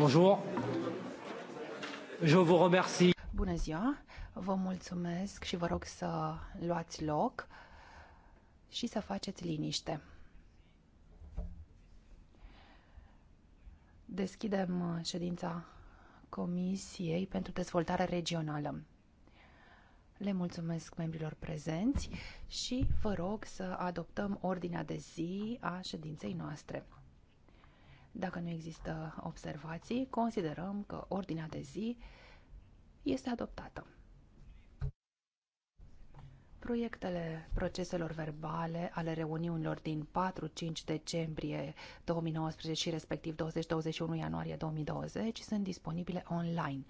Bonjour. Je vous remercie. Bună ziua, vă mulțumesc și vă rog să luați loc și să faceți liniște. Deschidem ședința Comisiei pentru Dezvoltare Regională. Le mulțumesc membrilor prezenți și vă rog să adoptăm ordinea de zi a ședinței noastre. Dacă nu există observații, considerăm că ordinea de zi este adoptată. Proiectele proceselor verbale ale reuniunilor din 4-5 decembrie 2019 și respectiv 20-21 ianuarie 2020 sunt disponibile online.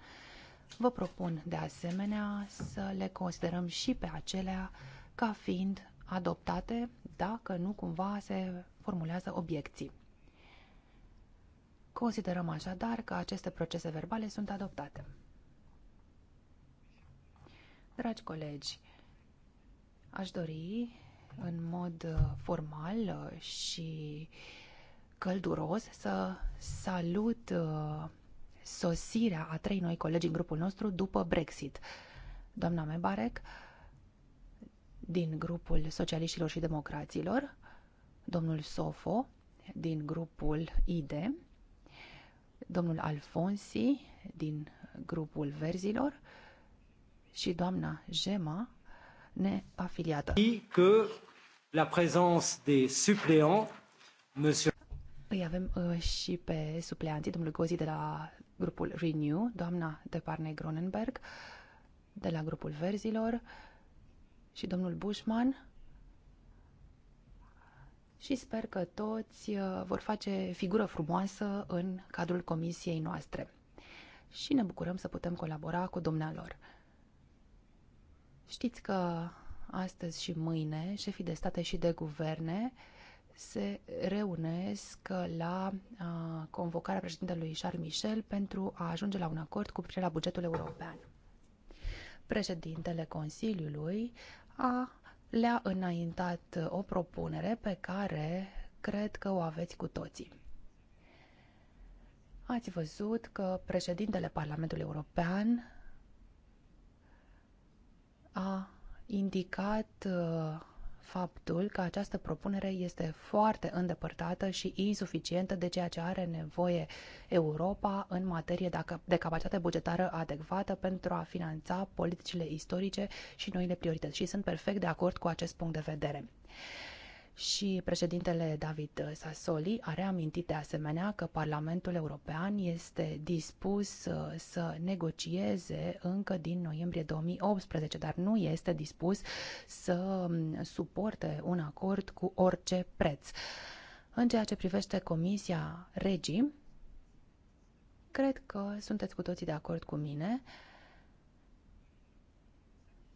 Vă propun de asemenea să le considerăm și pe acelea ca fiind adoptate dacă nu cumva se formulează obiecții. Considerăm așadar că aceste procese verbale sunt adoptate. Dragi colegi, aș dori în mod uh, formal uh, și călduros să salut uh, sosirea a trei noi colegi în grupul nostru după Brexit. Doamna Mebarek, din grupul Socialiștilor și Democraților, domnul Sofo, din grupul IDE, domnul Alfonsi din grupul Verzilor și doamna Gema neafiliată. Că la prezență de supleants, monsieur... Îi avem uh, și pe supleanții, domnul Gozi de la grupul Renew, doamna Parne Gronenberg de la grupul Verzilor și domnul Bushman și sper că toți uh, vor face figură frumoasă în cadrul comisiei noastre. Și ne bucurăm să putem colabora cu dumnealor. Știți că astăzi și mâine șefii de state și de guverne se reunesc la uh, convocarea președintelui Charles Michel pentru a ajunge la un acord cu privire la bugetul european. Președintele Consiliului a le-a înaintat uh, o propunere pe care cred că o aveți cu toții. Ați văzut că președintele Parlamentului European a indicat uh, faptul că această propunere este foarte îndepărtată și insuficientă de ceea ce are nevoie Europa în materie de capacitate bugetară adecvată pentru a finanța politicile istorice și noile priorități. Și sunt perfect de acord cu acest punct de vedere. Și președintele David Sassoli a reamintit de asemenea că Parlamentul European este dispus uh, să negocieze încă din noiembrie 2018, dar nu este dispus să um, suporte un acord cu orice preț. În ceea ce privește Comisia Regii, cred că sunteți cu toții de acord cu mine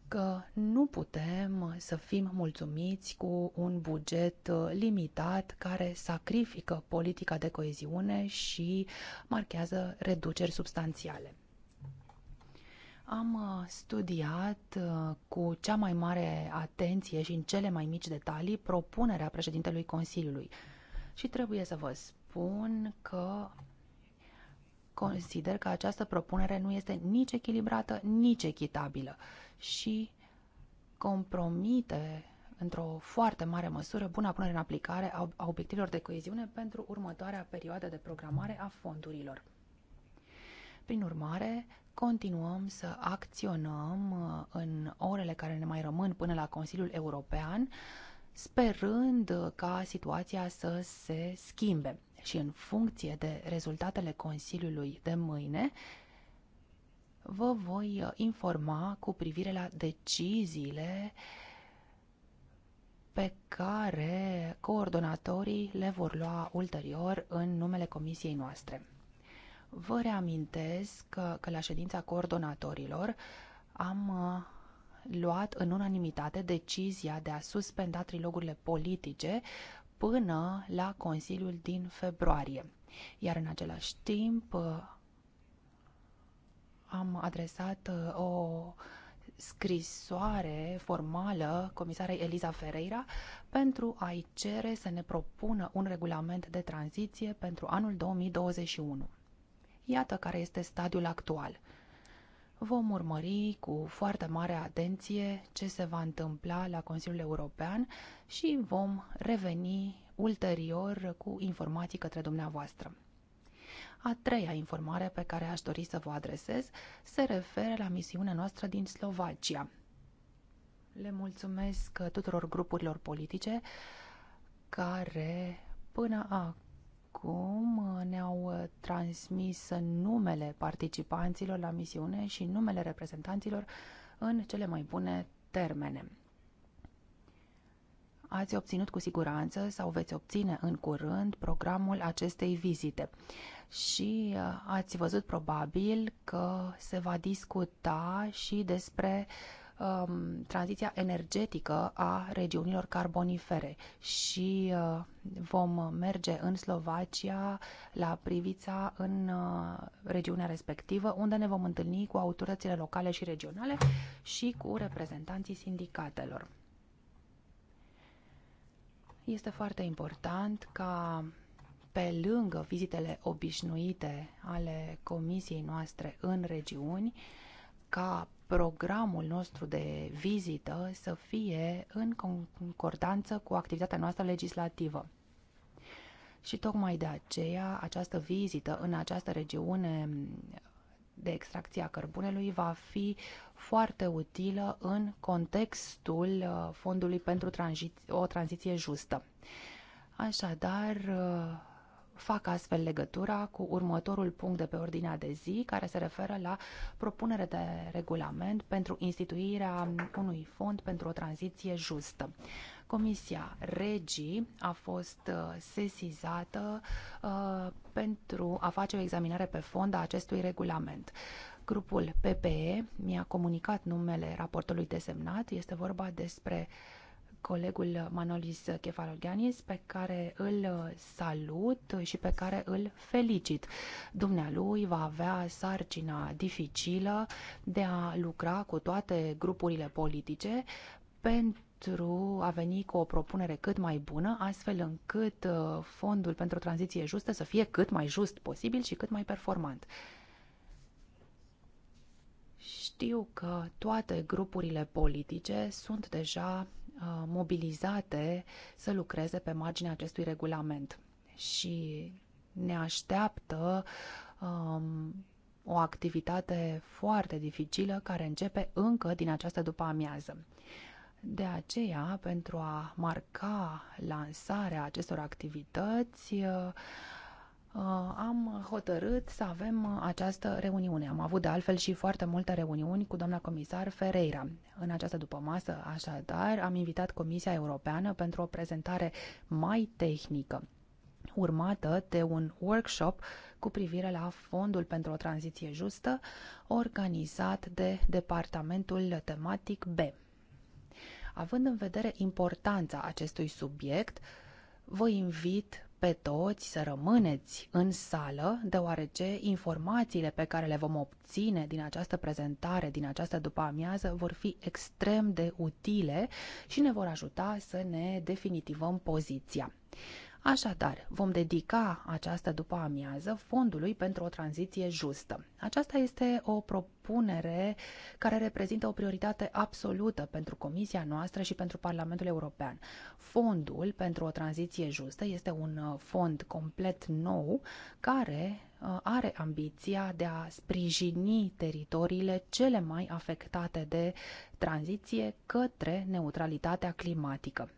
că nu putem să fim mulțumiți cu un buget uh, limitat care sacrifică politica de coeziune și marchează reduceri substanțiale. Am uh, studiat uh, cu cea mai mare atenție și în cele mai mici detalii propunerea președintelui Consiliului și trebuie să vă spun că consider că această propunere nu este nici echilibrată, nici echitabilă și compromite într-o foarte mare măsură buna punere în aplicare a obiectivelor de coeziune pentru următoarea perioadă de programare a fondurilor. Prin urmare, continuăm să acționăm uh, în orele care ne mai rămân până la Consiliul European, sperând ca situația să se schimbe. Și în funcție de rezultatele Consiliului de mâine, vă voi uh, informa cu privire la deciziile pe care coordonatorii le vor lua ulterior în numele comisiei noastre. Vă reamintesc că, că la ședința coordonatorilor am uh, luat în unanimitate decizia de a suspenda trilogurile politice până la Consiliul din februarie. Iar în același timp uh, am adresat uh, o scrisoare formală comisarei Eliza Ferreira pentru a-i cere să ne propună un regulament de tranziție pentru anul 2021. Iată care este stadiul actual. Vom urmări cu foarte mare atenție ce se va întâmpla la Consiliul European și vom reveni ulterior cu informații către dumneavoastră. A treia informare pe care aș dori să vă adresez se referă la misiunea noastră din Slovacia. Le mulțumesc tuturor grupurilor politice care până acum ne-au transmis numele participanților la misiune și numele reprezentanților în cele mai bune termene. Ați obținut cu siguranță sau veți obține în curând programul acestei vizite și uh, ați văzut probabil că se va discuta și despre um, tranziția energetică a regiunilor carbonifere și uh, vom merge în Slovacia la Privița în uh, regiunea respectivă unde ne vom întâlni cu autoritățile locale și regionale și cu reprezentanții sindicatelor. Este foarte important ca pe lângă vizitele obișnuite ale comisiei noastre în regiuni, ca programul nostru de vizită să fie în concordanță cu activitatea noastră legislativă. Și tocmai de aceea această vizită în această regiune de extracție a cărbunelui va fi foarte utilă în contextul uh, Fondului pentru o tranziție justă. Așadar, uh, fac astfel legătura cu următorul punct de pe ordinea de zi, care se referă la propunere de regulament pentru instituirea unui fond pentru o tranziție justă. Comisia Regii a fost uh, sesizată uh, pentru a face o examinare pe fond a acestui regulament. Grupul PPE mi-a comunicat numele raportului desemnat. Este vorba despre uh, colegul Manolis Kefalogianis, pe care îl salut și pe care îl felicit. Dumnealui va avea sarcina dificilă de a lucra cu toate grupurile politice pentru a veni cu o propunere cât mai bună, astfel încât uh, fondul pentru tranziție justă să fie cât mai just posibil și cât mai performant. Știu că toate grupurile politice sunt deja Uh, mobilizate să lucreze pe marginea acestui regulament și ne așteaptă um, o activitate foarte dificilă care începe încă din această după amiază. De aceea, pentru a marca lansarea acestor activități, uh, Uh, am hotărât să avem uh, această reuniune. Am avut de altfel și foarte multe reuniuni cu doamna comisar Ferreira. În această dupămasă, așadar, am invitat Comisia Europeană pentru o prezentare mai tehnică urmată de un workshop cu privire la Fondul pentru o tranziție justă, organizat de Departamentul Tematic B. Având în vedere importanța acestui subiect, vă invit pe toți să rămâneți în sală, deoarece informațiile pe care le vom obține din această prezentare, din această după-amiază, vor fi extrem de utile și ne vor ajuta să ne definitivăm poziția. Așadar, vom dedica această după amiază fondului pentru o tranziție justă. Aceasta este o propunere care reprezintă o prioritate absolută pentru Comisia noastră și pentru Parlamentul European. Fondul pentru o tranziție justă este un uh, fond complet nou care uh, are ambiția de a sprijini teritoriile cele mai afectate de tranziție către neutralitatea climatică.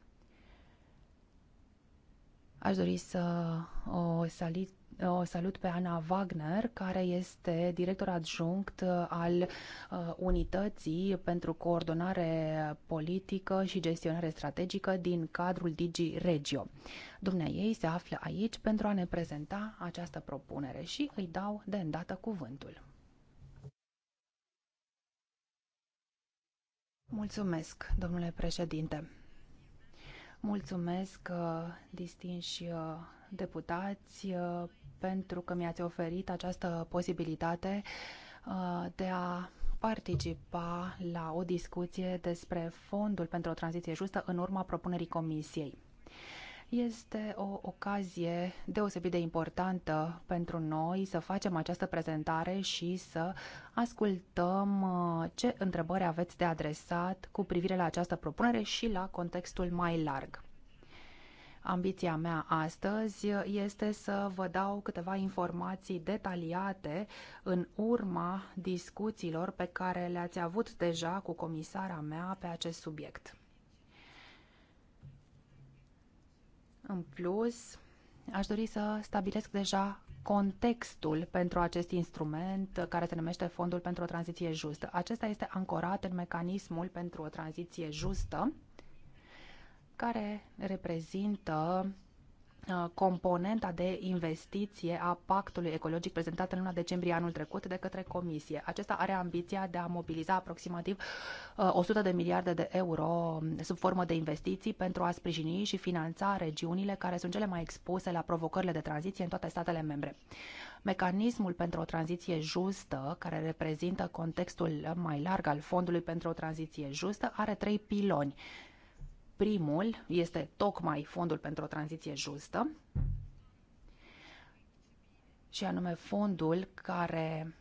Aș dori să o salit o salut pe Ana Wagner, care este director adjunct al uh, Unității pentru Coordonare Politică și Gestionare Strategică din cadrul Digi Regio. Dumnea ei se află aici pentru a ne prezenta această propunere și îi dau de îndată cuvântul. Mulțumesc, domnule președinte. Mulțumesc, uh, distinși uh, deputați, uh, pentru că mi-ați oferit această posibilitate de a participa la o discuție despre fondul pentru o tranziție justă în urma propunerii Comisiei. Este o ocazie deosebit de importantă pentru noi să facem această prezentare și să ascultăm uh, ce întrebări aveți de adresat cu privire la această propunere și la contextul mai larg. Ambiția mea astăzi este să vă dau câteva informații detaliate în urma discuțiilor pe care le-ați avut deja cu comisara mea pe acest subiect. În plus, aș dori să stabilesc deja contextul pentru acest instrument care se numește Fondul pentru o tranziție justă. Acesta este ancorat în mecanismul pentru o tranziție justă care reprezintă Uh, componenta de investiție a pactului ecologic prezentat în luna decembrie anul trecut de către Comisie. Acesta are ambiția de a mobiliza aproximativ 100 uh, de miliarde de euro um, sub formă de investiții pentru a sprijini și finanța regiunile care sunt cele mai expuse la provocările de tranziție în toate statele membre. Mecanismul pentru o tranziție justă, care reprezintă contextul mai larg al Fondului pentru o tranziție justă, are trei piloni. Primul este tocmai Fondul pentru o tranziție justă și anume fondul care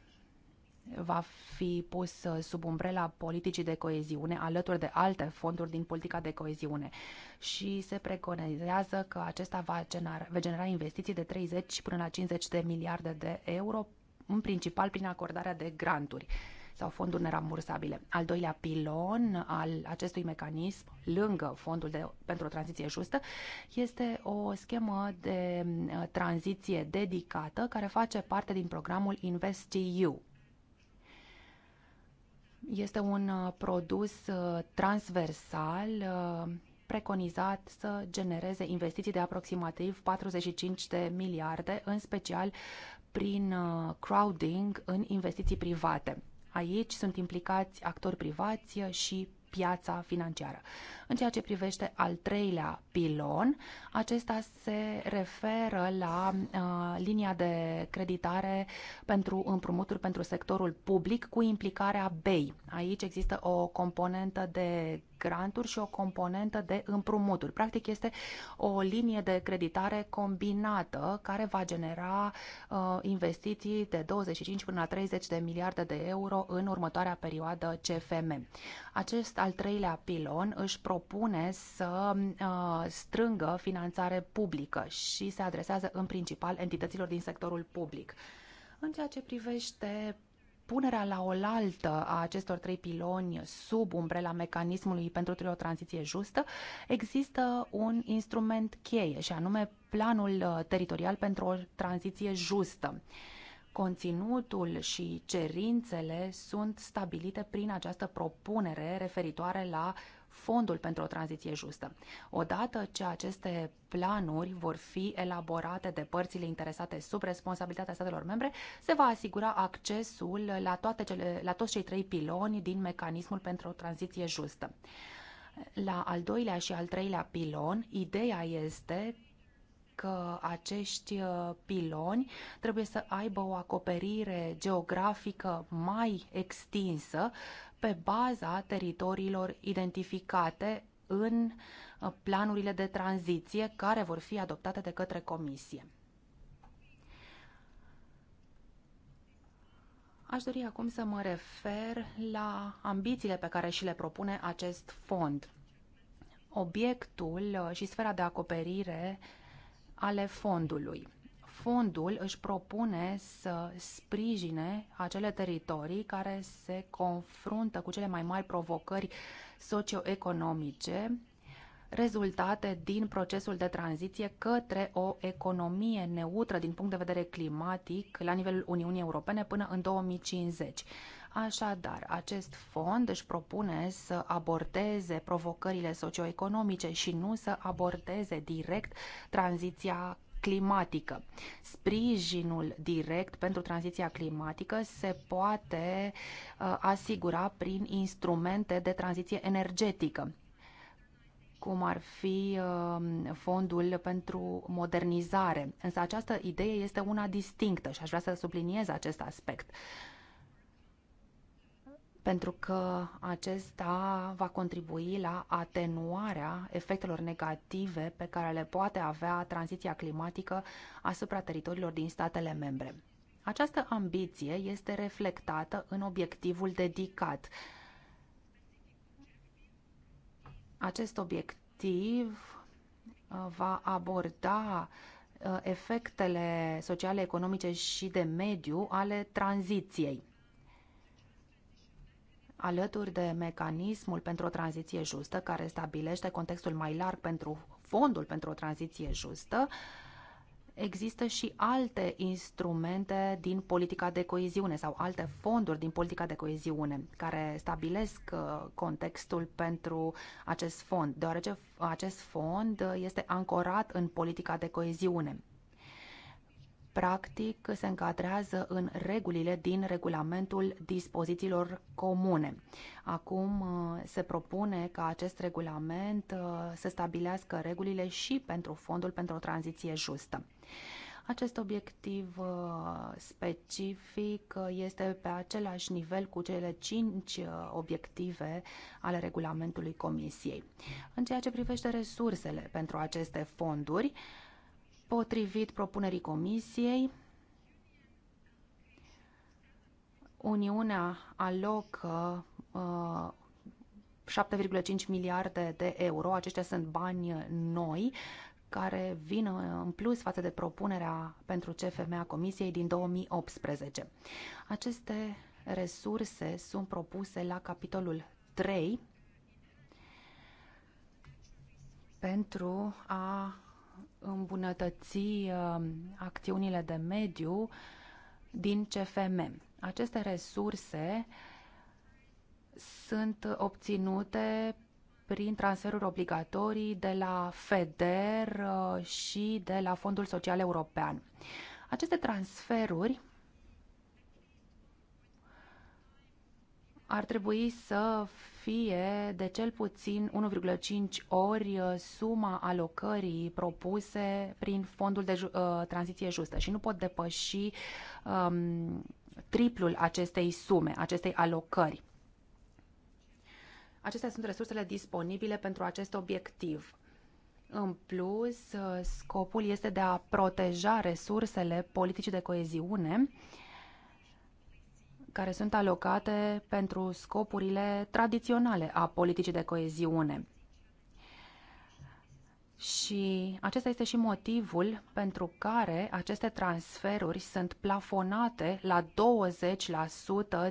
va fi pus sub umbrela politicii de coeziune alături de alte fonduri din politica de coeziune și se preconizează că acesta va genera, va genera investiții de 30 până la 50 de miliarde de euro, în principal prin acordarea de granturi sau fonduri nerambursabile. Al doilea pilon al acestui mecanism, lângă fondul de, pentru o tranziție justă, este o schemă de uh, tranziție dedicată care face parte din programul InvestEU, este un uh, produs uh, transversal preconizat să genereze investiții de aproximativ 45 de miliarde, în special prin crowding în investiții private. Aici sunt implicați actori privați și piața financiară. În ceea ce privește al treilea pilon, acesta se referă la uh, linia de creditare pentru împrumuturi pentru sectorul public cu implicarea BEI. Aici există o componentă de granturi și o componentă de împrumuturi. Practic este o linie de creditare combinată care va genera uh, investiții de 25 până la 30 de miliarde de euro în următoarea perioadă CFM. Acest al treilea pilon își propune să uh, strângă finanțare publică și se adresează în principal entităților din sectorul public. În ceea ce privește punerea la oaltă a acestor trei piloni sub umbrela mecanismului pentru o tranziție justă, există un instrument cheie și anume planul uh, teritorial pentru o tranziție justă. Conținutul și cerințele sunt stabilite prin această propunere referitoare la fondul pentru o tranziție justă. Odată ce aceste planuri vor fi elaborate de părțile interesate sub responsabilitatea statelor membre, se va asigura accesul la, toate cele, la toți cei trei piloni din mecanismul pentru o tranziție justă. La al doilea și al treilea pilon, ideea este că acești uh, piloni trebuie să aibă o acoperire geografică mai extinsă pe baza teritoriilor identificate în uh, planurile de tranziție care vor fi adoptate de către Comisie. Aș dori acum să mă refer la ambițiile pe care și le propune acest fond. Obiectul uh, și sfera de acoperire ale fondului fondul își propune să sprijine acele teritorii care se confruntă cu cele mai mari provocări socioeconomice rezultate din procesul de tranziție către o economie neutră din punct de vedere climatic la nivelul Uniunii Europene până în 2050. Așadar, acest fond își propune să abordeze provocările socioeconomice și nu să abordeze direct tranziția climatică. Sprijinul direct pentru tranziția climatică se poate uh, asigura prin instrumente de tranziție energetică cum ar fi uh, fondul pentru modernizare. Însă această idee este una distinctă și aș vrea să subliniez acest aspect pentru că acesta va contribui la atenuarea efectelor negative pe care le poate avea tranziția climatică asupra teritoriilor din statele membre. Această ambiție este reflectată în obiectivul dedicat. Acest obiectiv uh, va aborda uh, efectele sociale, economice și de mediu ale tranziției alături de mecanismul pentru o tranziție justă, care stabilește contextul mai larg pentru fondul pentru o tranziție justă, există și alte instrumente din politica de coeziune sau alte fonduri din politica de coeziune care stabilesc uh, contextul pentru acest fond, deoarece acest fond uh, este ancorat în politica de coeziune practic se încadrează în regulile din regulamentul dispozițiilor comune. Acum uh, se propune ca acest regulament uh, să stabilească regulile și pentru fondul pentru o tranziție justă. Acest obiectiv uh, specific este pe același nivel cu cele cinci obiective ale regulamentului Comisiei. În ceea ce privește resursele pentru aceste fonduri, Potrivit propunerii Comisiei, Uniunea alocă uh, 7,5 miliarde de euro. Aceștia sunt bani noi care vin uh, în plus față de propunerea pentru CFM a Comisiei din 2018. Aceste resurse sunt propuse la capitolul 3 pentru a îmbunătăți ă, acțiunile de mediu din CFM. Aceste resurse sunt obținute prin transferuri obligatorii de la FEDER ă, și de la Fondul Social European. Aceste transferuri ar trebui să fie de cel puțin 1,5 ori uh, suma alocării propuse prin fondul de ju- uh, tranziție justă și nu pot depăși um, triplul acestei sume, acestei alocări. Acestea sunt resursele disponibile pentru acest obiectiv. În plus, uh, scopul este de a proteja resursele politicii de coeziune uh, care sunt alocate pentru scopurile tradiționale a politicii de coeziune. Și acesta este și motivul pentru care aceste transferuri sunt plafonate la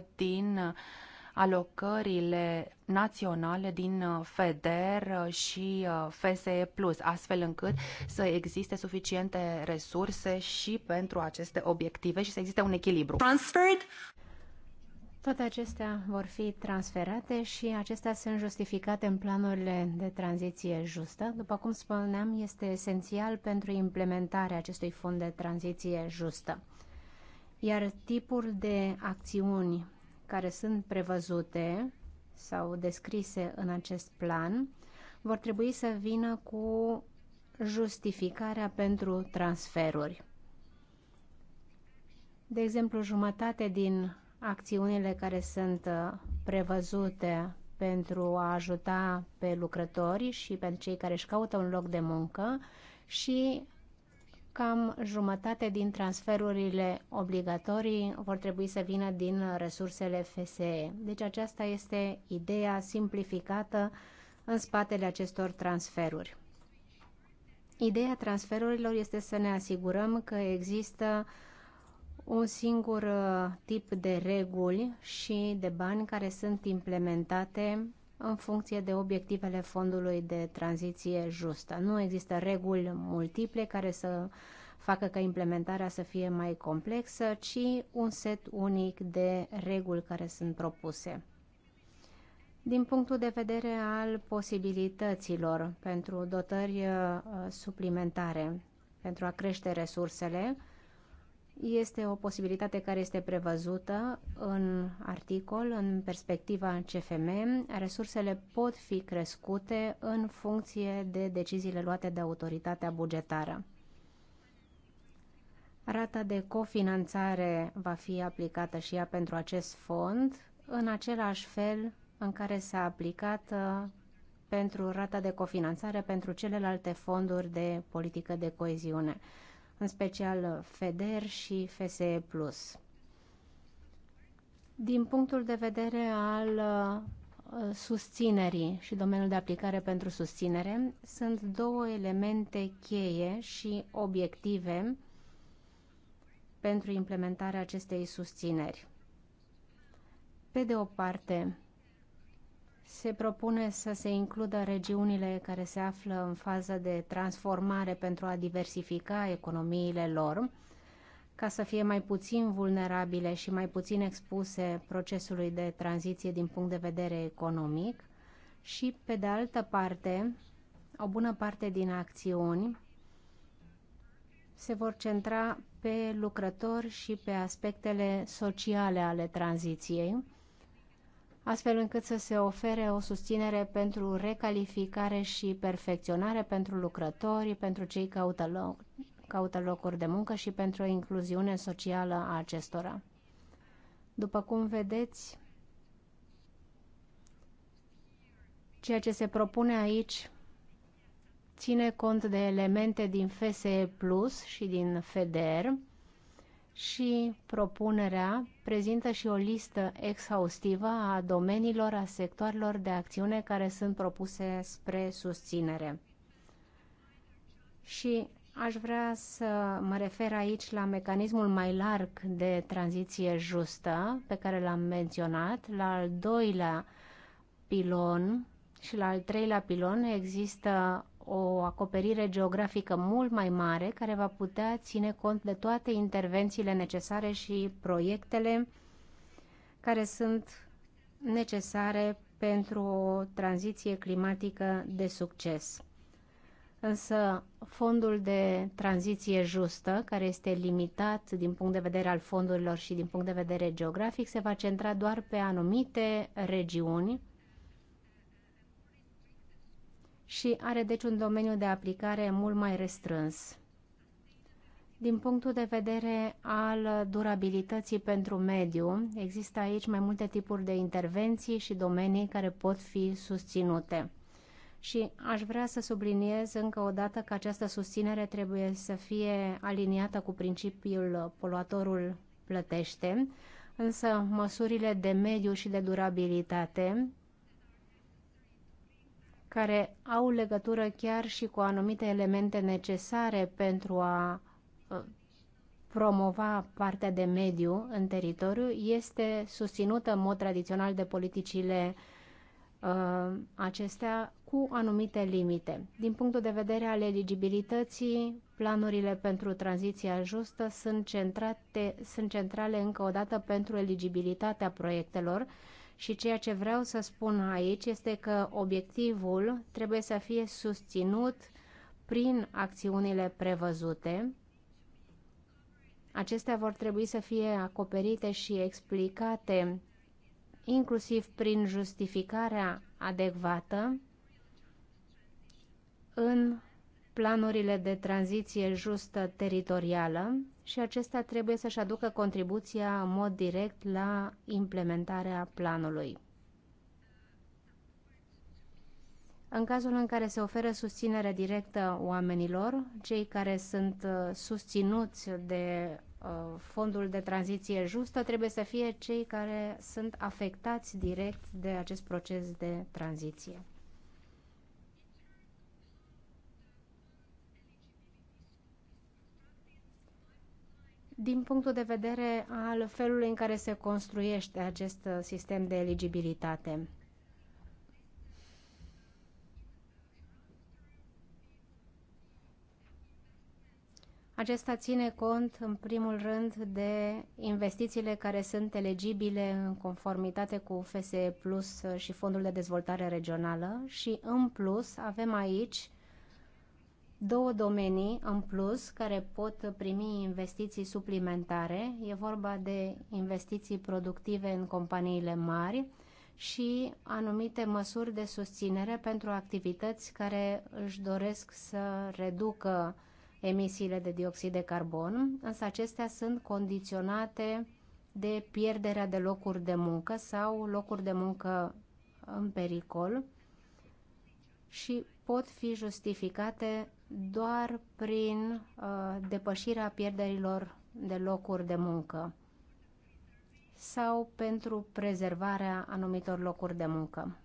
20% din alocările naționale din FEDER și uh, FSE+, astfel încât să existe suficiente resurse și pentru aceste obiective și să existe un echilibru. Transferred toate acestea vor fi transferate și acestea sunt justificate în planurile de tranziție justă. După cum spuneam, este esențial pentru implementarea acestui fond de tranziție justă. Iar tipul de acțiuni care sunt prevăzute sau descrise în acest plan vor trebui să vină cu justificarea pentru transferuri. De exemplu, jumătate din acțiunile care sunt uh, prevăzute pentru a ajuta pe lucrători și pe cei care își caută un loc de muncă și cam jumătate din transferurile obligatorii vor trebui să vină din resursele FSE. Deci aceasta este ideea simplificată în spatele acestor transferuri. Ideea transferurilor este să ne asigurăm că există uh, un singur uh, tip de reguli și de bani care sunt implementate în funcție de obiectivele fondului de tranziție justă. Nu există reguli multiple care să facă ca implementarea să fie mai complexă, ci un set unic de reguli care sunt propuse. Din punctul de vedere al posibilităților pentru dotări uh, suplimentare, pentru a crește resursele, este o posibilitate care este prevăzută în articol, în perspectiva CFM. Resursele pot fi crescute în funcție de deciziile luate de autoritatea bugetară. Rata de cofinanțare va fi aplicată și ea pentru acest fond, în același fel în care s-a aplicat uh, pentru rata de cofinanțare pentru celelalte fonduri de politică de coeziune în special FEDER și FSE+. Din punctul de vedere al uh, susținerii și domeniul de aplicare pentru susținere, sunt două elemente cheie și obiective pentru implementarea acestei susțineri. Pe de o parte, se propune să se includă regiunile care se află în fază de transformare pentru a diversifica economiile lor, ca să fie mai puțin vulnerabile și mai puțin expuse procesului de tranziție din punct de vedere economic și, pe de altă parte, o bună parte din acțiuni se vor centra pe lucrători și pe aspectele sociale ale tranziției, astfel încât să se ofere o susținere pentru recalificare și perfecționare pentru lucrători, pentru cei caută, loc, caută locuri de muncă și pentru o incluziune socială a acestora. După cum vedeți, ceea ce se propune aici ține cont de elemente din FSE Plus și din FEDER, și propunerea prezintă și o listă exhaustivă a domeniilor, a sectoarelor de acțiune care sunt propuse spre susținere. Și aș vrea să mă refer aici la mecanismul mai larg de tranziție justă pe care l-am menționat, la al doilea pilon și la al treilea pilon există o acoperire geografică mult mai mare care va putea ține cont de toate intervențiile necesare și proiectele care sunt necesare pentru o tranziție climatică de succes. Însă fondul de tranziție justă, care este limitat din punct de vedere al fondurilor și din punct de vedere geografic, se va centra doar pe anumite regiuni și are deci un domeniu de aplicare mult mai restrâns. Din punctul de vedere al durabilității pentru mediu, există aici mai multe tipuri de intervenții și domenii care pot fi susținute. Și aș vrea să subliniez încă o dată că această susținere trebuie să fie aliniată cu principiul poluatorul plătește, însă măsurile de mediu și de durabilitate care au legătură chiar și cu anumite elemente necesare pentru a uh, promova partea de mediu în teritoriu, este susținută în mod tradițional de politicile uh, acestea cu anumite limite. Din punctul de vedere al eligibilității, planurile pentru tranziția justă sunt, centrate, sunt centrale încă o dată pentru eligibilitatea proiectelor și ceea ce vreau să spun aici este că obiectivul trebuie să fie susținut prin acțiunile prevăzute. Acestea vor trebui să fie acoperite și explicate inclusiv prin justificarea adecvată în planurile de tranziție justă teritorială și acesta trebuie să-și aducă contribuția în mod direct la implementarea planului. În cazul în care se oferă susținere directă oamenilor, cei care sunt uh, susținuți de uh, fondul de tranziție justă trebuie să fie cei care sunt afectați direct de acest proces de tranziție. din punctul de vedere al felului în care se construiește acest sistem de eligibilitate. Acesta ține cont, în primul rând, de investițiile care sunt elegibile în conformitate cu FSE Plus și Fondul de Dezvoltare Regională și, în plus, avem aici două domenii în plus care pot primi investiții suplimentare. E vorba de investiții productive în companiile mari și anumite măsuri de susținere pentru activități care își doresc să reducă emisiile de dioxid de carbon, însă acestea sunt condiționate de pierderea de locuri de muncă sau locuri de muncă în pericol și pot fi justificate doar prin uh, depășirea pierderilor de locuri de muncă sau pentru prezervarea anumitor locuri de muncă.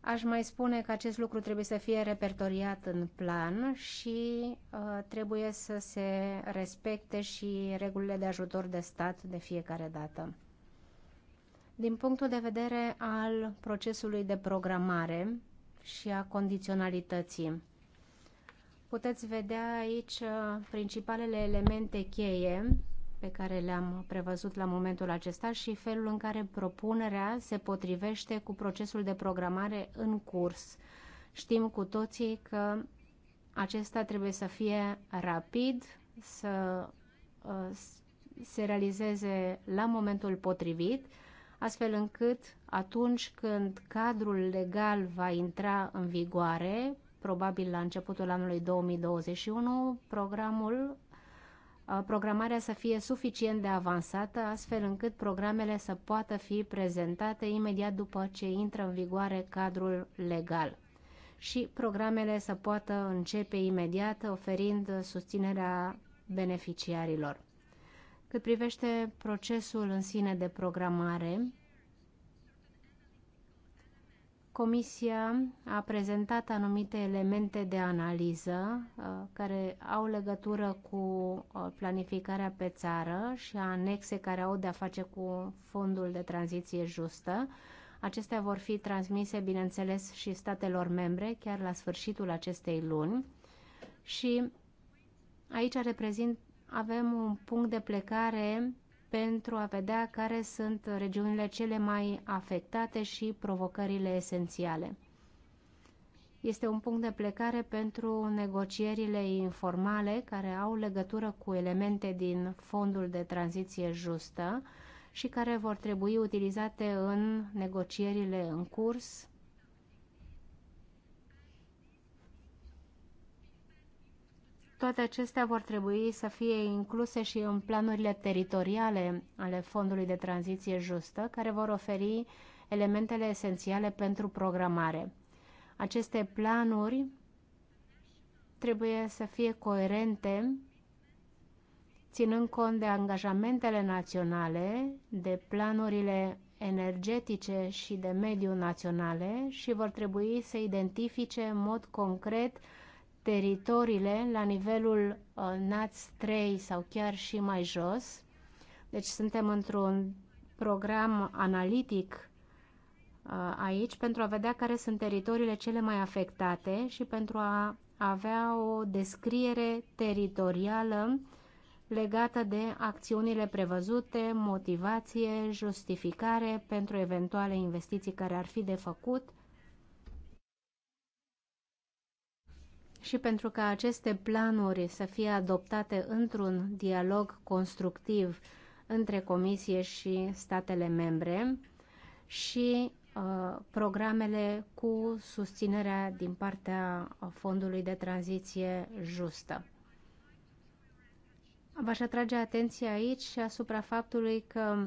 Aș mai spune că acest lucru trebuie să fie repertoriat în plan și uh, trebuie să se respecte și regulile de ajutor de stat de fiecare dată. Din punctul de vedere al procesului de programare, și a condiționalității. Puteți vedea aici uh, principalele elemente cheie pe care le-am prevăzut la momentul acesta și felul în care propunerea se potrivește cu procesul de programare în curs. Știm cu toții că acesta trebuie să fie rapid, să uh, se realizeze la momentul potrivit astfel încât atunci când cadrul legal va intra în vigoare, probabil la începutul anului 2021, programul uh, programarea să fie suficient de avansată, astfel încât programele să poată fi prezentate imediat după ce intră în vigoare cadrul legal și programele să poată începe imediat oferind susținerea beneficiarilor. Cât privește procesul în sine de programare, Comisia a prezentat anumite elemente de analiză uh, care au legătură cu uh, planificarea pe țară și anexe care au de-a face cu fondul de tranziție justă. Acestea vor fi transmise, bineînțeles, și statelor membre chiar la sfârșitul acestei luni și aici reprezint, avem un punct de plecare pentru a vedea care sunt regiunile cele mai afectate și provocările esențiale. Este un punct de plecare pentru negocierile informale care au legătură cu elemente din fondul de tranziție justă și care vor trebui utilizate în negocierile în curs toate acestea vor trebui să fie incluse și în planurile teritoriale ale Fondului de Tranziție Justă, care vor oferi elementele esențiale pentru programare. Aceste planuri trebuie să fie coerente, ținând cont de angajamentele naționale, de planurile energetice și de mediu naționale și vor trebui să identifice în mod concret teritoriile la nivelul uh, NATS 3 sau chiar și mai jos. Deci suntem într-un program analitic uh, aici pentru a vedea care sunt teritoriile cele mai afectate și pentru a avea o descriere teritorială legată de acțiunile prevăzute, motivație, justificare pentru eventuale investiții care ar fi de făcut și pentru ca aceste planuri să fie adoptate într-un dialog constructiv între Comisie și statele membre și uh, programele cu susținerea din partea Fondului de Tranziție Justă. V-aș atrage atenția aici și asupra faptului că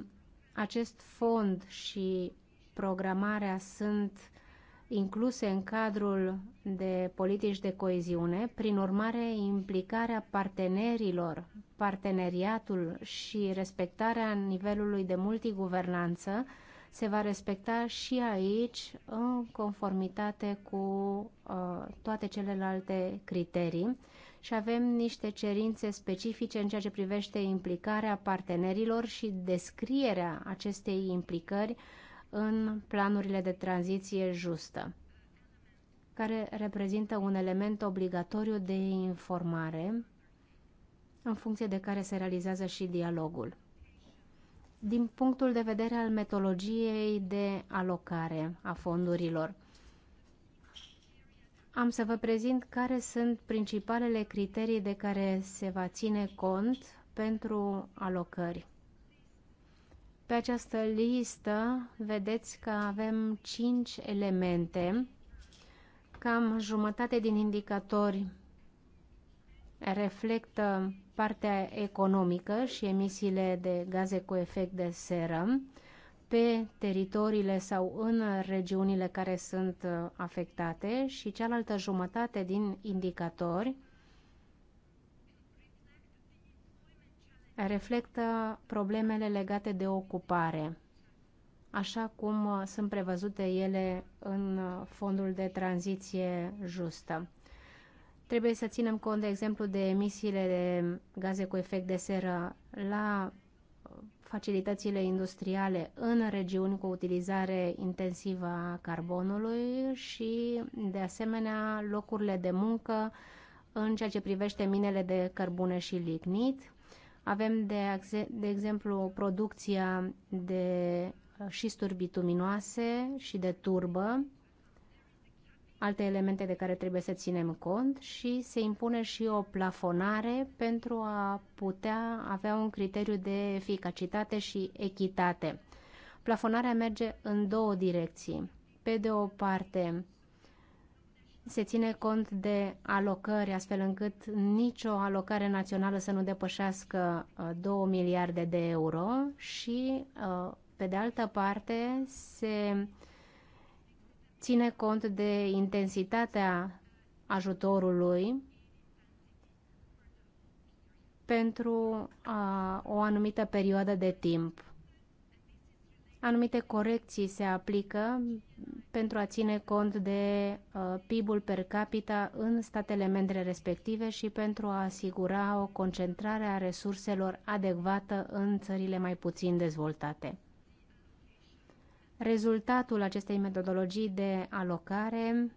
acest fond și programarea sunt incluse în cadrul de politici de coeziune, prin urmare implicarea partenerilor, parteneriatul și respectarea nivelului de multiguvernanță se va respecta și aici în conformitate cu uh, toate celelalte criterii și avem niște cerințe specifice în ceea ce privește implicarea partenerilor și descrierea acestei implicări uh, în planurile de tranziție justă, care reprezintă un element obligatoriu de informare în funcție de care se realizează și dialogul. Din punctul de vedere al metodologiei de alocare a fondurilor, am să vă prezint care sunt principalele criterii de care se va ține cont pentru alocări. Pe această listă vedeți că avem 5 elemente, cam jumătate din indicatori reflectă partea economică și emisiile de gaze cu efect de seră pe teritoriile sau în regiunile care sunt uh, afectate și cealaltă jumătate din indicatori reflectă problemele legate de ocupare, așa cum uh, sunt prevăzute ele în uh, fondul de tranziție justă. Trebuie să ținem cont, de exemplu, de emisiile de gaze cu efect de seră la uh, facilitățile industriale în regiuni cu utilizare intensivă a carbonului și, de asemenea, locurile de muncă în ceea ce privește minele de cărbune și lignit, avem, de, de exemplu, producția de uh, șisturi bituminoase și de turbă, alte elemente de care trebuie să ținem cont și se impune și o plafonare pentru a putea avea un criteriu de eficacitate și echitate. Plafonarea merge în două direcții. Pe de o parte, se ține cont de alocări, astfel încât nicio alocare națională să nu depășească 2 uh, miliarde de euro și, uh, pe de altă parte, se ține cont de intensitatea ajutorului pentru a, uh, o anumită perioadă de timp. Anumite corecții se aplică pentru a ține cont de uh, PIB-ul per capita în statele membre respective și pentru a asigura o concentrare a resurselor adecvată în țările mai puțin dezvoltate. Rezultatul acestei metodologii de alocare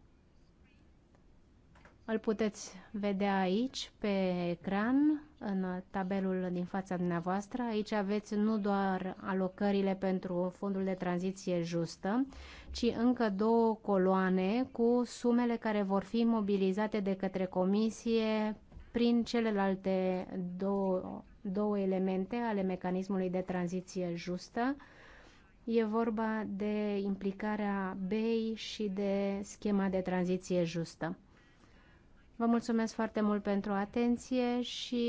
îl puteți vedea aici pe ecran, în tabelul din fața dumneavoastră. Aici aveți nu doar alocările pentru fondul de tranziție justă, ci încă două coloane cu sumele care vor fi mobilizate de către comisie prin celelalte două, două elemente ale mecanismului de tranziție justă. E vorba de implicarea BEI și de schema de tranziție justă. Vă mulțumesc foarte mult pentru atenție și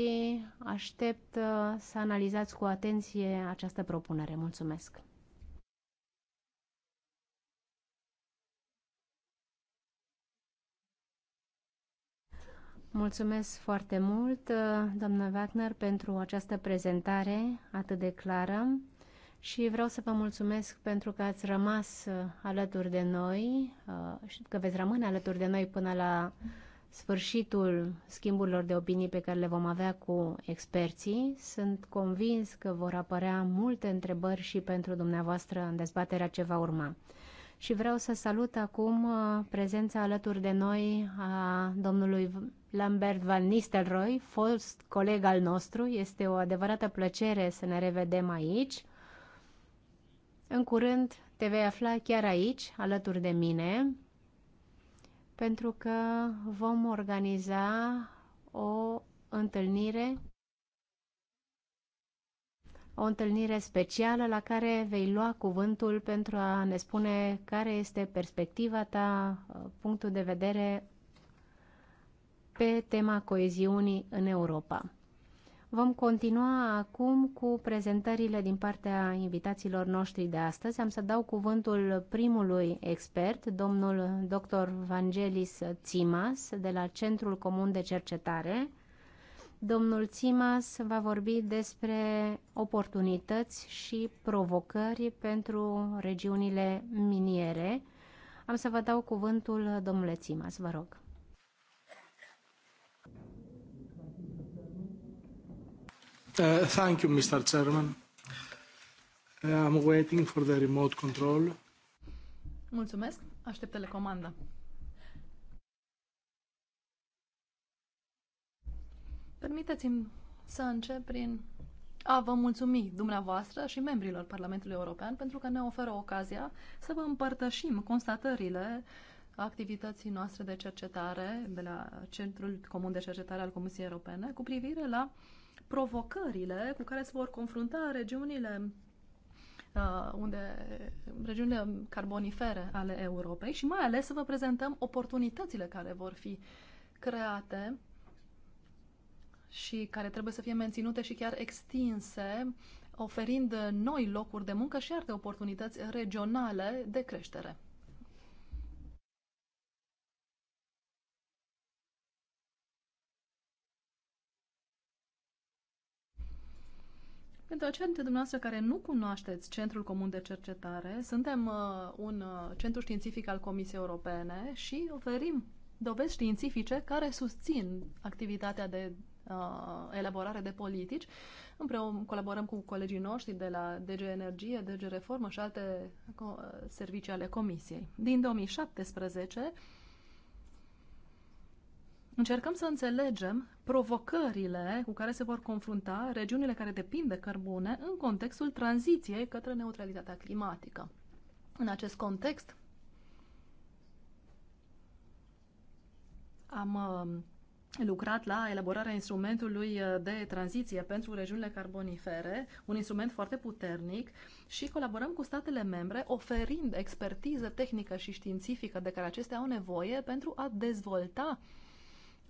aștept uh, să analizați cu atenție această propunere. Mulțumesc! Mulțumesc foarte mult, uh, doamnă Wagner, pentru această prezentare atât de clară și vreau să vă mulțumesc pentru că ați rămas uh, alături de noi uh, și că veți rămâne alături de noi până la sfârșitul schimburilor de opinii pe care le vom avea cu experții. Sunt convins că vor apărea multe întrebări și pentru dumneavoastră în dezbaterea ce va urma și vreau să salut acum uh, prezența alături de noi a domnului Lambert Van Nistelrooy, fost coleg al nostru. Este o adevărată plăcere să ne revedem aici. În curând te vei afla chiar aici, alături de mine, pentru că vom organiza o întâlnire o întâlnire specială la care vei lua cuvântul pentru a ne spune care este perspectiva ta, punctul de vedere pe tema coeziunii în Europa. Vom continua acum cu prezentările din partea invitaților noștri de astăzi. Am să dau cuvântul primului expert, domnul dr. Vangelis Țimas, de la Centrul Comun de Cercetare, Domnul Țimas va vorbi despre oportunități și provocări pentru regiunile miniere. Am să vă dau cuvântul, domnule Țimas, vă rog. Uh, thank you, Mr. Chairman. Uh, I'm waiting for the remote control. Mulțumesc. Aștept telecomanda. Permiteți-mi să încep prin a vă mulțumi dumneavoastră și membrilor Parlamentului European pentru că ne oferă ocazia să vă împărtășim constatările activității noastre de cercetare de la Centrul Comun de Cercetare al Comisiei Europene cu privire la provocările cu care se vor confrunta regiunile uh, unde regiunile carbonifere ale Europei și mai ales să vă prezentăm oportunitățile care vor fi create și care trebuie să fie menținute și chiar extinse, oferind noi locuri de muncă și alte oportunități regionale de creștere. Pentru aceia dintre dumneavoastră care nu cunoașteți Centrul Comun de Cercetare, suntem uh, un uh, centru științific al Comisiei Europene și oferim dovezi științifice care susțin activitatea de uh, elaborare de politici. Împreună colaborăm cu colegii noștri de la DG Energie, DG Reformă și alte uh, servicii ale Comisiei. Din 2017 încercăm să înțelegem provocările cu care se vor confrunta regiunile care depind de cărbune în contextul tranziției către neutralitatea climatică. În acest context, am uh, lucrat la elaborarea instrumentului uh, de tranziție pentru regiunile carbonifere, un instrument foarte puternic și colaborăm cu statele membre oferind expertiză tehnică și științifică de care acestea au nevoie pentru a dezvolta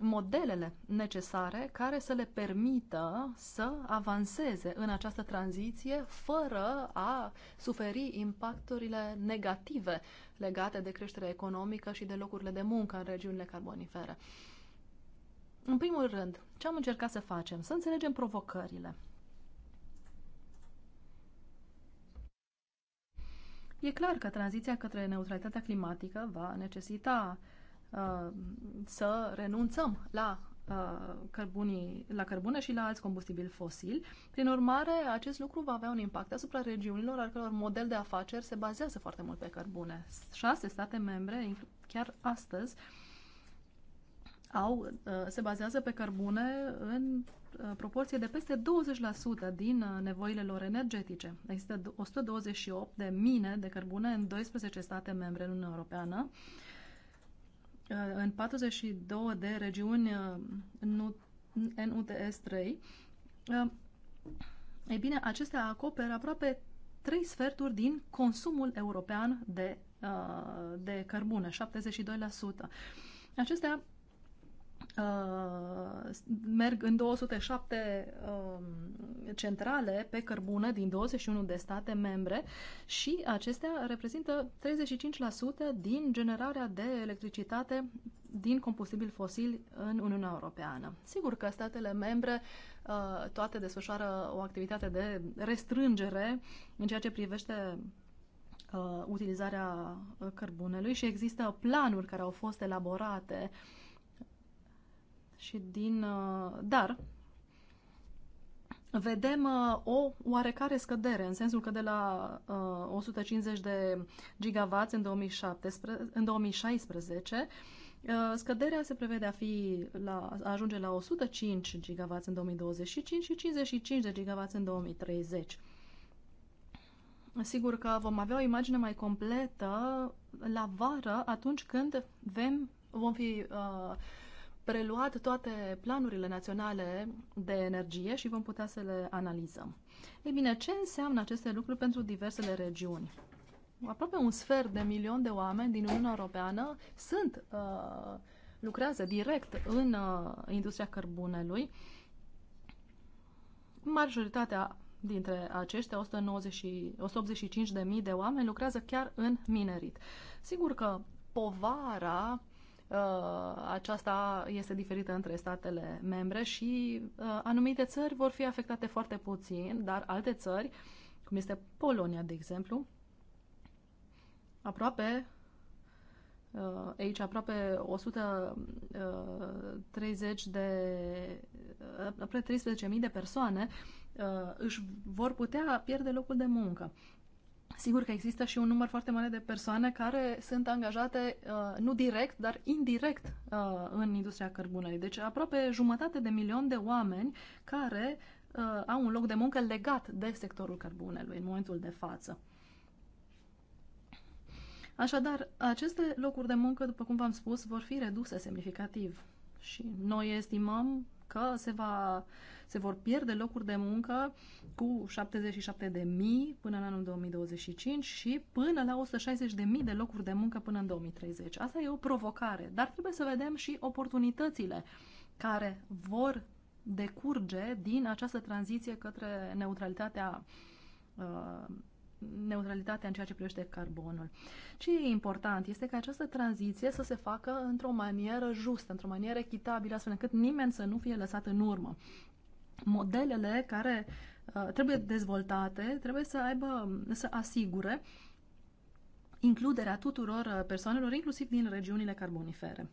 modelele necesare care să le permită să avanseze în această tranziție fără a suferi impacturile negative legate de creșterea economică și de locurile de muncă în regiunile carbonifere. În primul rând, ce am încercat să facem? Să înțelegem provocările. E clar că tranziția către neutralitatea climatică va necesita uh, să renunțăm la uh, cărbunii, la cărbune și la alți combustibili fosili. Prin urmare, acest lucru va avea un impact asupra regiunilor al căror model de afaceri se bazează foarte mult pe cărbune. Șase state membre, chiar astăzi, au, uh, se bazează pe cărbune în uh, proporție de peste 20% din uh, nevoile lor energetice. Există 128 de mine de cărbune în 12 state membre în Uniunea Europeană, în 42 de regiuni NUTS 3. Ei bine, acestea acoperă aproape 3 sferturi din consumul european de, de cărbune, 72%. Acestea Uh, merg în 207 uh, um, centrale pe cărbună din 21 de state membre și acestea reprezintă 35% din generarea de electricitate din combustibil fosil în Uniunea Europeană. Sigur că statele membre uh, toate desfășoară o activitate de restrângere în ceea ce privește uh, utilizarea uh, cărbunelui și există planuri care au fost elaborate uh, și din... Uh, dar vedem uh, o oarecare scădere, în sensul că de la 150 uh, de gigawatts în, 2017, în 2016 Scăderea se prevede a fi la, a ajunge la 105 GW în 2025 și 55 de GW în 2030. Sigur că vom avea o imagine mai completă la vară, atunci când vem, vom fi uh, preluat toate planurile naționale de energie și vom putea să le analizăm. Ei bine, ce înseamnă aceste lucruri pentru diversele regiuni? Aproape un sfert de milion de oameni din Uniunea Europeană sunt, uh, lucrează direct în uh, industria cărbunelui. Majoritatea dintre aceștia, 190, 185.000 de oameni, lucrează chiar în minerit. Sigur că povara Uh, aceasta este diferită între statele membre și uh, anumite țări vor fi afectate foarte puțin, dar alte țări, cum este Polonia, de exemplu, aproape uh, aici aproape 130 de aproape 13.000 de persoane își vor putea pierde locul de muncă. Sigur că există și un număr foarte mare de persoane care sunt angajate uh, nu direct, dar indirect uh, în industria cărbunei. Deci aproape jumătate de milion de oameni care uh, au un loc de muncă legat de sectorul cărbunelui în momentul de față. Așadar, aceste locuri de muncă, după cum v-am spus, vor fi reduse semnificativ. Și noi estimăm că se, va, se vor pierde locuri de muncă cu 77.000 până în anul 2025 și până la 160.000 de locuri de muncă până în 2030. Asta e o provocare, dar trebuie să vedem și oportunitățile care vor decurge din această tranziție către neutralitatea uh, neutralitatea în ceea ce privește carbonul. Ce e important este că această tranziție să se facă într-o manieră justă, într-o manieră echitabilă, astfel încât nimeni să nu fie lăsat în urmă. Modelele care uh, trebuie dezvoltate trebuie să aibă, să asigure includerea tuturor uh, persoanelor, inclusiv din regiunile carbonifere.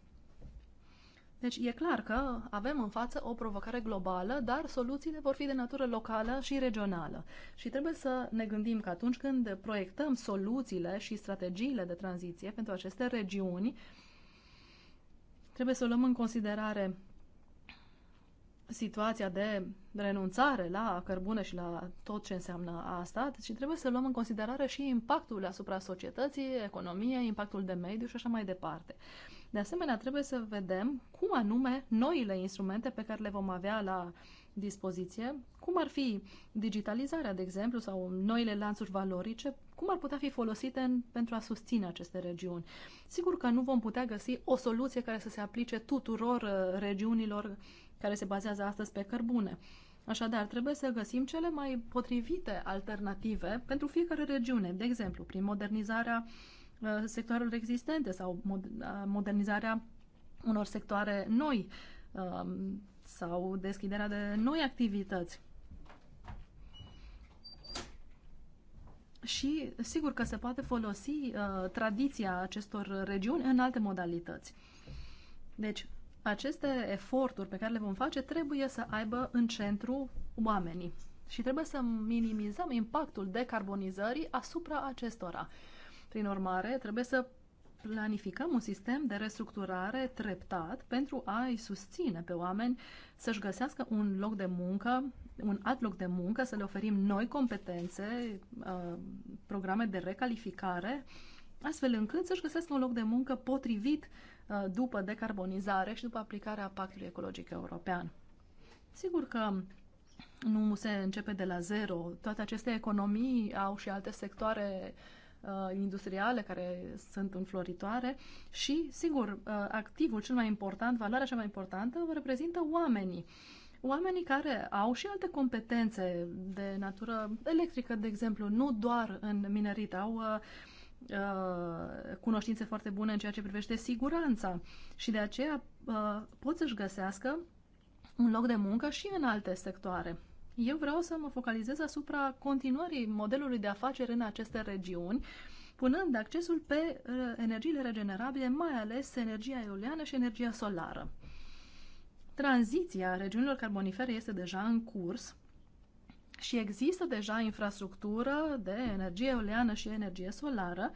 Deci e clar că avem în față o provocare globală, dar soluțiile vor fi de natură locală și regională. Și trebuie să ne gândim că atunci când proiectăm soluțiile și strategiile de tranziție pentru aceste regiuni, trebuie să luăm în considerare situația de renunțare la cărbune și la tot ce înseamnă asta, deci trebuie să luăm în considerare și impactul asupra societății, economiei, impactul de mediu și așa mai departe. De asemenea, trebuie să vedem cum anume noile instrumente pe care le vom avea la dispoziție, cum ar fi digitalizarea, de exemplu, sau noile lanțuri valorice, cum ar putea fi folosite în, pentru a susține aceste regiuni. Sigur că nu vom putea găsi o soluție care să se aplice tuturor uh, regiunilor care se bazează astăzi pe cărbune. Așadar, trebuie să găsim cele mai potrivite alternative pentru fiecare regiune, de exemplu, prin modernizarea uh, sectoarelor existente sau uh, modernizarea unor sectoare noi um, sau deschiderea de noi activități. Și sigur că se poate folosi uh, tradiția acestor regiuni în alte modalități. Deci, aceste eforturi pe care le vom face trebuie să aibă în centru oamenii și trebuie să minimizăm impactul decarbonizării asupra acestora. Prin urmare, trebuie să planificăm un sistem de restructurare treptat pentru a-i susține pe oameni să-și găsească un loc de muncă, un alt loc de muncă, să le oferim noi competențe, uh, programe de recalificare, astfel încât să-și găsească un loc de muncă potrivit Uh, după decarbonizare și după aplicarea Pactului Ecologic European. Sigur că nu se începe de la zero. Toate aceste economii au și alte sectoare uh, industriale care sunt înfloritoare și, sigur, uh, activul cel mai important, valoarea cea mai importantă, reprezintă oamenii. Oamenii care au și alte competențe de natură electrică, de exemplu, nu doar în minerit, au uh, Uh, cunoștințe foarte bune în ceea ce privește siguranța și de aceea uh, pot să-și găsească un loc de muncă și în alte sectoare. Eu vreau să mă focalizez asupra continuării modelului de afaceri în aceste regiuni, punând accesul pe uh, energiile regenerabile, mai ales energia eoliană și energia solară. Tranziția regiunilor carbonifere este deja în curs și există deja infrastructură de energie eoliană și energie solară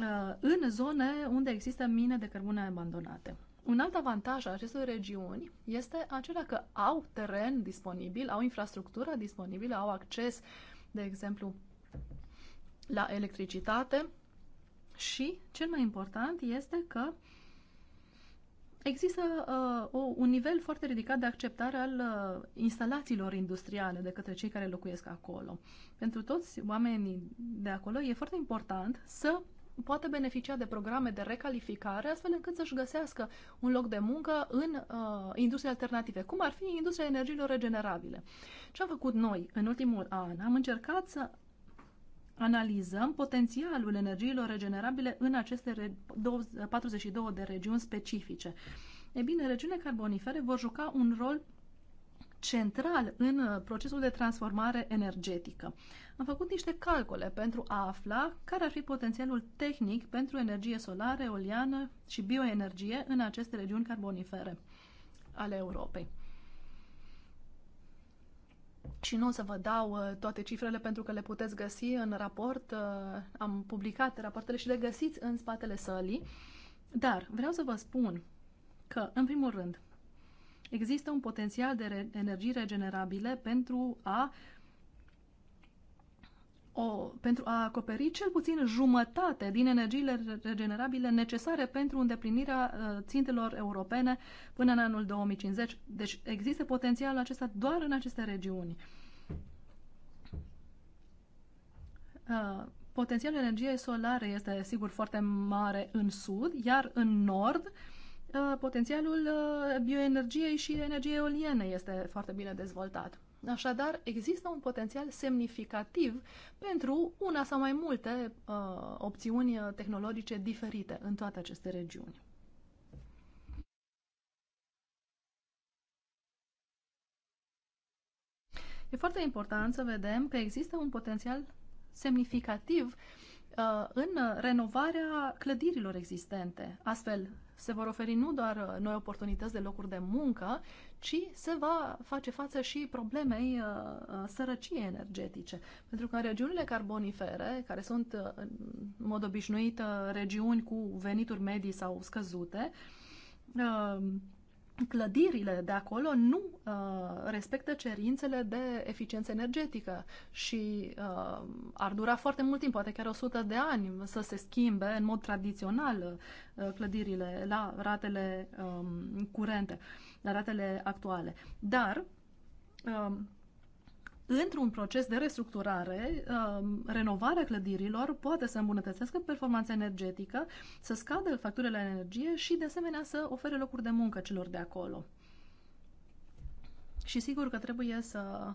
uh, în zone unde există mine de cărbune abandonate. Un alt avantaj al acestor regiuni este acela că au teren disponibil, au infrastructură disponibilă, au acces, de exemplu, la electricitate și, cel mai important, este că există uh, o, un nivel foarte ridicat de acceptare al uh, instalațiilor industriale de către cei care locuiesc acolo. Pentru toți oamenii de acolo e foarte important să poată beneficia de programe de recalificare astfel încât să-și găsească un loc de muncă în uh, industrie alternative, cum ar fi industria energiilor regenerabile. Ce am făcut noi în ultimul an? Am încercat să analizăm potențialul energiilor regenerabile în aceste 42 de regiuni specifice. E bine, regiunile carbonifere vor juca un rol central în uh, procesul de transformare energetică. Am făcut niște calcule pentru a afla care ar fi potențialul tehnic pentru energie solară, eoliană și bioenergie în aceste regiuni carbonifere ale Europei și nu o să vă dau uh, toate cifrele pentru că le puteți găsi în raport. Uh, am publicat rapoartele și le găsiți în spatele sălii. Dar vreau să vă spun că, în primul rând, există un potențial de re- energii regenerabile pentru a o, pentru a acoperi cel puțin jumătate din energiile regenerabile necesare pentru îndeplinirea uh, țintelor europene până în anul 2050. Deci există potențial acesta doar în aceste regiuni. Uh, potențialul energiei solare este sigur foarte mare în sud, iar în nord uh, potențialul bioenergiei și energiei eoliene este foarte bine dezvoltat. Așadar, există un potențial semnificativ pentru una sau mai multe uh, opțiuni tehnologice diferite în toate aceste regiuni. E foarte important să vedem că există un potențial semnificativ uh, în renovarea clădirilor existente. Astfel, se vor oferi nu doar uh, noi oportunități de locuri de muncă, ci se va face față și problemei uh, uh, sărăciei energetice. Pentru că în regiunile carbonifere, care sunt în mod obișnuit regiuni cu venituri medii sau scăzute, clădirile de acolo nu uh, respectă cerințele de eficiență energetică și uh, ar dura foarte mult timp, poate chiar 100 de ani, să se schimbe în mod tradițional uh, clădirile la ratele um, curente, la ratele actuale. Dar uh, într-un proces de restructurare, um, renovarea clădirilor poate să îmbunătățească performanța energetică, să scadă facturile la energie și, de asemenea, să ofere locuri de muncă celor de acolo. Și sigur că trebuie să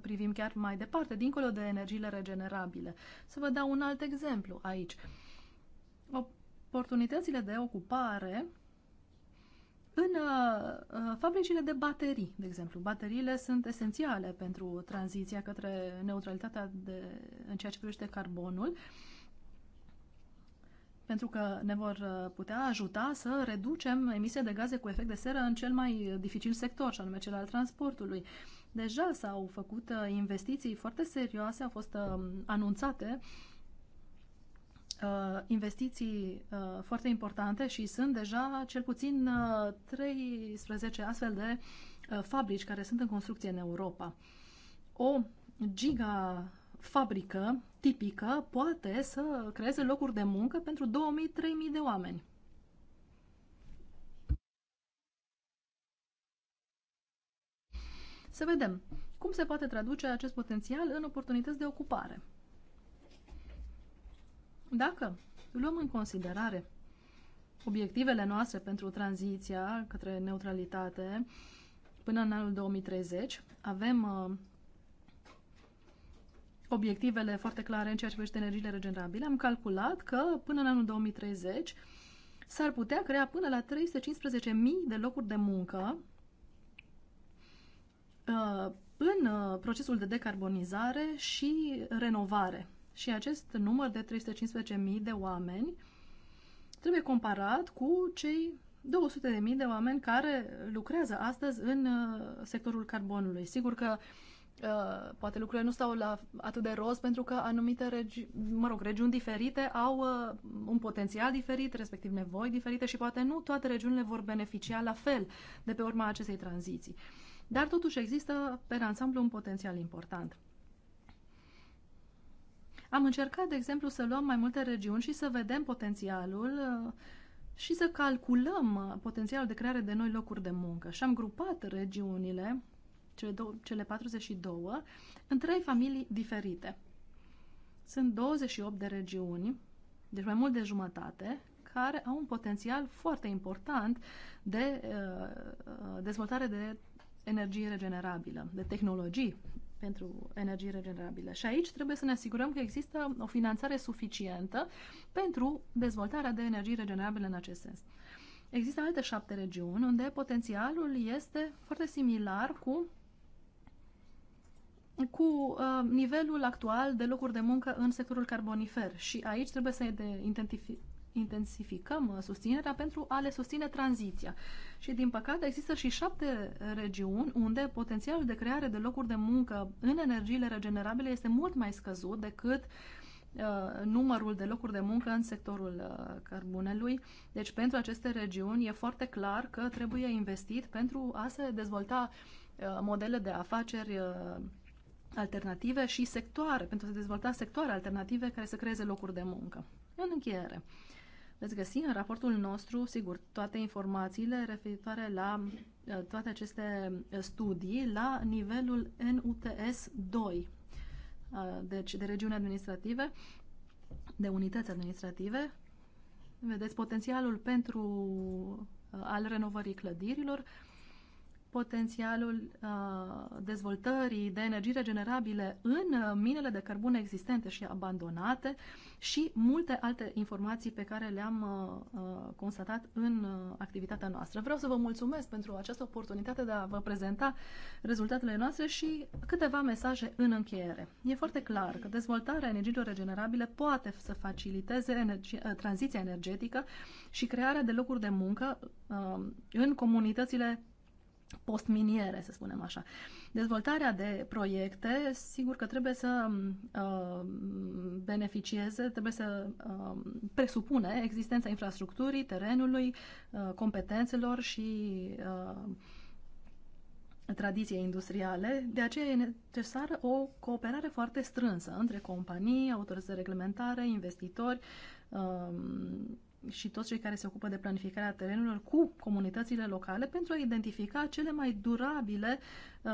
privim chiar mai departe, dincolo de energiile regenerabile. Să vă dau un alt exemplu aici. Oportunitățile de ocupare în uh, uh, fabricile de baterii, de exemplu, bateriile sunt esențiale pentru tranziția către neutralitatea de, în ceea ce privește carbonul, pentru că ne vor uh, putea ajuta să reducem emisia de gaze cu efect de seră în cel mai dificil sector, și anume cel al transportului. Deja s-au făcut uh, investiții foarte serioase, au fost anunțate uh, Uh, investiții uh, foarte importante și sunt deja cel puțin 13 uh, astfel de fabrici care sunt în construcție în Europa. O giga fabrică tipică poate să creeze locuri de muncă pentru 2000-3000 de oameni. Să vedem cum se poate traduce acest potențial în oportunități de ocupare. Dacă luăm în considerare obiectivele noastre pentru tranziția către neutralitate până în anul 2030, avem uh, obiectivele foarte clare în ceea ce privește energiile regenerabile, am calculat că până în anul 2030 s-ar putea crea până la 315.000 de locuri de muncă uh, în uh, procesul de decarbonizare și renovare. Și acest număr de 315.000 de oameni trebuie comparat cu cei 200.000 de oameni care lucrează astăzi în uh, sectorul carbonului. Sigur că uh, poate lucrurile nu stau la atât de roz pentru că anumite regi, mă rog, regiuni diferite au uh, un potențial diferit, respectiv nevoi diferite și poate nu toate regiunile vor beneficia la fel de pe urma acestei tranziții. Dar totuși există pe ansamblu un potențial important. Am încercat, de exemplu, să luăm mai multe regiuni și să vedem potențialul uh, și să calculăm uh, potențialul de creare de noi locuri de muncă. Și am grupat regiunile, cele, cele 42, în trei familii diferite. Sunt 28 de regiuni, deci mai mult de jumătate, care au un potențial foarte important de uh, uh dezvoltare de energie regenerabilă, de tehnologii pentru energii regenerabilă. Și aici trebuie să ne asigurăm că există o finanțare suficientă pentru dezvoltarea de energii regenerabile în acest sens. Există alte șapte regiuni unde potențialul este foarte similar cu cu uh, nivelul actual de locuri de muncă în sectorul carbonifer și aici trebuie să identifi intensificăm uh, susținerea pentru a le susține tranziția. Și, din păcate, există și șapte regiuni unde potențialul de creare de locuri de muncă în energiile regenerabile este mult mai scăzut decât uh, numărul de locuri de muncă în sectorul uh, cărbunelui. Deci, pentru aceste regiuni e foarte clar că trebuie investit pentru a se dezvolta uh, modele de afaceri alternative și sectoare, pentru a se dezvolta sectoare alternative care să creeze locuri de muncă. În încheiere, veți găsi în raportul nostru, sigur, toate informațiile referitoare la eh, toate aceste eh, studii la nivelul NUTS 2, eh, deci de regiuni administrative, de unități administrative. Vedeți potențialul pentru al renovării clădirilor, potențialul uh, dezvoltării de energii regenerabile în uh, minele de cărbune existente și abandonate și multe alte informații pe care le-am uh, uh, constatat în uh, activitatea noastră. Vreau să vă mulțumesc pentru această oportunitate de a vă prezenta rezultatele noastre și câteva mesaje în încheiere. E foarte clar că dezvoltarea energiilor regenerabile poate să faciliteze energie, uh, tranziția energetică și crearea de locuri de muncă în comunitățile postminiere, să spunem așa. Dezvoltarea de proiecte, sigur că trebuie să uh, beneficieze, trebuie să uh, presupune existența infrastructurii, terenului, uh, competențelor și uh, tradiției industriale, de aceea e necesară o cooperare foarte strânsă între companii, autorități de reglementare, investitori, uh, și toți cei care se ocupă de planificarea terenurilor cu comunitățile locale pentru a identifica cele mai durabile, uh,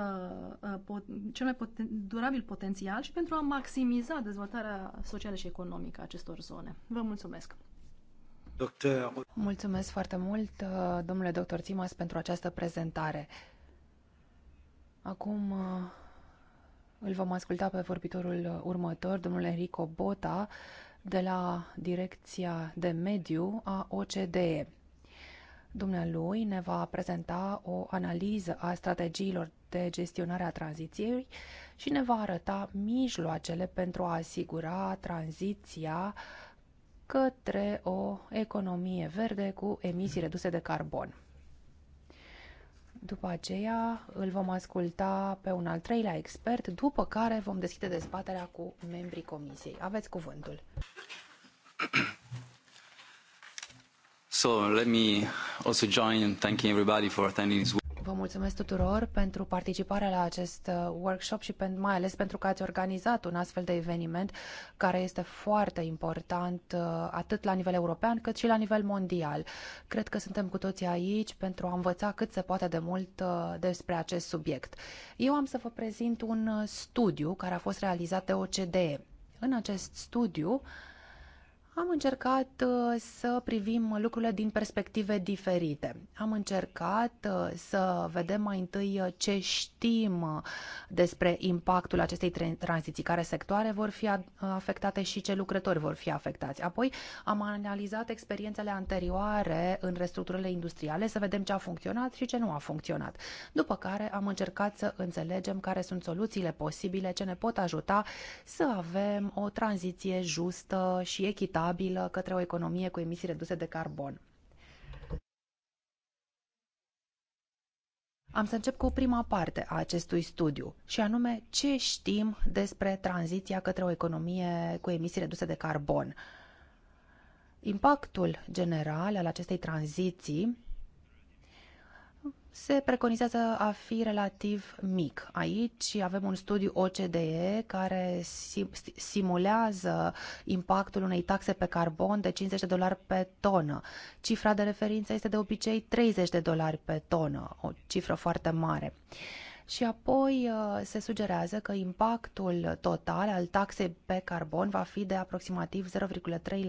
uh, cel mai poten, durabil potențial și pentru a maximiza dezvoltarea socială și economică a acestor zone. Vă mulțumesc! Doctor. Mulțumesc foarte mult, uh, domnule doctor Timas, pentru această prezentare. Acum îl vom asculta pe vorbitorul următor, domnul Enrico Bota, de la Direcția de Mediu a OCDE. Dumnealui ne va prezenta o analiză a strategiilor de gestionare a tranziției și ne va arăta mijloacele pentru a asigura tranziția către o economie verde cu emisii reduse de carbon. După aceea îl vom asculta pe un al treilea expert, după care vom deschide dezbaterea cu membrii comisiei. Aveți cuvântul. So let me also join in thanking everybody for attending this Vă mulțumesc tuturor pentru participarea la acest uh, workshop și mai ales pentru că ați organizat un astfel de eveniment care este foarte important uh, atât la nivel european cât și la nivel mondial. Cred că suntem cu toții aici pentru a învăța cât se poate de mult uh, despre acest subiect. Eu am să vă prezint un studiu care a fost realizat de OCDE. În acest studiu, am încercat uh, să privim lucrurile din perspective diferite. Am încercat uh, să vedem mai întâi uh, ce știm despre impactul acestei tranziții, care sectoare vor fi afectate și ce lucrători vor fi afectați. Apoi am analizat experiențele anterioare în restructurile industriale să vedem ce a funcționat și ce nu a funcționat. După care am încercat să înțelegem care sunt soluțiile posibile ce ne pot ajuta să avem o tranziție justă și echitabilă echitabilă către o economie cu emisii reduse de carbon. Am să încep cu prima parte a acestui studiu, și anume ce știm despre tranziția către o economie cu emisii reduse de carbon. Impactul general al acestei tranziții se preconizează a fi relativ mic. Aici avem un studiu OCDE care simulează impactul unei taxe pe carbon de 50 de dolari pe tonă. Cifra de referință este de obicei 30 de dolari pe tonă, o cifră foarte mare. Și apoi uh, se sugerează că impactul total al taxei pe carbon va fi de aproximativ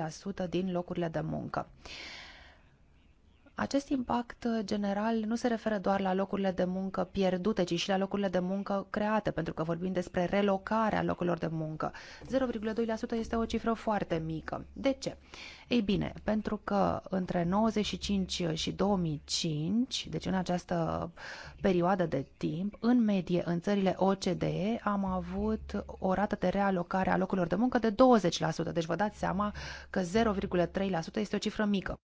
0,3% din locurile de muncă. Acest impact uh, general nu se referă doar la locurile de muncă pierdute, ci și la locurile de muncă create, pentru că vorbim despre relocarea locurilor de muncă. 0,2% este o cifră foarte mică. De ce? Ei bine, pentru că între 95 și 2005, deci în această perioadă de timp, în medie în țările OCDE am avut o rată de realocare a locurilor de muncă de 20%, deci vă dați seama că 0,3% este o cifră mică.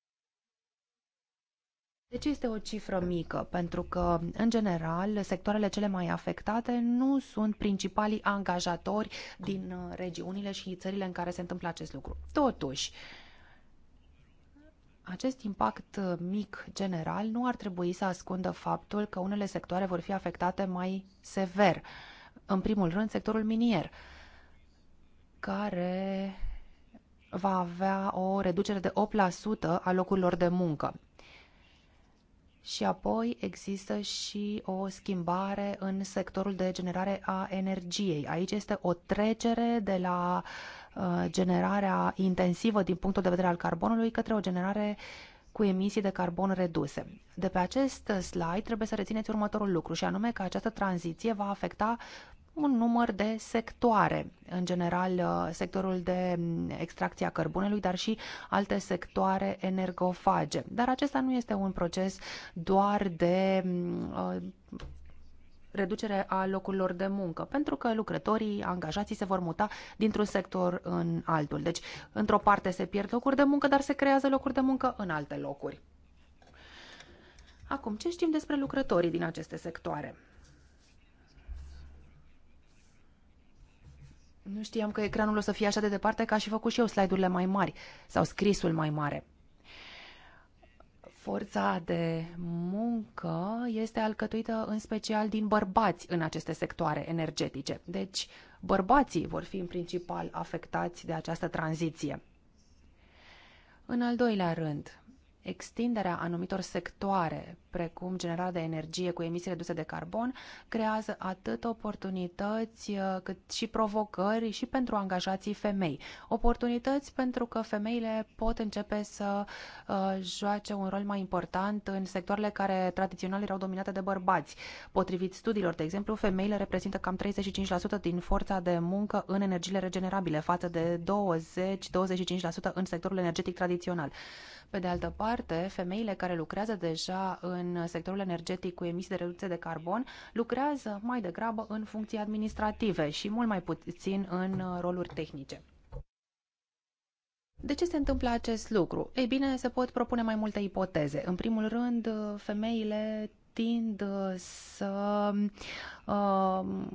Deci este o cifră mică, pentru că, în general, sectoarele cele mai afectate nu sunt principalii angajatori din uh, regiunile și țările în care se întâmplă acest lucru. Totuși, acest impact uh, mic general nu ar trebui să ascundă faptul că unele sectoare vor fi afectate mai sever. În primul rând, sectorul minier, care va avea o reducere de 8% a locurilor de muncă. Și apoi există și o schimbare în sectorul de generare a energiei. Aici este o trecere de la uh, generarea intensivă din punctul de vedere al carbonului către o generare cu emisii de carbon reduse. De pe acest slide trebuie să rețineți următorul lucru și anume că această tranziție va afecta un număr de sectoare, în general uh, sectorul de mm, extracție a cărbunelui, dar și alte sectoare energofage. Dar acesta nu este un proces doar de mm, uh, reducere a locurilor de muncă, pentru că lucrătorii, angajații se vor muta dintr-un sector în altul. Deci, într-o parte se pierd locuri de muncă, dar se creează locuri de muncă în alte locuri. Acum, ce știm despre lucrătorii din aceste sectoare? Nu știam că ecranul o să fie așa de departe că aș fi făcut și eu slide-urile mai mari sau scrisul mai mare. Forța de muncă este alcătuită în special din bărbați în aceste sectoare energetice. Deci, bărbații vor fi în principal afectați de această tranziție. În al doilea rând, Extinderea anumitor sectoare, precum generarea de energie cu emisii reduse de carbon, creează atât oportunități uh, cât și provocări și pentru angajații femei. Oportunități pentru că femeile pot începe să uh, joace un rol mai important în sectoarele care tradițional erau dominate de bărbați. Potrivit studiilor, de exemplu, femeile reprezintă cam 35% din forța de muncă în energiile regenerabile, față de 20-25% în sectorul energetic tradițional. Pe de altă parte, femeile care lucrează deja în sectorul energetic cu emisii de reducție de carbon lucrează mai degrabă în funcții administrative și mult mai puțin în uh, roluri tehnice. De ce se întâmplă acest lucru? Ei bine, se pot propune mai multe ipoteze. În primul rând, uh, femeile tind uh, să uh, um,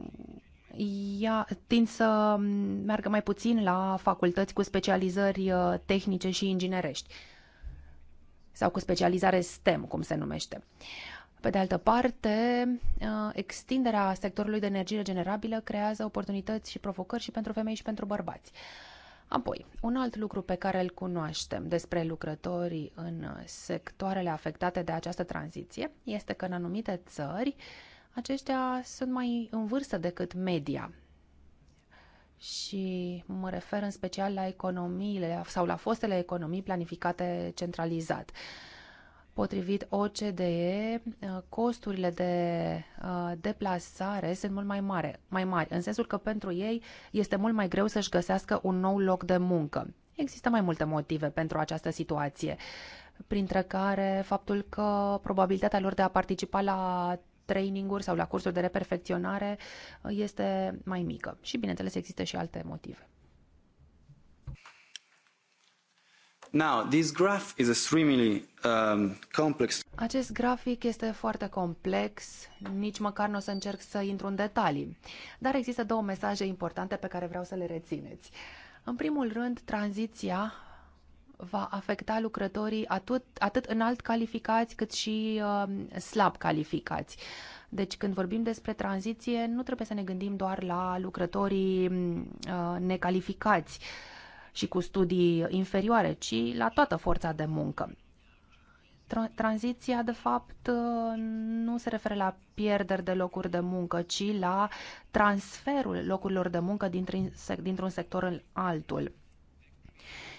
ea tind să meargă mai puțin la facultăți cu specializări tehnice și inginerești sau cu specializare STEM, cum se numește. Pe de altă parte, uh, extinderea sectorului de energie regenerabilă creează oportunități și provocări și pentru femei și pentru bărbați. Apoi, un alt lucru pe care îl cunoaștem despre lucrătorii în sectoarele afectate de această tranziție este că în anumite țări aceștia sunt mai în vârstă decât media și mă refer în special la economiile sau la fostele economii planificate centralizat. Potrivit OCDE, costurile de uh, deplasare sunt mult mai, mare, mai mari, în sensul că pentru ei este mult mai greu să-și găsească un nou loc de muncă. Există mai multe motive pentru această situație, printre care faptul că probabilitatea lor de a participa la traininguri sau la cursuri de reperfecționare uh, este mai mică. Și bineînțeles există și alte motive. Now, this graph is extremely um, complex. Acest grafic este foarte complex, nici măcar nu o să încerc să intru în detalii, dar există două mesaje importante pe care vreau să le rețineți. În primul rând, tranziția va afecta lucrătorii atât, atât înalt calificați cât și uh, slab calificați. Deci când vorbim despre tranziție, nu trebuie să ne gândim doar la lucrătorii mm, uh, necalificați și cu studii inferioare, ci la toată forța de muncă tranziția, de fapt, uh, nu se referă la pierderi de locuri de muncă, ci la transferul locurilor de muncă dintr-un sector în altul.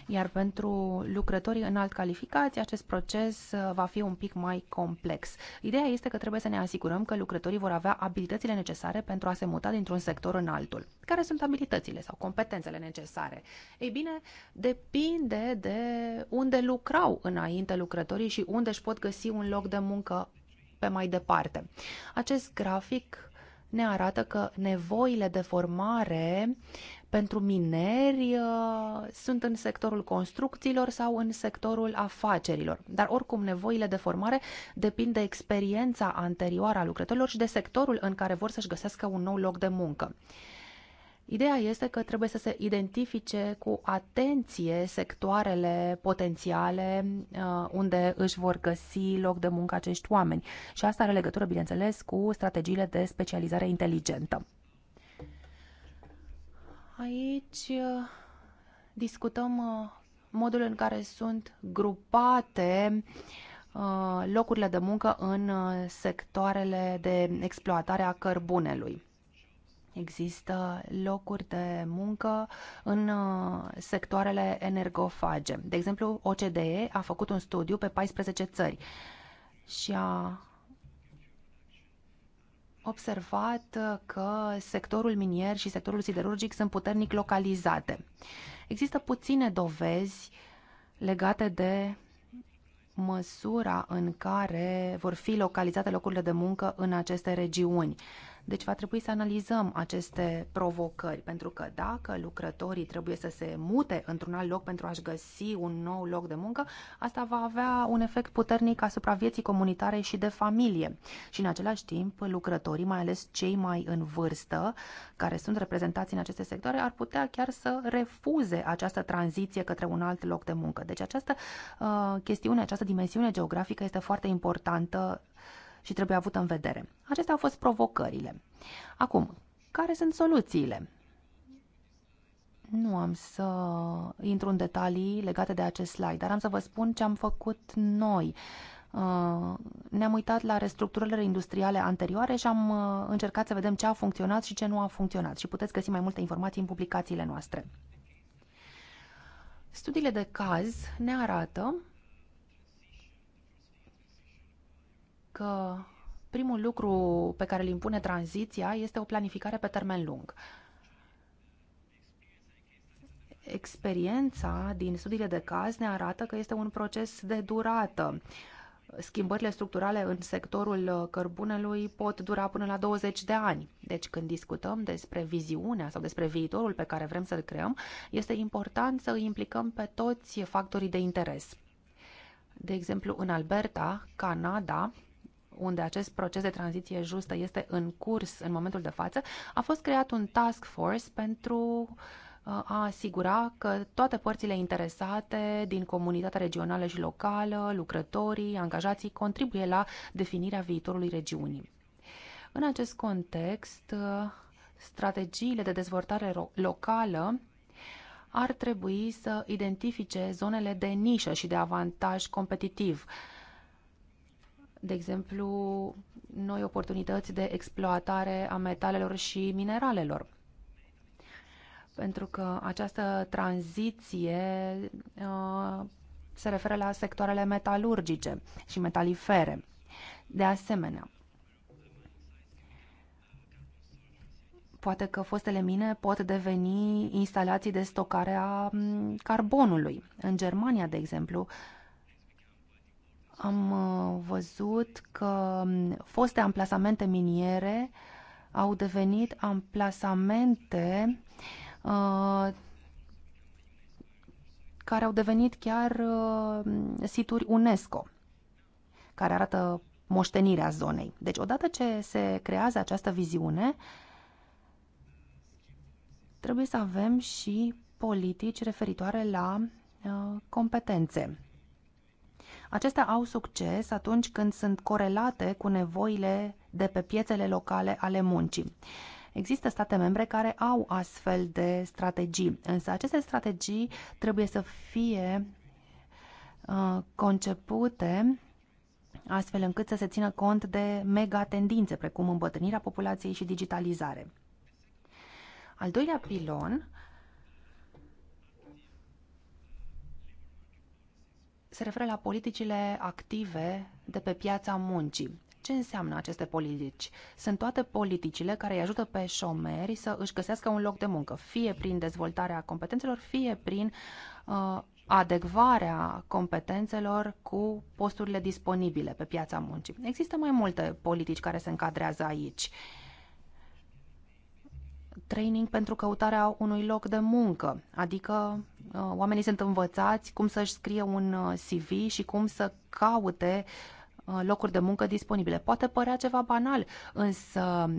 Iar pentru lucrătorii înalt calificați, acest proces uh, va fi un pic mai complex. Ideea este că trebuie să ne asigurăm că lucrătorii vor avea abilitățile necesare pentru a se muta dintr-un sector în altul. Care sunt abilitățile sau competențele necesare? Ei bine, depinde de unde lucrau înainte lucrătorii și unde își pot găsi un loc de muncă pe mai departe. Acest grafic ne arată că nevoile de formare pentru mineri uh, sunt în sectorul construcțiilor sau în sectorul afacerilor. Dar oricum nevoile de formare depind de experiența anterioară a lucrătorilor și de sectorul în care vor să-și găsească un nou loc de muncă. Ideea este că trebuie să se identifice cu atenție sectoarele potențiale uh, unde își vor găsi loc de muncă acești oameni. Și asta are legătură, bineînțeles, cu strategiile de specializare inteligentă. Aici uh, discutăm uh, modul în care sunt grupate uh, locurile de muncă în sectoarele de exploatare a cărbunelui. Există locuri de muncă în sectoarele energofage. De exemplu, OCDE a făcut un studiu pe 14 țări și a observat uh, că sectorul minier și sectorul siderurgic sunt puternic localizate. Există puține dovezi legate de măsura în care vor fi localizate locurile de muncă în aceste regiuni. Deci va trebui să analizăm aceste provocări, pentru că dacă lucrătorii trebuie să se mute într-un alt loc pentru a-și găsi un nou loc de muncă, asta va avea un efect puternic asupra vieții comunitare și de familie. Și în același timp, lucrătorii, mai ales cei mai în vârstă, care sunt reprezentați în aceste sectoare, ar putea chiar să refuze această tranziție către un alt loc de muncă. Deci această uh, chestiune, această dimensiune geografică este foarte importantă și trebuie avut în vedere. Acestea au fost provocările. Acum, care sunt soluțiile? Nu am să intru în detalii legate de acest slide, dar am să vă spun ce am făcut noi. Uh, ne-am uitat la restructurările industriale anterioare și am uh, încercat să vedem ce a funcționat și ce nu a funcționat. Și puteți găsi mai multe informații în publicațiile noastre. Studiile de caz ne arată că primul lucru pe care îl impune tranziția este o planificare pe termen lung. Experiența din studiile de caz ne arată că este un proces de durată. Schimbările structurale în sectorul cărbunelui pot dura până la 20 de ani. Deci când discutăm despre viziunea sau despre viitorul pe care vrem să-l creăm, este important să îi implicăm pe toți factorii de interes. De exemplu, în Alberta, Canada, unde acest proces de tranziție justă este în curs în momentul de față, a fost creat un task force pentru uh, a asigura că toate părțile interesate din comunitatea regională și locală, lucrătorii, angajații, contribuie la definirea viitorului regiunii. În acest context, uh, strategiile de dezvoltare locală ar trebui să identifice zonele de nișă și de avantaj competitiv, de exemplu, noi oportunități de exploatare a metalelor și mineralelor. Pentru că această tranziție uh, se referă la sectoarele metalurgice și metalifere. De asemenea, poate că fostele mine pot deveni instalații de stocare a mm, carbonului. În Germania, de exemplu, am uh, văzut că um, foste amplasamente miniere au devenit amplasamente uh, care au devenit chiar uh, situri UNESCO, care arată moștenirea zonei. Deci, odată ce se creează această viziune, trebuie să avem și politici referitoare la uh, competențe Acestea au succes atunci când sunt corelate cu nevoile de pe piețele locale ale muncii. Există state membre care au astfel de strategii, însă aceste strategii trebuie să fie uh, concepute astfel încât să se țină cont de mega tendințe, precum îmbătrânirea populației și digitalizare. Al doilea pilon se referă la politicile active de pe piața muncii. Ce înseamnă aceste politici? Sunt toate politicile care îi ajută pe șomeri să își găsească un loc de muncă, fie prin dezvoltarea competențelor, fie prin uh, adecvarea competențelor cu posturile disponibile pe piața muncii. Există mai multe politici care se încadrează aici. Uh, training pentru căutarea unui loc de muncă, adică uh, oamenii sunt învățați cum să-și scrie un uh, CV și cum să caute uh, locuri de muncă disponibile. Poate părea ceva banal, însă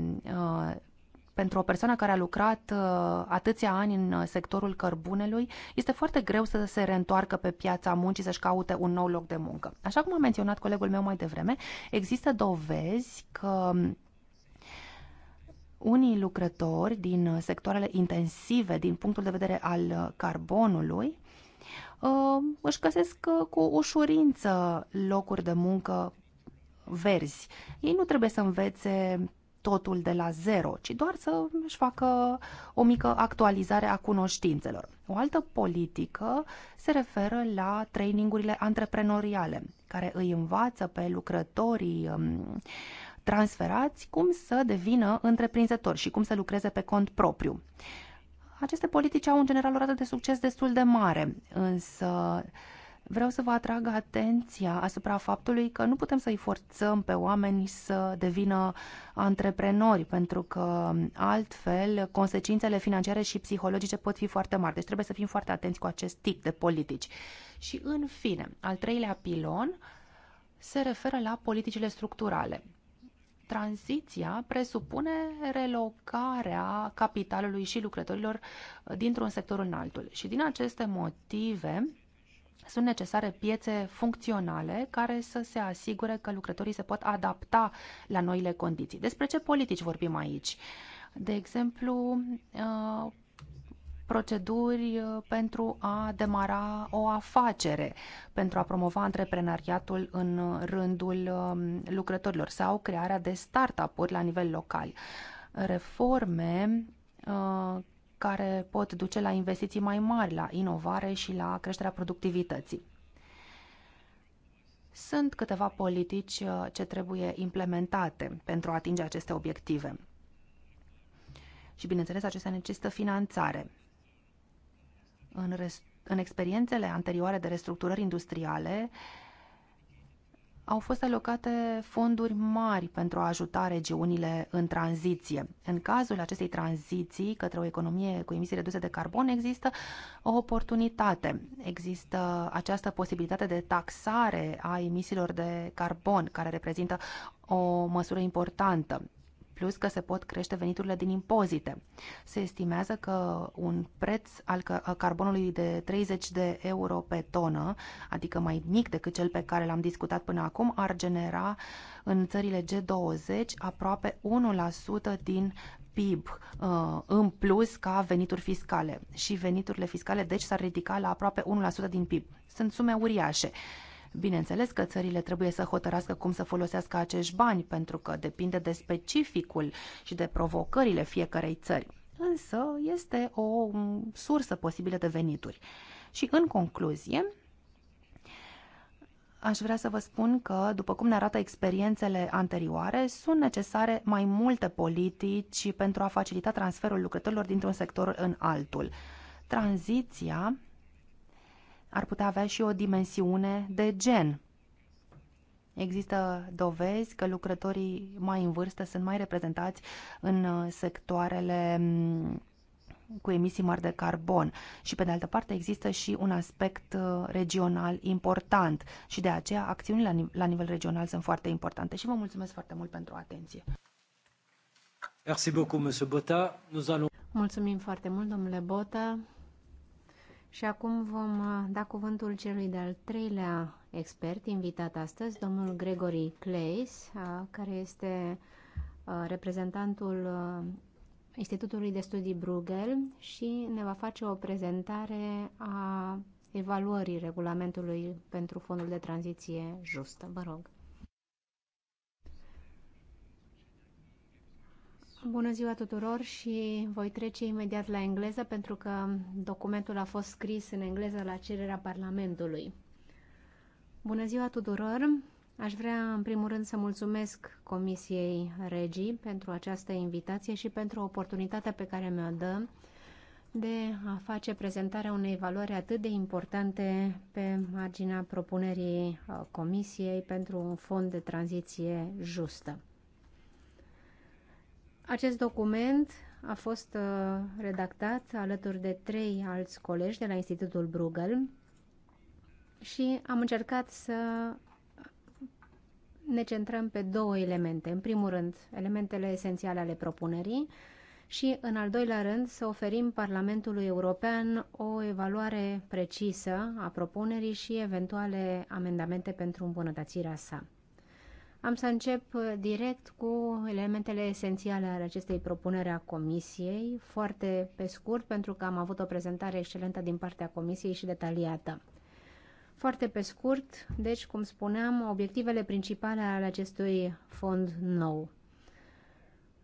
pentru o persoană care a lucrat atâția ani în sectorul cărbunelui, este foarte greu să se reîntoarcă pe piața muncii să-și caute un nou loc de muncă. Așa cum a menționat colegul meu mai devreme, există dovezi că unii lucrători din sectoarele intensive din punctul de vedere al carbonului uh, își găsesc uh, cu ușurință locuri de muncă verzi. Ei nu trebuie să învețe totul de la zero, ci doar să își facă o mică actualizare a cunoștințelor. O altă politică se referă la trainingurile antreprenoriale, care îi învață pe lucrătorii um, transferați, cum să devină întreprinzători și cum să lucreze pe cont propriu. Aceste politici au în general o rată de succes destul de mare, însă vreau să vă atrag atenția asupra faptului că nu putem să-i forțăm pe oameni să devină antreprenori, pentru că altfel consecințele financiare și psihologice pot fi foarte mari. Deci trebuie să fim foarte atenți cu acest tip de politici. Și în fine, al treilea pilon se referă la politicile structurale tranziția presupune relocarea capitalului și lucrătorilor dintr-un sector în altul. Și din aceste motive sunt necesare piețe funcționale care să se asigure că lucrătorii se pot adapta la noile condiții. Despre ce politici vorbim aici? De exemplu, proceduri uh, pentru a demara o afacere, pentru a promova antreprenariatul în uh, rândul um, lucrătorilor sau crearea de startup-uri la nivel local. Reforme uh, care pot duce la investiții mai mari, la inovare și la creșterea productivității. Sunt câteva politici ce trebuie implementate pentru a atinge aceste obiective. Și, bineînțeles, acestea necesită finanțare. În, în experiențele anterioare de restructurări industriale, au fost alocate fonduri mari pentru a ajuta regiunile în tranziție. În cazul acestei tranziții către o economie cu emisii reduse de carbon există o oportunitate. Există această posibilitate de taxare a emisiilor de carbon, care reprezintă o măsură importantă plus că se pot crește veniturile din impozite. Se estimează că un preț al carbonului de 30 de euro pe tonă, adică mai mic decât cel pe care l-am discutat până acum, ar genera în țările G20 aproape 1% din PIB uh, în plus ca venituri fiscale și veniturile fiscale deci s-ar ridica la aproape 1% din PIB. Sunt sume uriașe Bineînțeles că țările trebuie să hotărască cum să folosească acești bani, pentru că depinde de specificul și de provocările fiecarei țări. Însă este o sursă posibilă de venituri. Și în concluzie, aș vrea să vă spun că, după cum ne arată experiențele anterioare, sunt necesare mai multe politici pentru a facilita transferul lucrătorilor dintr-un sector în altul. Tranziția ar putea avea și o dimensiune de gen. Există dovezi că lucrătorii mai în vârstă sunt mai reprezentați în uh, sectoarele mm, cu emisii mari de carbon și pe de altă parte există și un aspect uh, regional important și de aceea acțiunile la nivel regional sunt foarte importante și vă mulțumesc foarte mult pentru atenție. Merci beaucoup, Mulțumim foarte mult, domnule Bota. Și acum vom uh, da cuvântul celui de-al treilea expert invitat astăzi, domnul Gregory Clays, uh, care este uh, reprezentantul Institutului de Studii Bruegel și ne va face o prezentare a evaluării regulamentului pentru fondul de tranziție justă. Vă rog. Bună ziua tuturor și voi trece imediat la engleză pentru că documentul a fost scris în engleză la cererea Parlamentului. Bună ziua tuturor! Aș vrea în primul rând să mulțumesc Comisiei Regii pentru această invitație și pentru oportunitatea pe care mi-o dă de a face prezentarea unei valori atât de importante pe marginea propunerii uh, Comisiei pentru un fond de tranziție justă. Acest document a fost uh, redactat alături de trei alți colegi de la Institutul Bruegel și am încercat să ne centrăm pe două elemente. În primul rând, elementele esențiale ale propunerii și, în al doilea rând, să oferim Parlamentului European o evaluare precisă a propunerii și eventuale amendamente pentru îmbunătățirea sa. Am să încep uh, direct cu elementele esențiale ale acestei propuneri a Comisiei, foarte pe scurt, pentru că am avut o prezentare excelentă din partea Comisiei și detaliată. Foarte pe scurt, deci, cum spuneam, obiectivele principale ale acestui fond nou.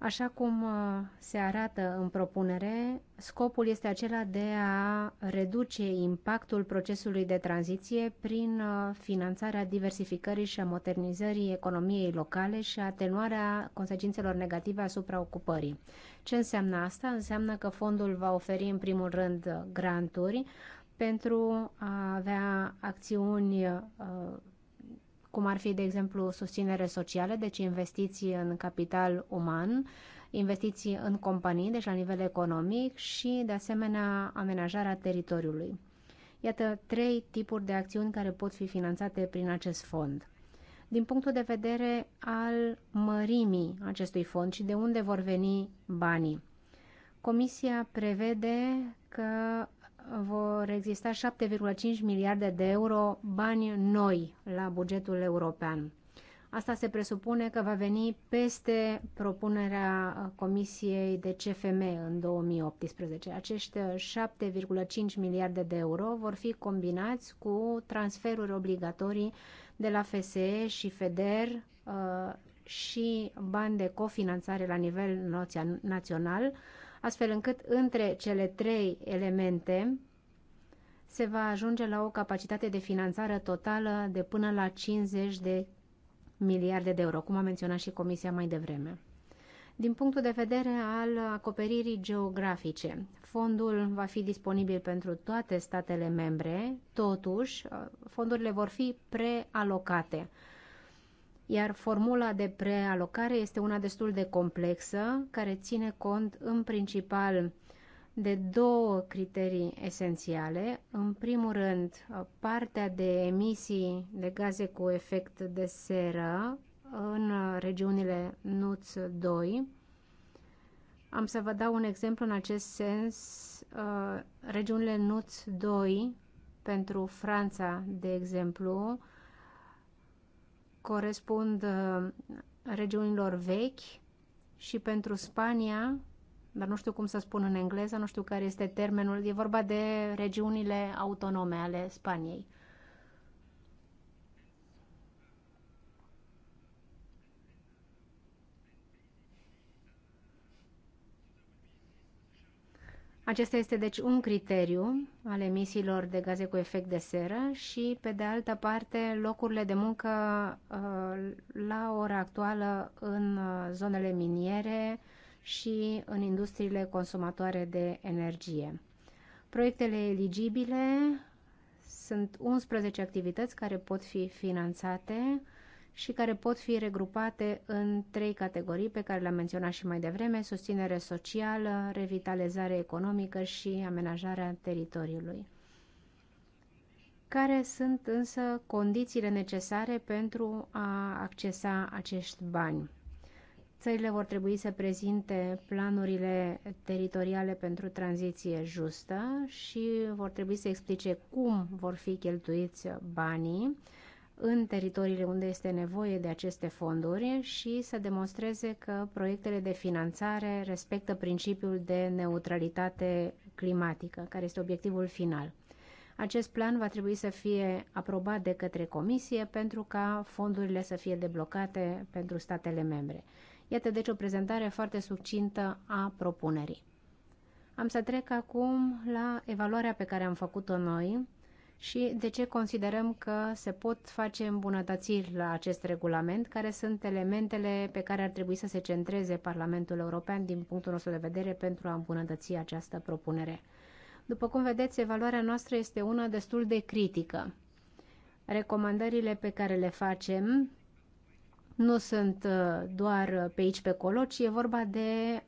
Așa cum uh, se arată în propunere, scopul este acela de a reduce impactul procesului de tranziție prin uh, finanțarea diversificării și a modernizării economiei locale și atenuarea consecințelor negative asupra ocupării. Ce înseamnă asta? Înseamnă că fondul va oferi în primul rând granturi pentru a avea acțiuni uh, cum ar fi, de exemplu, susținere socială, deci investiții în capital uman, investiții în companii, deci la nivel economic și, de asemenea, amenajarea teritoriului. Iată trei tipuri de acțiuni care pot fi finanțate prin acest fond. Din punctul de vedere al mărimii acestui fond și de unde vor veni banii. Comisia prevede că vor exista 7,5 miliarde de euro bani noi la bugetul european. Asta se presupune că va veni peste propunerea Comisiei de CFM în 2018. Acești 7,5 miliarde de euro vor fi combinați cu transferuri obligatorii de la FSE și FEDER uh, și bani de cofinanțare la nivel național astfel încât între cele trei elemente se va ajunge la o capacitate de finanțare totală de până la 50 de miliarde de euro, cum a menționat și Comisia mai devreme. Din punctul de vedere al acoperirii geografice, fondul va fi disponibil pentru toate statele membre, totuși fondurile vor fi prealocate iar formula de prealocare este una destul de complexă, care ține cont în principal de două criterii esențiale. În primul rând, partea de emisii de gaze cu efect de seră în regiunile NUTS 2. Am să vă dau un exemplu în acest sens. Uh, regiunile NUTS 2 pentru Franța, de exemplu, corespund uh, regiunilor vechi și pentru Spania, dar nu știu cum să spun în engleză, nu știu care este termenul, e vorba de regiunile autonome ale Spaniei. Acesta este deci un criteriu al emisiilor de gaze cu efect de seră și, pe de altă parte, locurile de muncă uh, la ora actuală în uh, zonele miniere și în industriile consumatoare de energie. Proiectele eligibile sunt 11 activități care pot fi finanțate și care pot fi regrupate în trei categorii pe care le-am menționat și mai devreme, susținere socială, revitalizare economică și amenajarea teritoriului. Care sunt însă condițiile necesare pentru a accesa acești bani? Țările vor trebui să prezinte planurile teritoriale pentru tranziție justă și vor trebui să explice cum vor fi cheltuiți banii, în teritoriile unde este nevoie de aceste fonduri și să demonstreze că proiectele de finanțare respectă principiul de neutralitate climatică, care este obiectivul final. Acest plan va trebui să fie aprobat de către Comisie pentru ca fondurile să fie deblocate pentru statele membre. Iată deci o prezentare foarte succintă a propunerii. Am să trec acum la evaluarea pe care am făcut-o noi și de ce considerăm că se pot face îmbunătățiri la acest regulament, care sunt elementele pe care ar trebui să se centreze Parlamentul European din punctul nostru de vedere pentru a îmbunătăți această propunere. După cum vedeți, evaluarea noastră este una destul de critică. Recomandările pe care le facem nu sunt uh, doar pe aici, pe acolo, ci e vorba de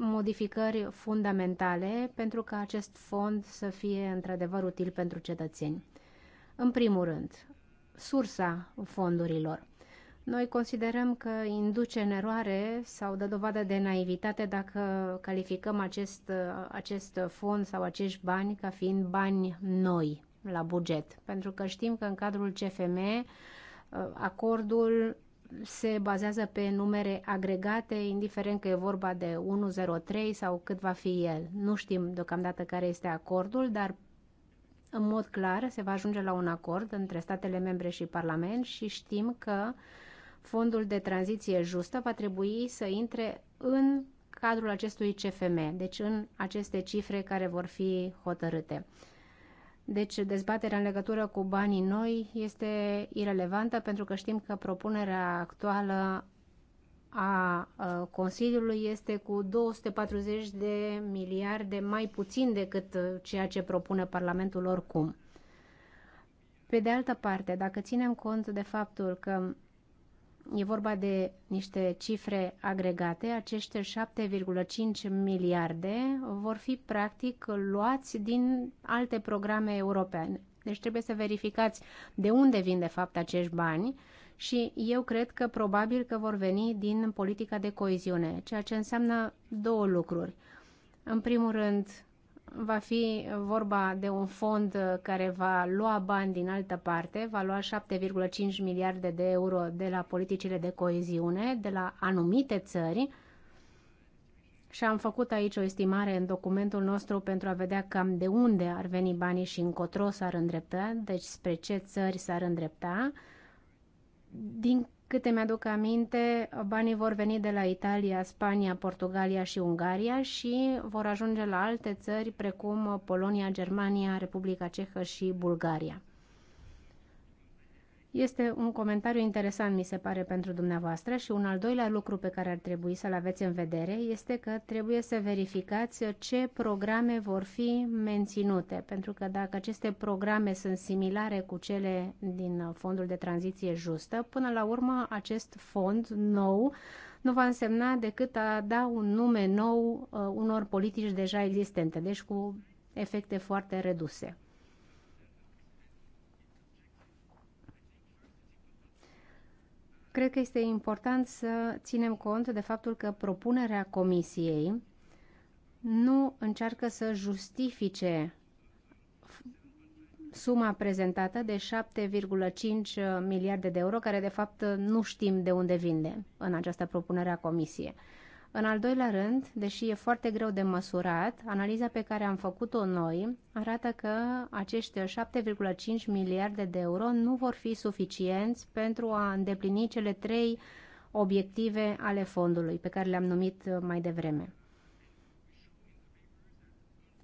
modificări fundamentale pentru ca acest fond să fie într-adevăr util pentru cetățeni. În primul rând, sursa fondurilor. Noi considerăm că induce în eroare sau dă dovadă de naivitate dacă calificăm acest, acest fond sau acești bani ca fiind bani noi la buget. Pentru că știm că în cadrul CFM acordul se bazează pe numere agregate, indiferent că e vorba de 103 sau cât va fi el. Nu știm deocamdată care este acordul, dar în mod clar se va ajunge la un acord între statele membre și Parlament și știm că fondul de tranziție justă va trebui să intre în cadrul acestui CFM, deci în aceste cifre care vor fi hotărâte. Deci dezbaterea în legătură cu banii noi este irelevantă pentru că știm că propunerea actuală a Consiliului este cu 240 de miliarde mai puțin decât uh, ceea ce propune Parlamentul oricum. Pe de altă parte, dacă ținem cont de faptul că E vorba de niște cifre agregate. Acești 7,5 miliarde vor fi practic luați din alte programe europene. Deci trebuie să verificați de unde vin de fapt acești bani și eu cred că probabil că vor veni din politica de coeziune, ceea ce înseamnă două lucruri. În primul rând, va fi vorba de un fond care va lua bani din altă parte, va lua 7,5 miliarde de euro de la politicile de coeziune, de la anumite țări, și am făcut aici o estimare în documentul nostru pentru a vedea cam de unde ar veni banii și încotro s-ar îndrepta, deci spre ce țări s-ar îndrepta. Din Câte mi-aduc aminte, banii vor veni de la Italia, Spania, Portugalia și Ungaria și vor ajunge la alte țări precum Polonia, Germania, Republica Cehă și Bulgaria. Este un comentariu interesant, mi se pare, pentru dumneavoastră și un al doilea lucru pe care ar trebui să-l aveți în vedere este că trebuie să verificați ce programe vor fi menținute, pentru că dacă aceste programe sunt similare cu cele din fondul de tranziție justă, până la urmă acest fond nou nu va însemna decât a da un nume nou uh, unor politici deja existente, deci cu efecte foarte reduse. Cred că este important să ținem cont de faptul că propunerea Comisiei nu încearcă să justifice suma prezentată de 7,5 miliarde de euro, care de fapt nu știm de unde vine în această propunere a Comisiei. În al doilea rând, deși e foarte greu de măsurat, analiza pe care am făcut-o noi arată că acești 7,5 miliarde de euro nu vor fi suficienți pentru a îndeplini cele trei obiective ale fondului pe care le-am numit mai devreme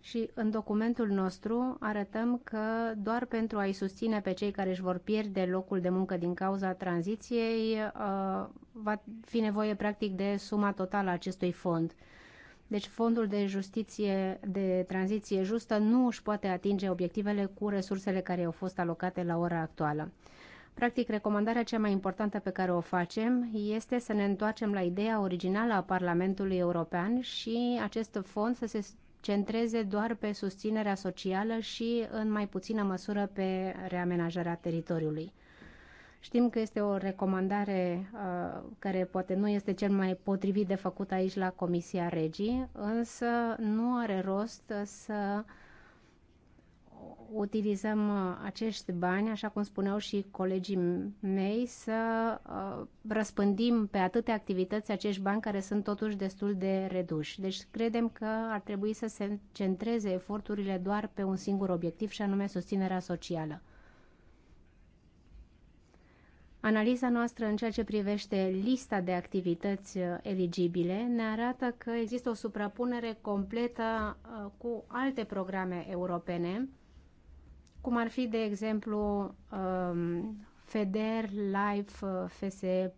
și în documentul nostru arătăm că doar pentru a-i susține pe cei care își vor pierde locul de muncă din cauza tranziției, uh, va fi nevoie practic de suma totală a acestui fond. Deci fondul de justiție de tranziție justă nu își poate atinge obiectivele cu resursele care au fost alocate la ora actuală. Practic, recomandarea cea mai importantă pe care o facem este să ne întoarcem la ideea originală a Parlamentului European și acest fond să se centreze doar pe susținerea socială și în mai puțină măsură pe reamenajarea teritoriului. Știm că este o recomandare uh, care poate nu este cel mai potrivit de făcut aici la Comisia Regii, însă nu are rost să uh, utilizăm uh, acești bani, așa cum spuneau și colegii mei, să uh, răspândim pe atâtea activități acești bani care sunt totuși destul de reduși. Deci credem că ar trebui să se centreze eforturile doar pe un singur obiectiv și anume susținerea socială. Analiza noastră în ceea ce privește lista de activități uh, eligibile ne arată că există o suprapunere completă cu alte programe europene cum ar fi, de exemplu, um, FEDER, LIFE, uh, FSE+,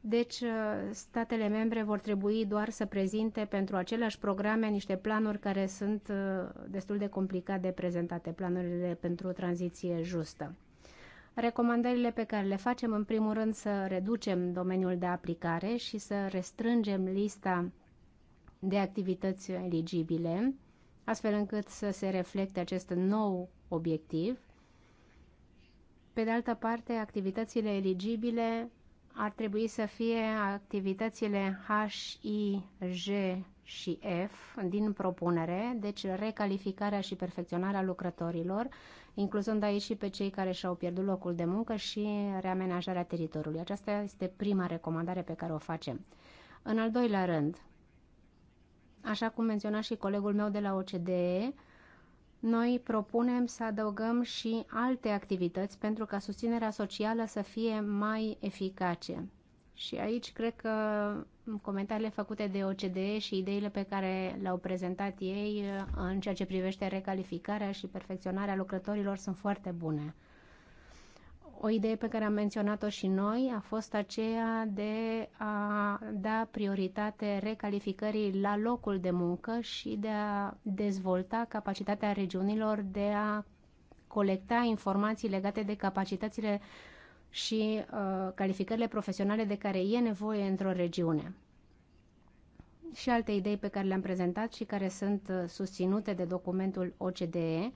deci, uh, statele membre vor trebui doar să prezinte pentru aceleași programe niște planuri care sunt uh, destul de complicat de prezentate, planurile pentru o tranziție justă. Recomandările pe care le facem, în primul rând, să reducem domeniul de aplicare și să restrângem lista de activități eligibile astfel încât să se reflecte acest nou obiectiv. Pe de altă parte, activitățile eligibile ar trebui să fie activitățile H, I, J și F din propunere, deci recalificarea și perfecționarea lucrătorilor, incluzând aici și pe cei care și-au pierdut locul de muncă și reamenajarea teritoriului. Aceasta este prima recomandare pe care o facem. În al doilea rând, Așa cum menționa și colegul meu de la OCDE, noi propunem să adăugăm și alte activități pentru ca susținerea socială să fie mai eficace. Și aici cred că comentariile făcute de OCDE și ideile pe care le-au prezentat ei în ceea ce privește recalificarea și perfecționarea lucrătorilor sunt foarte bune. O idee pe care am menționat-o și noi a fost aceea de a da prioritate recalificării la locul de muncă și de a dezvolta capacitatea regiunilor de a colecta informații legate de capacitățile și uh, calificările profesionale de care e nevoie într-o regiune. Și alte idei pe care le-am prezentat și care sunt uh, susținute de documentul OCDE, uh,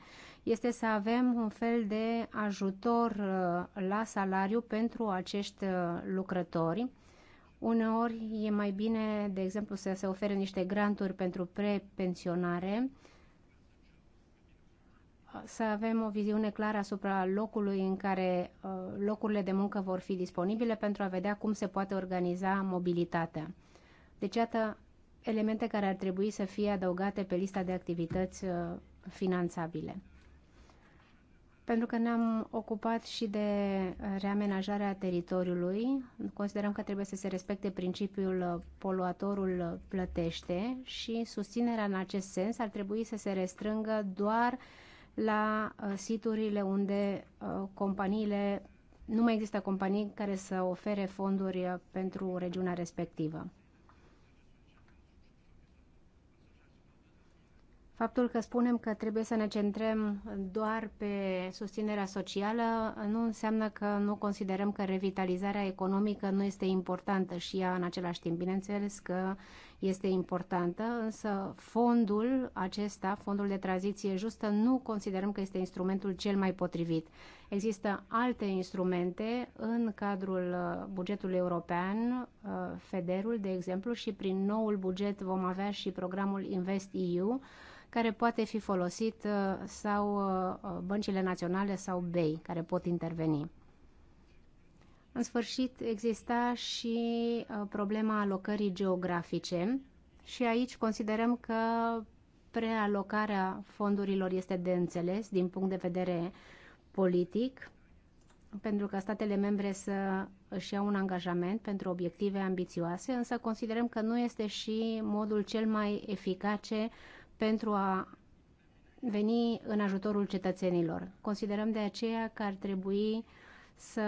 este să avem un fel de ajutor uh, la salariu pentru acești uh, lucrători. Uneori e mai bine, de exemplu, să se ofere niște granturi pentru prepensionare, să avem o viziune clară asupra locului în care uh, locurile de muncă vor fi disponibile pentru a vedea cum se poate organiza mobilitatea. Deci, iată elemente care ar trebui să fie adăugate pe lista de activități finanțabile pentru că ne-am ocupat și de reamenajarea teritoriului. Considerăm că trebuie să se respecte principiul poluatorul plătește și susținerea în acest sens ar trebui să se restrângă doar la uh, siturile unde uh, companiile, nu mai există companii care să ofere fonduri uh, pentru regiunea respectivă. Faptul că spunem că trebuie să ne centrăm doar pe susținerea socială nu înseamnă că nu considerăm că revitalizarea economică nu este importantă și ea în același timp. Bineînțeles că este importantă, însă fondul acesta, fondul de tranziție justă, nu considerăm că este instrumentul cel mai potrivit. Există alte instrumente în cadrul uh, bugetului european, uh, federul, de exemplu, și prin noul buget vom avea și programul Invest EU, care poate fi folosit uh, sau băncile naționale sau BEI, care pot interveni. În sfârșit, exista și uh, problema alocării geografice și aici considerăm că prealocarea fondurilor este de înțeles din punct de vedere politic, pentru că statele membre să își iau un angajament pentru obiective ambițioase, însă considerăm că nu este și modul cel mai eficace pentru a veni în ajutorul cetățenilor. Considerăm de aceea că ar trebui să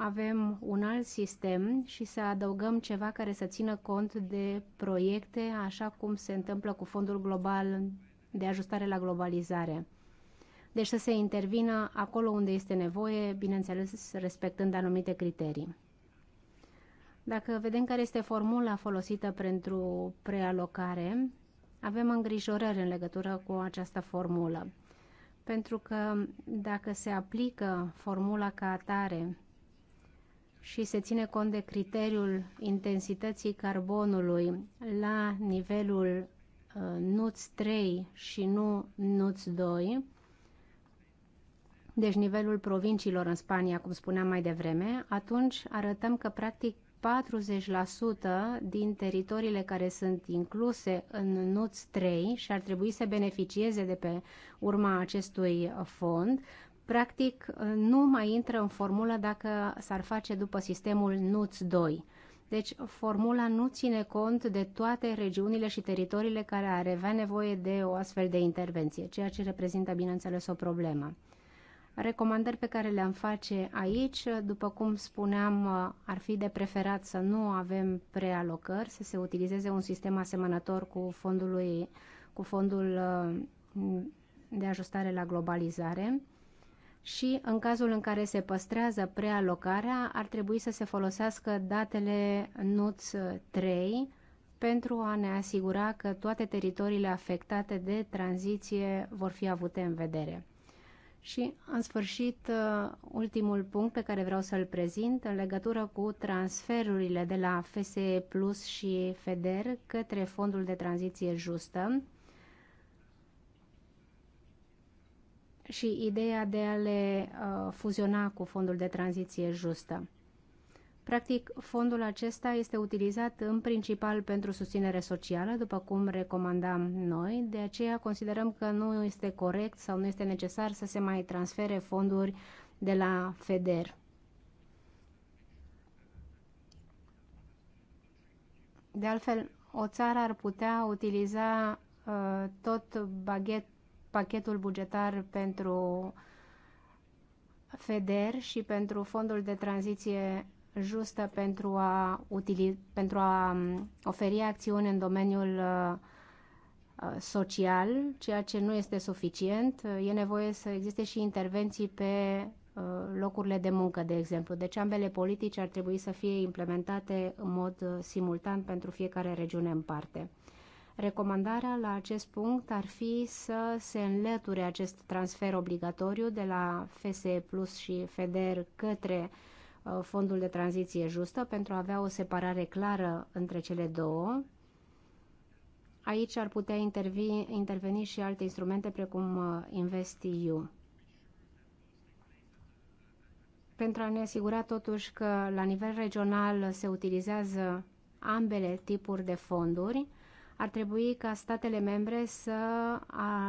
avem un alt sistem și să adăugăm ceva care să țină cont de proiecte, așa cum se întâmplă cu Fondul Global de Ajustare la Globalizare. Deci să se intervină acolo unde este nevoie, bineînțeles respectând anumite criterii. Dacă vedem care este formula folosită pentru prealocare, avem îngrijorări în legătură cu această formulă. Pentru că dacă se aplică formula ca atare și se ține cont de criteriul intensității carbonului la nivelul uh, NUTS 3 și nu NUTS 2, deci nivelul provinciilor în Spania, cum spuneam mai devreme, atunci arătăm că practic 40% din teritoriile care sunt incluse în NUTS 3 și ar trebui să beneficieze de pe urma acestui fond practic nu mai intră în formulă dacă s-ar face după sistemul NUTS 2. Deci formula nu ține cont de toate regiunile și teritoriile care ar avea nevoie de o astfel de intervenție, ceea ce reprezintă, bineînțeles, o problemă. Recomandări pe care le-am face aici, după cum spuneam, ar fi de preferat să nu avem prealocări, să se utilizeze un sistem asemănător cu, fondului, cu fondul uh, de ajustare la globalizare și în cazul în care se păstrează prealocarea, ar trebui să se folosească datele NUTS 3 pentru a ne asigura că toate teritoriile afectate de tranziție vor fi avute în vedere. Și, în sfârșit, ultimul punct pe care vreau să-l prezint în legătură cu transferurile de la FSE Plus și FEDER către Fondul de Tranziție Justă, și ideea de a le uh, fuziona cu fondul de tranziție justă. Practic, fondul acesta este utilizat în principal pentru susținere socială, după cum recomandam noi, de aceea considerăm că nu este corect sau nu este necesar să se mai transfere fonduri de la FEDER. De altfel, o țară ar putea utiliza uh, tot baghet, pachetul bugetar pentru FEDER și pentru fondul de tranziție justă pentru a, utili, pentru a um, oferi acțiuni în domeniul uh, uh, social, ceea ce nu este suficient. E nevoie să existe și intervenții pe uh, locurile de muncă, de exemplu. Deci ambele politici ar trebui să fie implementate în mod simultan pentru fiecare regiune în parte. Recomandarea la acest punct ar fi să se înlăture acest transfer obligatoriu de la FSE Plus și FEDER către uh, fondul de tranziție justă pentru a avea o separare clară între cele două. Aici ar putea intervi, interveni și alte instrumente precum uh, InvestEU pentru a ne asigura totuși că la nivel regional se utilizează ambele tipuri de fonduri ar trebui ca statele membre să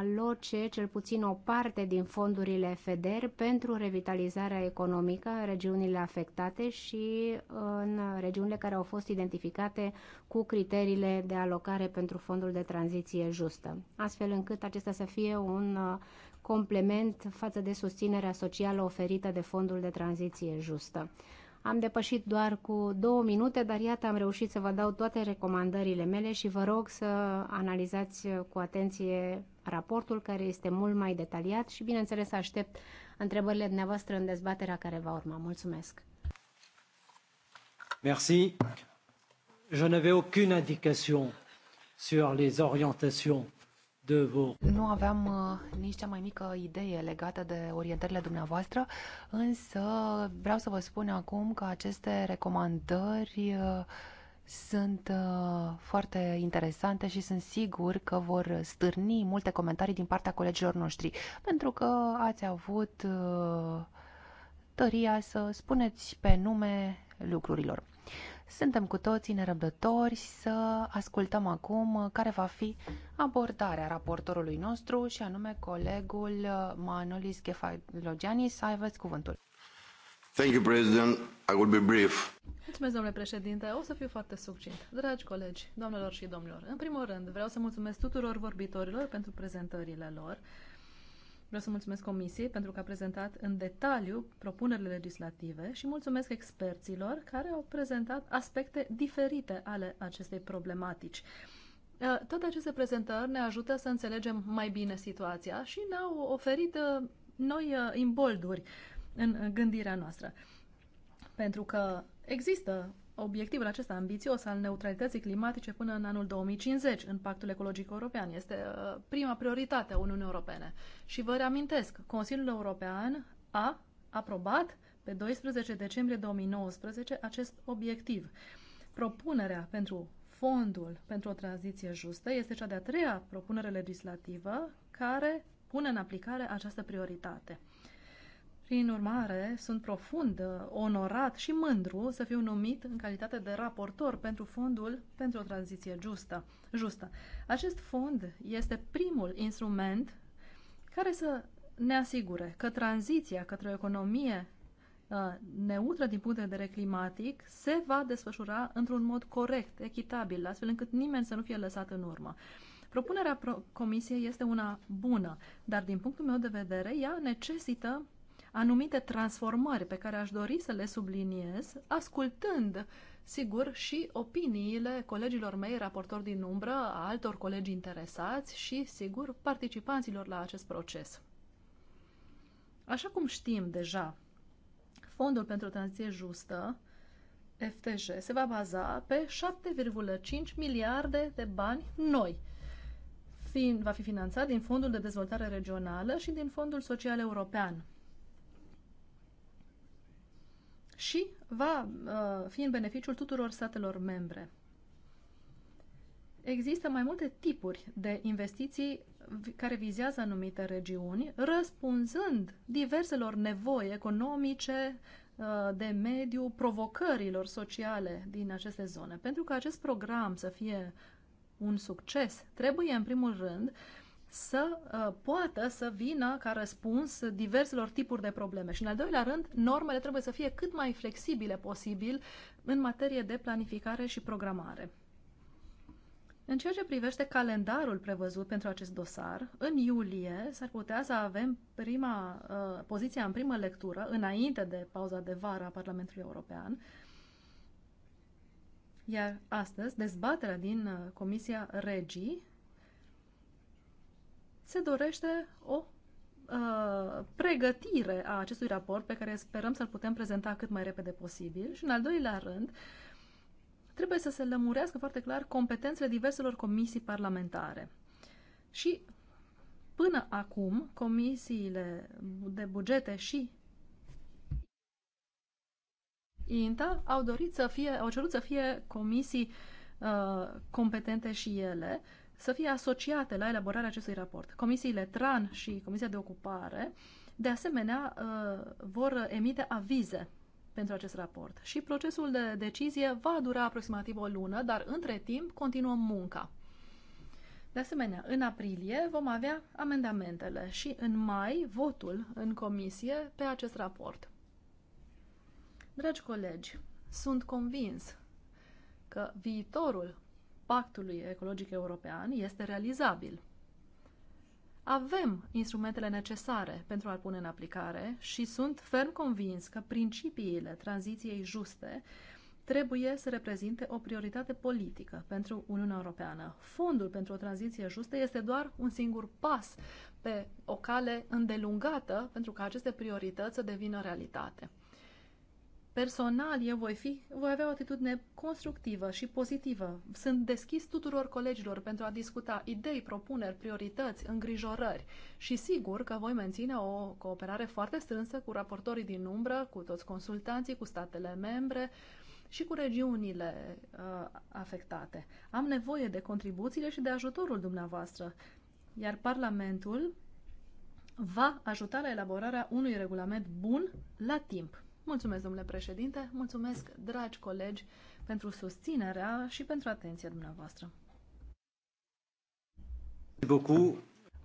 aloce cel puțin o parte din fondurile FEDER pentru revitalizarea economică în regiunile afectate și în regiunile care au fost identificate cu criteriile de alocare pentru fondul de tranziție justă, astfel încât acesta să fie un uh, complement față de susținerea socială oferită de fondul de tranziție justă. Am depășit doar cu două minute, dar iată am reușit să vă dau toate recomandările mele și vă rog să analizați cu atenție raportul care este mult mai detaliat și bineînțeles aștept întrebările dumneavoastră în dezbaterea care va urma. Mulțumesc! Merci. Je n'avais aucune indication sur les orientations nu aveam uh, nici cea mai mică idee legată de orientările dumneavoastră, însă vreau să vă spun acum că aceste recomandări uh, sunt uh, foarte interesante și sunt sigur că vor stârni multe comentarii din partea colegilor noștri, pentru că ați avut tăria să spuneți pe nume lucrurilor. Suntem cu toții nerăbdători să ascultăm acum care va fi abordarea raportorului nostru și anume colegul Manolis Ghefalogiani. Să aveți cuvântul. Thank you, President. I will be brief. Mulțumesc, domnule președinte. O să fiu foarte succint. Dragi colegi, doamnelor și domnilor, în primul rând vreau să mulțumesc tuturor vorbitorilor pentru prezentările lor. Vreau să mulțumesc Comisiei pentru că a prezentat în detaliu propunerile legislative și mulțumesc experților care au prezentat aspecte diferite ale acestei problematici. Eh, toate aceste prezentări ne ajută să înțelegem mai bine situația și ne-au oferit eh, noi eh, imbolduri în gândirea noastră. Pentru că există obiectivul acesta ambițios al neutralității climatice până în anul 2050 în Pactul Ecologic European. Este uh, prima prioritate a Uniunii Europene. Și vă reamintesc, Consiliul European a aprobat pe 12 decembrie 2019 acest obiectiv. Propunerea pentru Fondul pentru o tranziție justă este cea de-a treia propunere legislativă care pune în aplicare această prioritate. Prin urmare, sunt profund uh, onorat și mândru să fiu numit în calitate de raportor pentru Fondul pentru o tranziție justă. justă. Acest fond este primul instrument care să ne asigure că tranziția către o economie uh, neutră din punct de vedere climatic se va desfășura într-un mod corect, echitabil, astfel încât nimeni să nu fie lăsat în urmă. Propunerea Comisiei este una bună, dar din punctul meu de vedere ea necesită anumite transformări pe care aș dori să le subliniez, ascultând, sigur, și opiniile colegilor mei, raportori din umbră, a altor colegi interesați și, sigur, participanților la acest proces. Așa cum știm deja, Fondul pentru o tranziție justă, FTJ, se va baza pe 7,5 miliarde de bani noi, fiind, va fi finanțat din Fondul de Dezvoltare Regională și din Fondul Social European și va uh, fi în beneficiul tuturor statelor membre. Există mai multe tipuri de investiții care vizează anumite regiuni, răspunzând diverselor nevoi economice, uh, de mediu, provocărilor sociale din aceste zone. Pentru că acest program să fie un succes, trebuie în primul rând să uh, poată să vină ca răspuns diverselor tipuri de probleme. Și în al doilea rând, normele trebuie să fie cât mai flexibile posibil în materie de planificare și programare. În ceea ce privește calendarul prevăzut pentru acest dosar, în iulie s-ar putea să avem prima, uh, poziția în primă lectură, înainte de pauza de vară a Parlamentului European, iar astăzi dezbaterea din uh, Comisia Regii se dorește o uh, pregătire a acestui raport pe care sperăm să-l putem prezenta cât mai repede posibil și, în al doilea rând, trebuie să se lămurească foarte clar competențele diverselor comisii parlamentare. Și până acum, comisiile de bugete și INTA au dorit să fie, au cerut să fie comisii uh, competente și ele să fie asociate la elaborarea acestui raport. Comisiile TRAN și Comisia de Ocupare, de asemenea, uh, vor emite avize pentru acest raport. Și procesul de decizie va dura aproximativ o lună, dar între timp continuăm munca. De asemenea, în aprilie vom avea amendamentele și în mai votul în comisie pe acest raport. Dragi colegi, sunt convins că viitorul Pactului Ecologic European este realizabil. Avem instrumentele necesare pentru a-l pune în aplicare și sunt ferm convins că principiile tranziției juste trebuie să reprezinte o prioritate politică pentru Uniunea Europeană. Fondul pentru o tranziție justă este doar un singur pas pe o cale îndelungată pentru ca aceste priorități să devină realitate personal eu voi fi, voi avea o atitudine constructivă și pozitivă. Sunt deschis tuturor colegilor pentru a discuta idei, propuneri, priorități, îngrijorări și sigur că voi menține o cooperare foarte strânsă cu raportorii din umbră, cu toți consultanții, cu statele membre și cu regiunile uh, afectate. Am nevoie de contribuțiile și de ajutorul dumneavoastră, iar Parlamentul va ajuta la elaborarea unui regulament bun la timp. Mulțumesc, domnule președinte, mulțumesc, dragi colegi, pentru susținerea și pentru atenția dumneavoastră.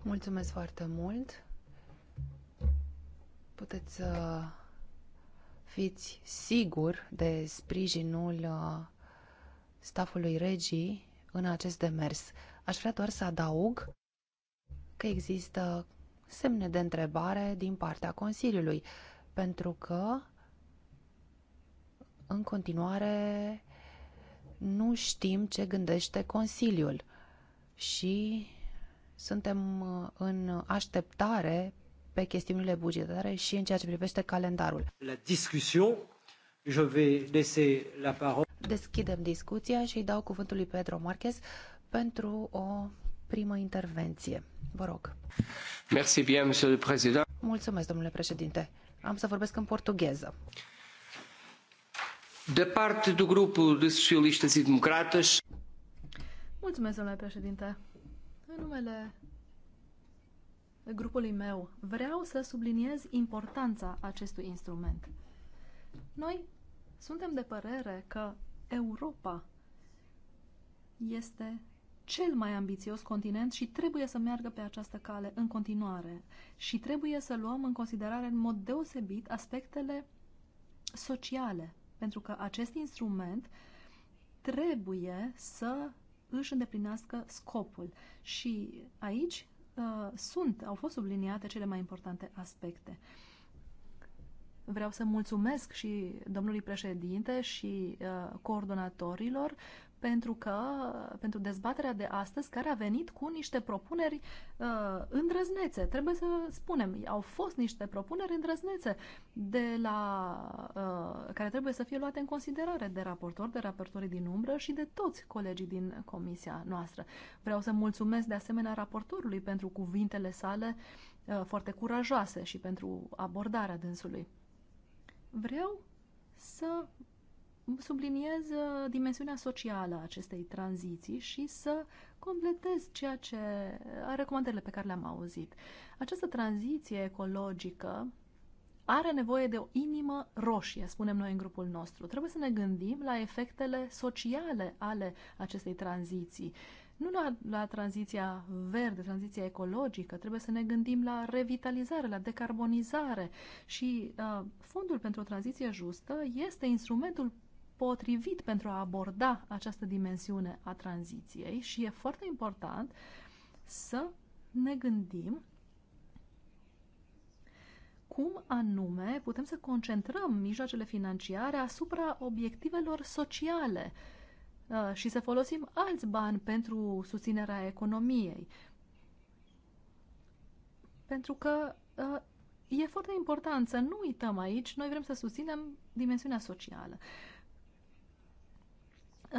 Mulțumesc foarte mult. Puteți să fiți sigur de sprijinul uh, stafului regii în acest demers. Aș vrea doar să adaug că există semne de întrebare din partea Consiliului, pentru că în continuare nu știm ce gândește Consiliul și suntem uh, în așteptare pe chestiunile bugetare și în ceea ce privește calendarul. La discussion, je vais laisser la parole. Deschidem discuția și îi dau cuvântul lui Pedro Marquez pentru o primă intervenție. Vă rog. Merci bien, monsieur le président. Mulțumesc, domnule președinte. Am să vorbesc în portugheză. De parte do grupo de socialistas e democratas. Mulțumesc, domnule președinte. În numele grupului meu, vreau să subliniez importanța acestui instrument. Noi suntem de părere că Europa este cel mai ambițios continent și trebuie să meargă pe această cale în continuare și trebuie să luăm în considerare în mod deosebit aspectele sociale pentru că acest instrument trebuie să își îndeplinească scopul. Și aici uh, sunt, au fost subliniate cele mai importante aspecte. Vreau să mulțumesc și domnului președinte și uh, coordonatorilor pentru că pentru dezbaterea de astăzi, care a venit cu niște propuneri uh, îndrăznețe. Trebuie să spunem, au fost niște propuneri îndrăznețe de la, uh, care trebuie să fie luate în considerare de raportor, de raportorii din umbră și de toți colegii din comisia noastră. Vreau să mulțumesc de asemenea raportorului pentru cuvintele sale uh, foarte curajoase și pentru abordarea dânsului. Vreau să subliniez uh, dimensiunea socială a acestei tranziții și să completez ceea ce uh, recomandările pe care le-am auzit. Această tranziție ecologică are nevoie de o inimă roșie, spunem noi în grupul nostru. Trebuie să ne gândim la efectele sociale ale acestei tranziții. Nu la, la tranziția verde, tranziția ecologică, trebuie să ne gândim la revitalizare, la decarbonizare și uh, Fondul pentru o tranziție justă este instrumentul potrivit pentru a aborda această dimensiune a tranziției și e foarte important să ne gândim cum anume putem să concentrăm mijloacele financiare asupra obiectivelor sociale uh, și să folosim alți bani pentru susținerea economiei. Pentru că uh, e foarte important să nu uităm aici, noi vrem să susținem dimensiunea socială.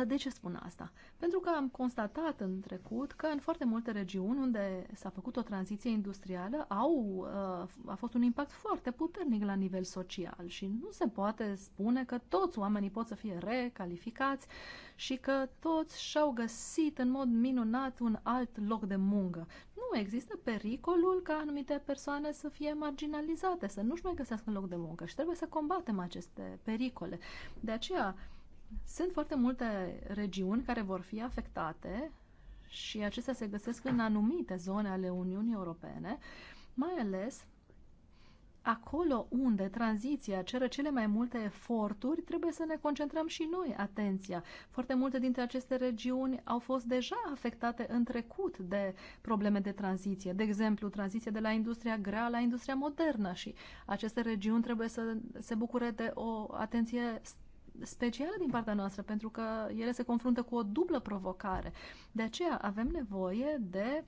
Ă, de ce spun asta? Pentru că am constatat în trecut că în foarte multe regiuni unde s-a făcut o tranziție industrială au, ă, a fost un impact foarte puternic la nivel social și nu se poate spune că toți oamenii pot să fie recalificați și că toți și-au găsit în mod minunat un alt loc de muncă. Nu există pericolul ca anumite persoane să fie marginalizate, să nu-și mai găsească un loc de muncă și trebuie să combatem aceste pericole. De aceea, sunt foarte multe regiuni care vor fi afectate și acestea se găsesc în anumite zone ale Uniunii Europene, mai ales acolo unde tranziția cere cele mai multe eforturi, trebuie să ne concentrăm și noi atenția. Foarte multe dintre aceste regiuni au fost deja afectate în trecut de probleme de tranziție. De exemplu, tranziția de la industria grea la industria modernă și aceste regiuni trebuie să se bucure de o atenție specială din partea noastră, pentru că ele se confruntă cu o dublă provocare. De aceea avem nevoie de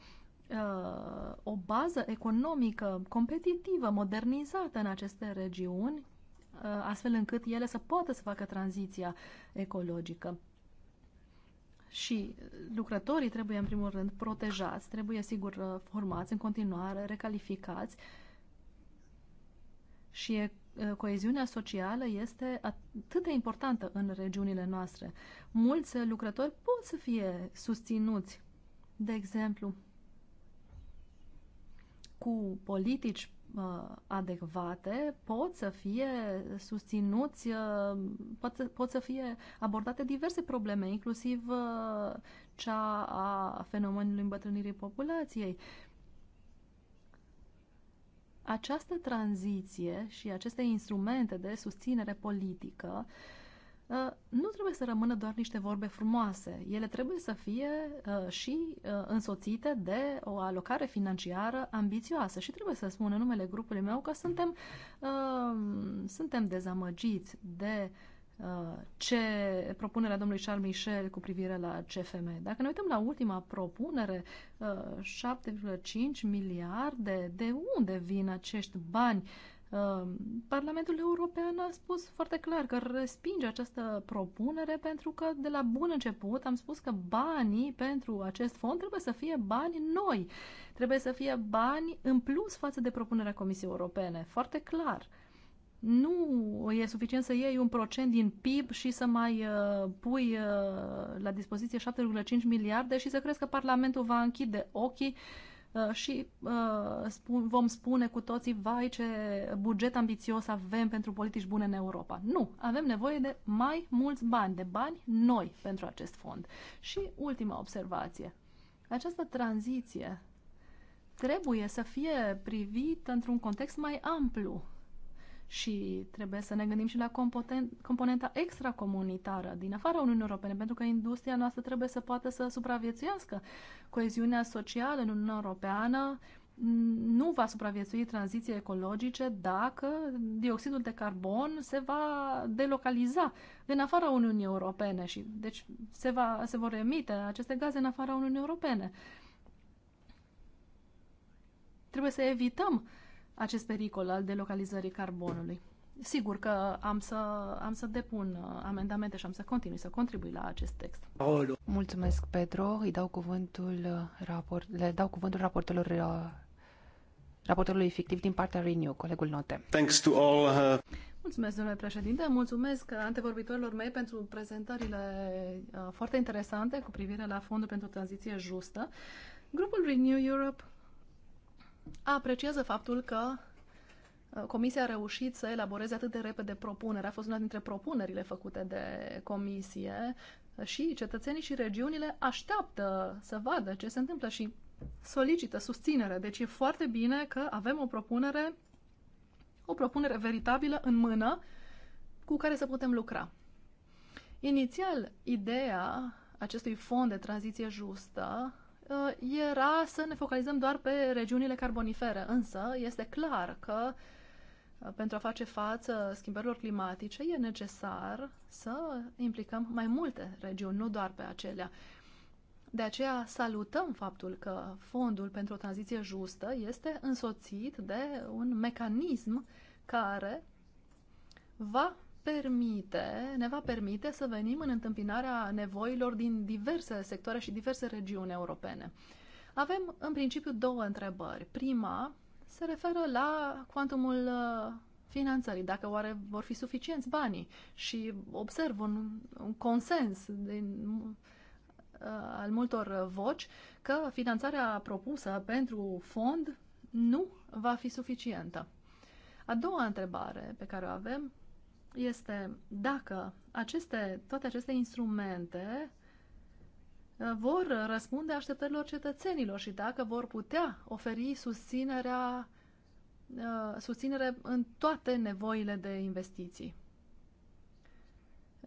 uh, o bază economică competitivă, modernizată în aceste regiuni, uh, astfel încât ele să poată să facă tranziția ecologică. Și lucrătorii trebuie, în primul rând, protejați, trebuie, sigur, uh, formați în continuare, recalificați și e Uh, coeziunea socială este atât de importantă în regiunile noastre. Mulți lucrători pot să fie susținuți, de exemplu, cu politici uh, adecvate pot să fie susținuți, uh, pot să, pot să fie abordate diverse probleme, inclusiv cea a fenomenului îmbătrânirii populației. Această tranziție și aceste instrumente de susținere politică uh, nu trebuie să rămână doar niște vorbe frumoase. Ele trebuie să fie uh, și uh, însoțite de o alocare financiară ambițioasă. Și trebuie să spun în numele grupului meu că suntem, suntem dezamăgiți de Uh, ce propunerea domnului Charles Michel cu privire la CFM. Dacă ne uităm la ultima propunere, 7,5 uh, miliarde, de unde vin acești bani? Uh, Parlamentul European a spus foarte clar că respinge această propunere pentru că de la bun început am spus că banii pentru acest fond trebuie să fie bani noi, trebuie să fie bani în plus față de propunerea Comisiei Europene, foarte clar nu e suficient să iei un procent din PIB și să mai uh, pui uh, la dispoziție 7,5 miliarde și să crezi că Parlamentul va închide ochii uh, și vom spune cu toții, vai ce buget ambițios avem pentru politici bune în Europa. Nu, avem nevoie de mai mulți bani, de bani noi pentru acest fond. Și ultima observație. Această tranziție trebuie să fie privită într-un context mai amplu și trebuie să ne gândim și la componenta extracomunitară din afara Uniunii Europene, pentru că industria noastră trebuie să poată să supraviețuiască. Coeziunea socială în Uniunea Europeană nu va supraviețui tranziție ecologice dacă dioxidul de carbon se va delocaliza în afara Uniunii Europene și deci se, va, se vor emite aceste gaze în afara Uniunii Europene. Trebuie să evităm acest pericol al delocalizării carbonului. Sigur că am să, am să depun uh, amendamente și am să continui să contribui la acest text. Mulțumesc, Pedro. Îi dau cuvântul, uh, raport, le dau cuvântul raportelor uh, raportorului fictiv din partea Renew, colegul Note. Thanks to all, uh... Mulțumesc, domnule președinte. Mulțumesc antevorbitorilor mei pentru prezentările uh, foarte interesante cu privire la Fondul pentru Tranziție Justă. Grupul Renew Europe apreciază faptul că uh, Comisia a reușit să elaboreze atât de repede propunerea. A fost una dintre propunerile făcute de comisie și cetățenii și regiunile așteaptă să vadă ce se întâmplă și solicită susținere. Deci e foarte bine că avem o propunere, o propunere veritabilă în mână cu care să putem lucra. Inițial, ideea acestui fond de tranziție justă Uh, era să ne focalizăm doar pe regiunile carbonifere, însă este clar că uh, pentru a face față schimbărilor climatice e necesar să implicăm mai multe regiuni, nu doar pe acelea. De aceea salutăm faptul că Fondul pentru o tranziție justă este însoțit de un mecanism care va permite, ne va permite să venim în întâmpinarea nevoilor din diverse sectoare și diverse regiuni europene. Avem în principiu două întrebări. Prima se referă la cuantumul uh, finanțării, dacă oare vor fi suficienți banii și observ un, un consens din, uh, al multor voci că finanțarea propusă pentru fond nu va fi suficientă. A doua întrebare pe care o avem este dacă aceste, toate aceste instrumente uh, vor răspunde așteptărilor cetățenilor și dacă vor putea oferi susținerea, uh, susținere în toate nevoile de investiții.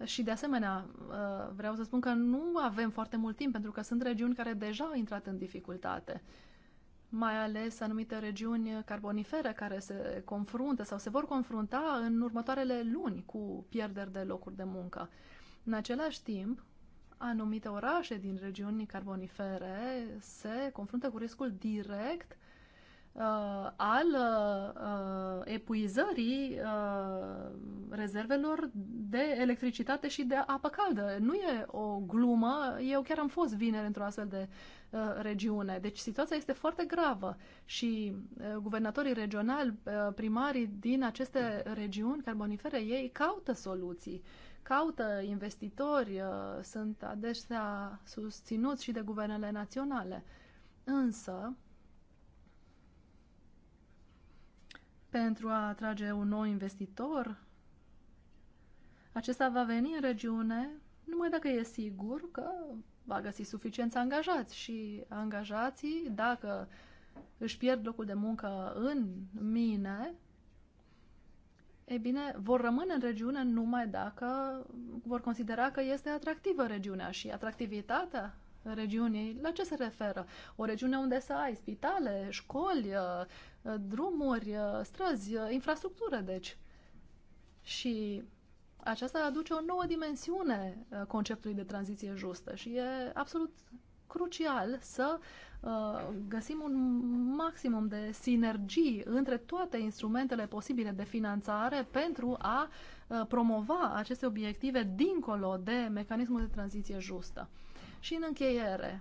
Și de asemenea, uh, vreau să spun că nu avem foarte mult timp pentru că sunt regiuni care deja au intrat în dificultate mai ales anumite regiuni carbonifere care se confruntă sau se vor confrunta în următoarele luni cu pierderi de locuri de muncă. În același timp, anumite orașe din regiuni carbonifere se confruntă cu riscul direct uh, al uh, uh, epuizării uh, rezervelor de electricitate și de apă caldă. Nu e o glumă, eu chiar am fost vineri într-o astfel de uh, regiune. Deci situația este foarte gravă și uh, guvernatorii regionali, uh, primarii din aceste regiuni carbonifere, ei caută soluții caută investitori, uh, sunt adesea susținuți și de guvernele naționale. Însă, pentru a atrage un nou investitor, acesta va veni în regiune numai dacă e sigur că va găsi suficienți angajați și angajații, dacă își pierd locul de muncă în mine, e bine, vor rămâne în regiune numai dacă vor considera că este atractivă regiunea și atractivitatea regiunii, la ce se referă? O regiune unde să ai spitale, școli, Uh, drumuri, uh, străzi, uh, infrastructură, deci. Și aceasta aduce o nouă dimensiune conceptului de tranziție justă și e absolut crucial să găsim un maximum de sinergii între toate instrumentele posibile de finanțare pentru a promova aceste obiective dincolo de mecanismul de tranziție justă. Și în încheiere,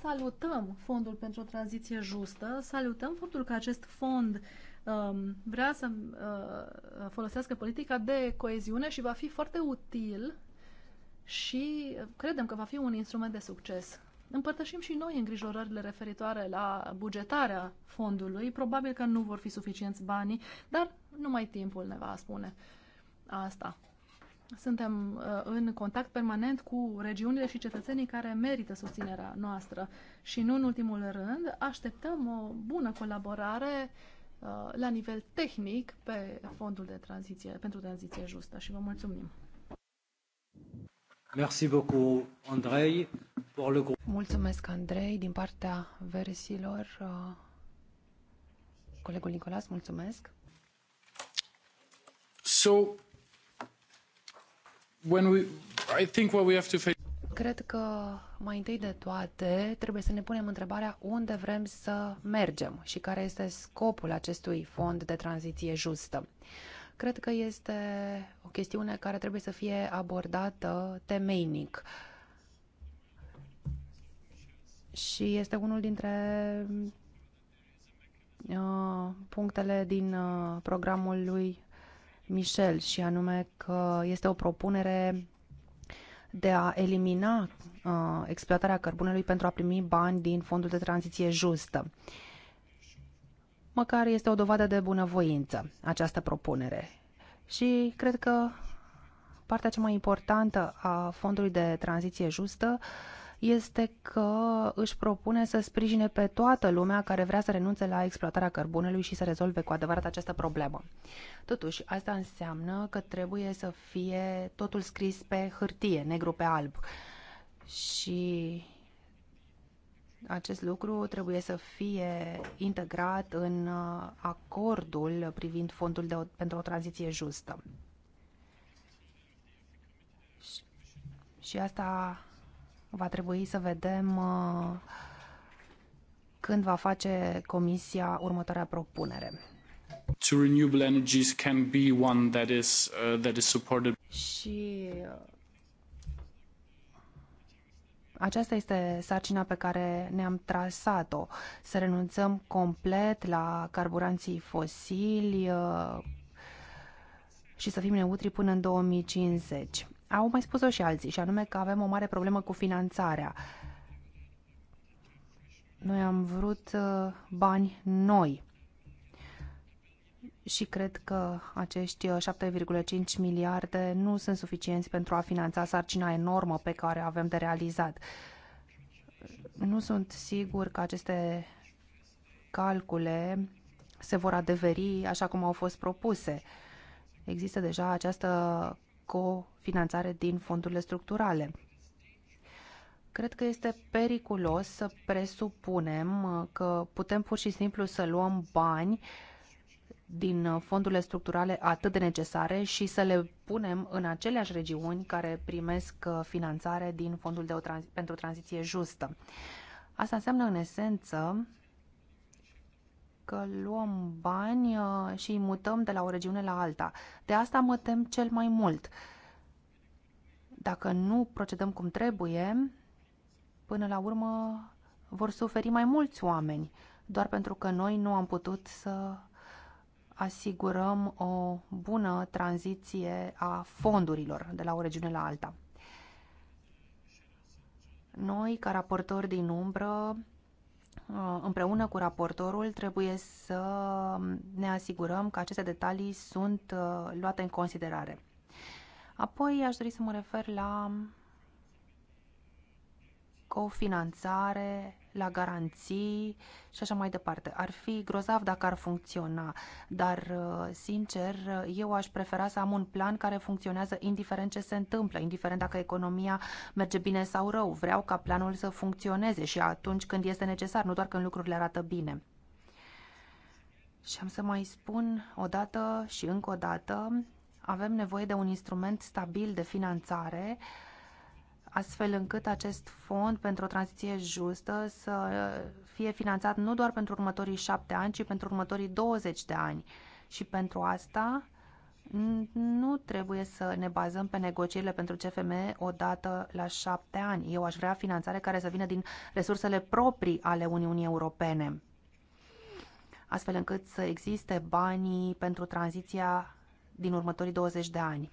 salutăm Fondul pentru o tranziție justă, salutăm faptul că acest fond um, vrea să uh, folosească politica de coeziune și va fi foarte util și credem că va fi un instrument de succes. Împărtășim și noi îngrijorările referitoare la bugetarea fondului. Probabil că nu vor fi suficienți banii, dar numai timpul ne va spune asta. Suntem uh, în contact permanent cu regiunile și cetățenii care merită susținerea noastră. Și nu în ultimul rând, așteptăm o bună colaborare uh, la nivel tehnic pe fondul de tranziție, pentru tranziție justă și vă mulțumim. Merci beaucoup, Andrei, pour le groupe. Mulțumesc, Andrei, din partea versilor. Uh, colegul Nicolas, mulțumesc. So, Cred că mai întâi de toate trebuie să ne punem întrebarea unde vrem să mergem și care este scopul acestui fond de tranziție justă. Cred că este o chestiune care trebuie să fie abordată temeinic și este unul dintre uh, punctele din uh, programul lui Michel, și anume că este o propunere de a elimina uh, exploatarea cărbunelui pentru a primi bani din fondul de tranziție justă. Măcar este o dovadă de bunăvoință această propunere. Și cred că partea cea mai importantă a fondului de tranziție justă uh, este că își propune să sprijine pe toată lumea care vrea să renunțe la exploatarea cărbunelui și să rezolve cu adevărat această problemă. Totuși, asta înseamnă că trebuie să fie totul scris pe hârtie, negru pe alb. Și acest lucru trebuie să fie integrat în uh, acordul privind fondul de o, pentru o tranziție justă. Și, și asta Va trebui să vedem uh, când va face Comisia următoarea propunere. To renewable energies can be one that is, uh, that is supported. Și uh, aceasta este sarcina pe care ne-am trasat-o, să renunțăm complet la carburanții fosili uh, și să fim neutri până în 2050. Au mai spus-o și alții, și anume că avem o mare problemă cu finanțarea. Noi am vrut uh, bani noi și cred că acești 7,5 uh, miliarde nu sunt suficienți pentru a finanța sarcina enormă pe care avem de realizat. Nu sunt sigur că aceste calcule se vor adeveri așa cum au fost propuse. Există deja această cofinanțare din fondurile structurale. Cred că este periculos să presupunem că putem pur și simplu să luăm bani din fondurile structurale atât de necesare și să le punem în aceleași regiuni care primesc finanțare din Fondul de o tranzi- pentru Tranziție Justă. Asta înseamnă, în esență, că luăm bani uh, și îi mutăm de la o regiune la alta. De asta mă tem cel mai mult. Dacă nu procedăm cum trebuie, până la urmă vor suferi mai mulți oameni, doar pentru că noi nu am putut să asigurăm o bună tranziție a fondurilor de la o regiune la alta. Noi, ca raportori din umbră, Uh, împreună cu raportorul, trebuie să ne asigurăm că aceste detalii sunt uh, luate în considerare. Apoi aș dori să mă refer la cofinanțare la garanții și așa mai departe. Ar fi grozav dacă ar funcționa, dar, uh, sincer, uh, eu aș prefera să am un plan care funcționează indiferent ce se întâmplă, indiferent dacă economia merge bine sau rău. Vreau ca planul să funcționeze și atunci când este necesar, nu doar când lucrurile arată bine. Și am să mai spun o dată și încă o dată, avem nevoie de un instrument stabil de finanțare uh, astfel încât acest fond pentru o tranziție justă să fie finanțat nu doar pentru următorii șapte ani, ci pentru următorii 20 de ani. Și pentru asta nu trebuie să ne bazăm pe negocierile pentru CFM o dată la șapte ani. Eu aș vrea finanțare care să vină din resursele proprii ale Uniunii Europene, astfel încât să existe banii pentru tranziția din următorii 20 de ani.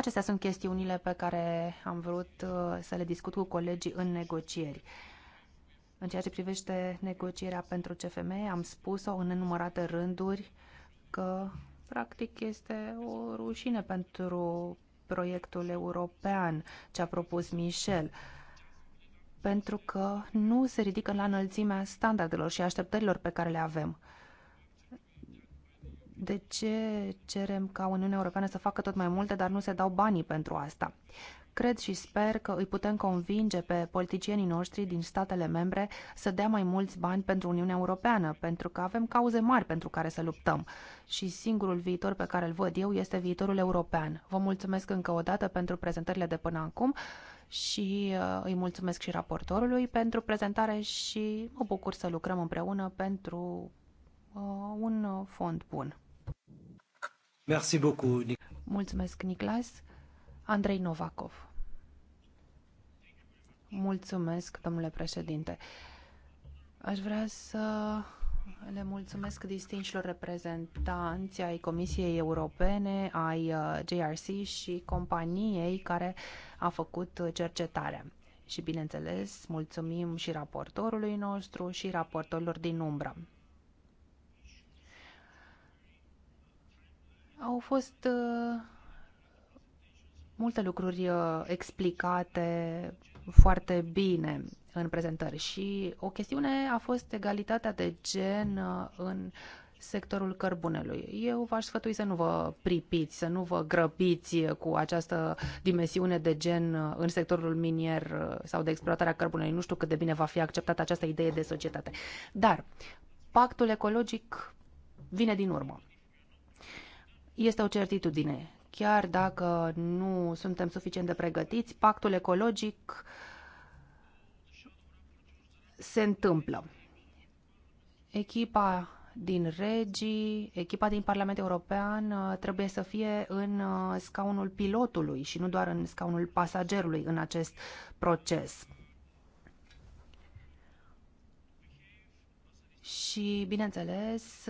Acestea sunt chestiunile pe care am vrut uh, să le discut cu colegii în negocieri. În ceea ce privește negocierea pentru CFM, am spus-o în nenumărate rânduri că practic este o rușine pentru proiectul european ce a propus Michel pentru că nu se ridică la înălțimea standardelor și așteptărilor pe care le avem de ce cerem ca Uniunea Europeană să facă tot mai multe, dar nu se dau banii pentru asta? Cred și sper că îi putem convinge pe politicienii noștri din statele membre să dea mai mulți bani pentru Uniunea Europeană, pentru că avem cauze mari pentru care să luptăm. Și singurul viitor pe care îl văd eu este viitorul european. Vă mulțumesc încă o dată pentru prezentările de până acum și uh, îi mulțumesc și raportorului pentru prezentare și mă bucur să lucrăm împreună pentru uh, un fond bun. Merci beaucoup. Mulțumesc, Niclas. Andrei Novakov. Mulțumesc, domnule președinte. Aș vrea să le mulțumesc distinșilor reprezentanți ai Comisiei Europene, ai uh, JRC și companiei care a făcut cercetarea. Și, bineînțeles, mulțumim și raportorului nostru și raportorilor din umbră. Au fost uh, multe lucruri uh, explicate foarte bine în prezentări și o chestiune a fost egalitatea de gen uh, în sectorul cărbunelui. Eu v-aș sfătui să nu vă pripiți, să nu vă grăbiți cu această dimensiune de gen în sectorul minier sau de exploatarea cărbunelui. Nu știu cât de bine va fi acceptată această idee de societate. Dar pactul ecologic vine din urmă este o certitudine. Chiar dacă nu suntem suficient de pregătiți, pactul ecologic se întâmplă. Echipa din regii, echipa din Parlamentul European uh, trebuie să fie în uh, scaunul pilotului și nu doar în scaunul pasagerului în acest proces. Și, bineînțeles,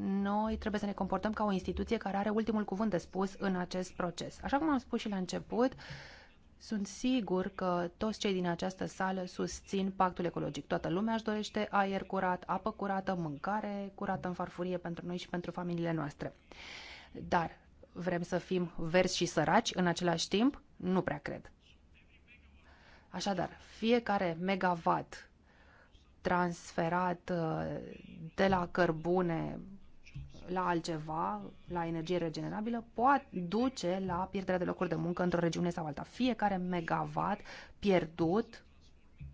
noi trebuie să ne comportăm ca o instituție care are ultimul cuvânt de spus în acest proces. Așa cum am spus și la început, sunt sigur că toți cei din această sală susțin pactul ecologic. Toată lumea își dorește aer curat, apă curată, mâncare curată în farfurie pentru noi și pentru familiile noastre. Dar vrem să fim verzi și săraci în același timp? Nu prea cred. Așadar, fiecare megawatt transferat uh, de la cărbune la altceva, la energie regenerabilă, poate duce la pierderea de locuri de muncă într-o regiune sau alta. Fiecare megawatt pierdut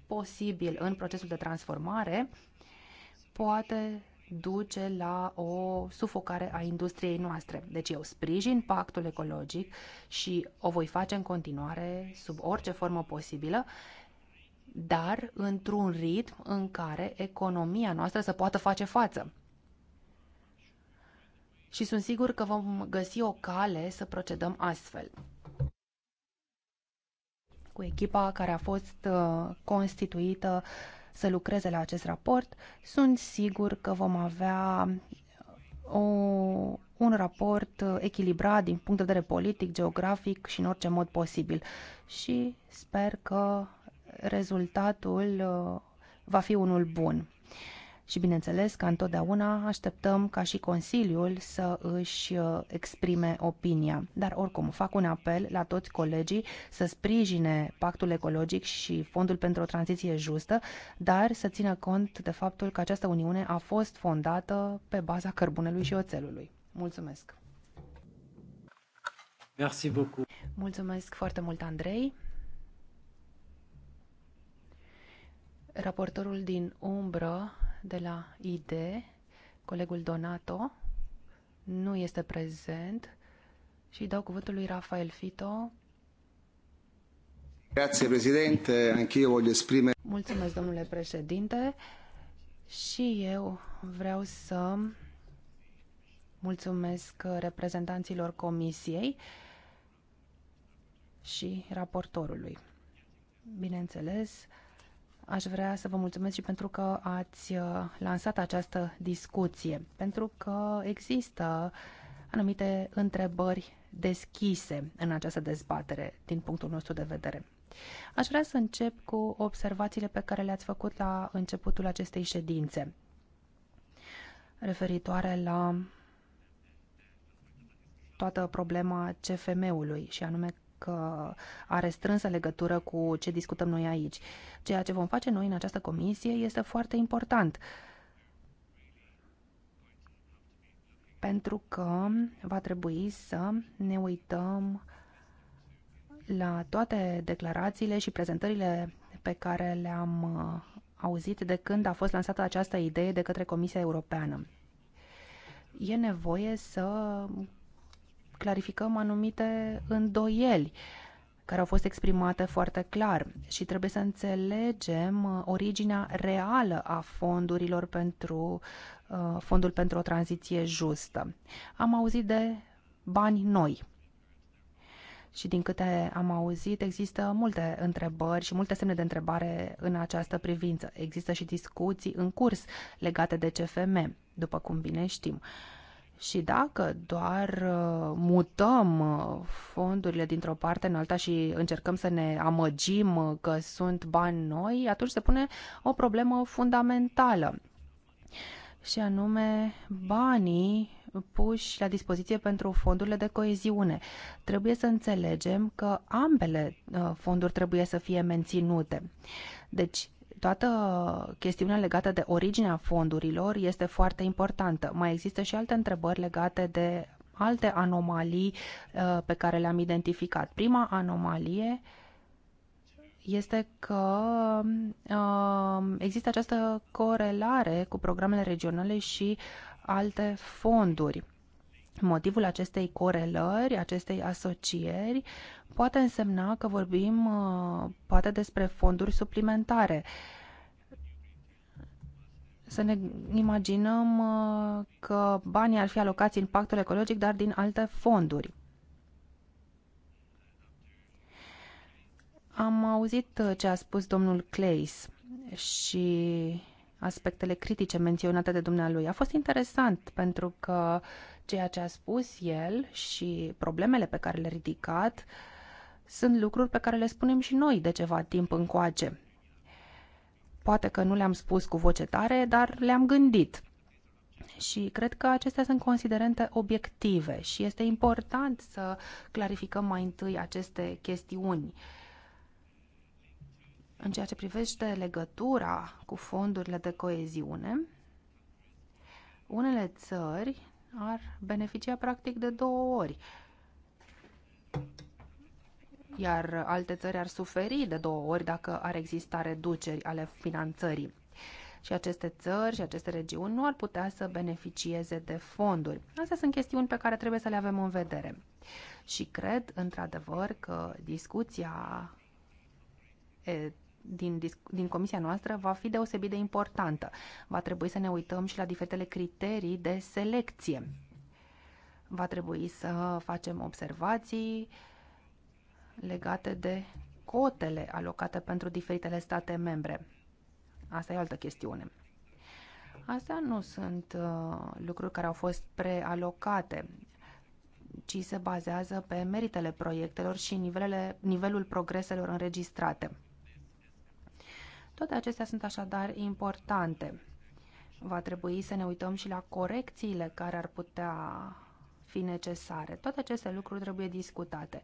posibil în procesul de transformare poate duce la o sufocare a industriei noastre. Deci eu sprijin pactul ecologic și o voi face în continuare sub orice formă posibilă dar într-un ritm în care economia noastră să poată face față. Și sunt sigur că vom găsi o cale să procedăm astfel. Cu echipa care a fost uh, constituită să lucreze la acest raport, sunt sigur că vom avea uh, o, un raport uh, echilibrat din punct de vedere politic, geografic și în orice mod posibil. Și sper că rezultatul uh, va fi unul bun. Și bineînțeles că întotdeauna așteptăm ca și Consiliul să își uh, exprime opinia. Dar oricum, fac un apel la toți colegii să sprijine pactul ecologic și fondul pentru o tranziție justă, dar să țină cont de faptul că această uniune a fost fondată pe baza cărbunelui și oțelului. Mulțumesc! Mulțumesc foarte mult, Andrei. Raportorul din umbră de la ID, colegul Donato, nu este prezent și dau cuvântul lui Rafael Fito. Grazie, Presidente. Anch'io voglio esprime... Mulțumesc, domnule președinte. Și eu vreau să mulțumesc reprezentanților comisiei și raportorului. Bineînțeles, uh, aș vrea să vă mulțumesc și pentru că ați uh, lansat această discuție, pentru că există anumite întrebări deschise în această dezbatere din punctul nostru de vedere. Aș vrea să încep cu observațiile pe care le-ați făcut la începutul acestei ședințe referitoare la toată problema CFM-ului și anume are strânsă legătură cu ce discutăm noi aici. Ceea ce vom face noi în această comisie este foarte important. Pentru că va trebui să ne uităm la toate declarațiile și prezentările pe care le-am uh, auzit de când a fost lansată această idee de către Comisia Europeană. E nevoie să clarificăm anumite îndoieli care au fost exprimate foarte clar și trebuie să înțelegem uh, originea reală a fondurilor pentru uh, fondul pentru o tranziție justă. Am auzit de bani noi. Și din câte am auzit, există multe întrebări și multe semne de întrebare în această privință. Există și discuții în curs legate de CFM, după cum bine știm. Uh, și dacă doar uh, mutăm uh, fondurile dintr-o parte în alta și încercăm să ne amăgim uh, că sunt bani noi, atunci se pune o problemă fundamentală. Și anume, banii puși la dispoziție pentru fondurile de coeziune. Trebuie să înțelegem că ambele fonduri trebuie să fie menținute. Deci, toată chestiunea legată de originea fondurilor este foarte importantă. Mai există și alte întrebări legate de alte anomalii uh, pe care le-am identificat. Prima anomalie este că um, există această corelare cu programele regionale și alte fonduri. Motivul acestei corelări, acestei asocieri, poate însemna că vorbim uh, poate despre fonduri suplimentare. Să ne imaginăm uh, că banii ar fi alocați în pactul ecologic, dar din alte fonduri. Am auzit uh, ce a spus domnul Clays și aspectele critice menționate de dumnealui. A fost interesant pentru că uh, Ceea ce a spus el și problemele pe care le-a ridicat sunt lucruri pe care le spunem și noi de ceva timp încoace. Poate că nu le-am spus cu voce tare, dar le-am gândit. Și cred că acestea sunt considerente obiective și este important să clarificăm mai întâi aceste chestiuni. În ceea ce privește legătura cu fondurile de coeziune, unele țări ar beneficia practic de două ori. Iar alte țări ar suferi de două ori dacă ar exista reduceri ale finanțării. Și aceste țări și aceste regiuni nu ar putea să beneficieze de fonduri. Astea sunt chestiuni pe care trebuie să le avem în vedere. Și cred, într-adevăr, că discuția din, din comisia noastră va fi deosebit de importantă. Va trebui să ne uităm și la diferitele criterii de selecție. Va trebui să facem observații legate de cotele alocate pentru diferitele state membre. Asta e o altă chestiune. Astea nu sunt uh, lucruri care au fost prealocate, ci se bazează pe meritele proiectelor și nivelele, nivelul progreselor înregistrate. Toate acestea sunt așadar importante. Va trebui să ne uităm și la corecțiile care ar putea fi necesare. Toate aceste lucruri trebuie discutate.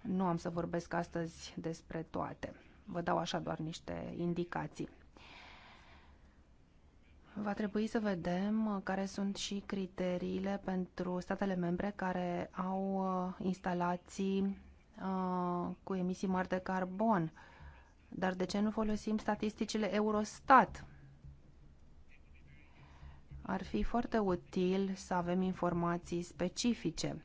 Nu am să vorbesc astăzi despre toate. Vă dau așa doar niște indicații. Va trebui să vedem care sunt și criteriile pentru statele membre care au uh, instalații uh, cu emisii mari de carbon dar de ce nu folosim statisticile Eurostat? Ar fi foarte util să avem informații specifice,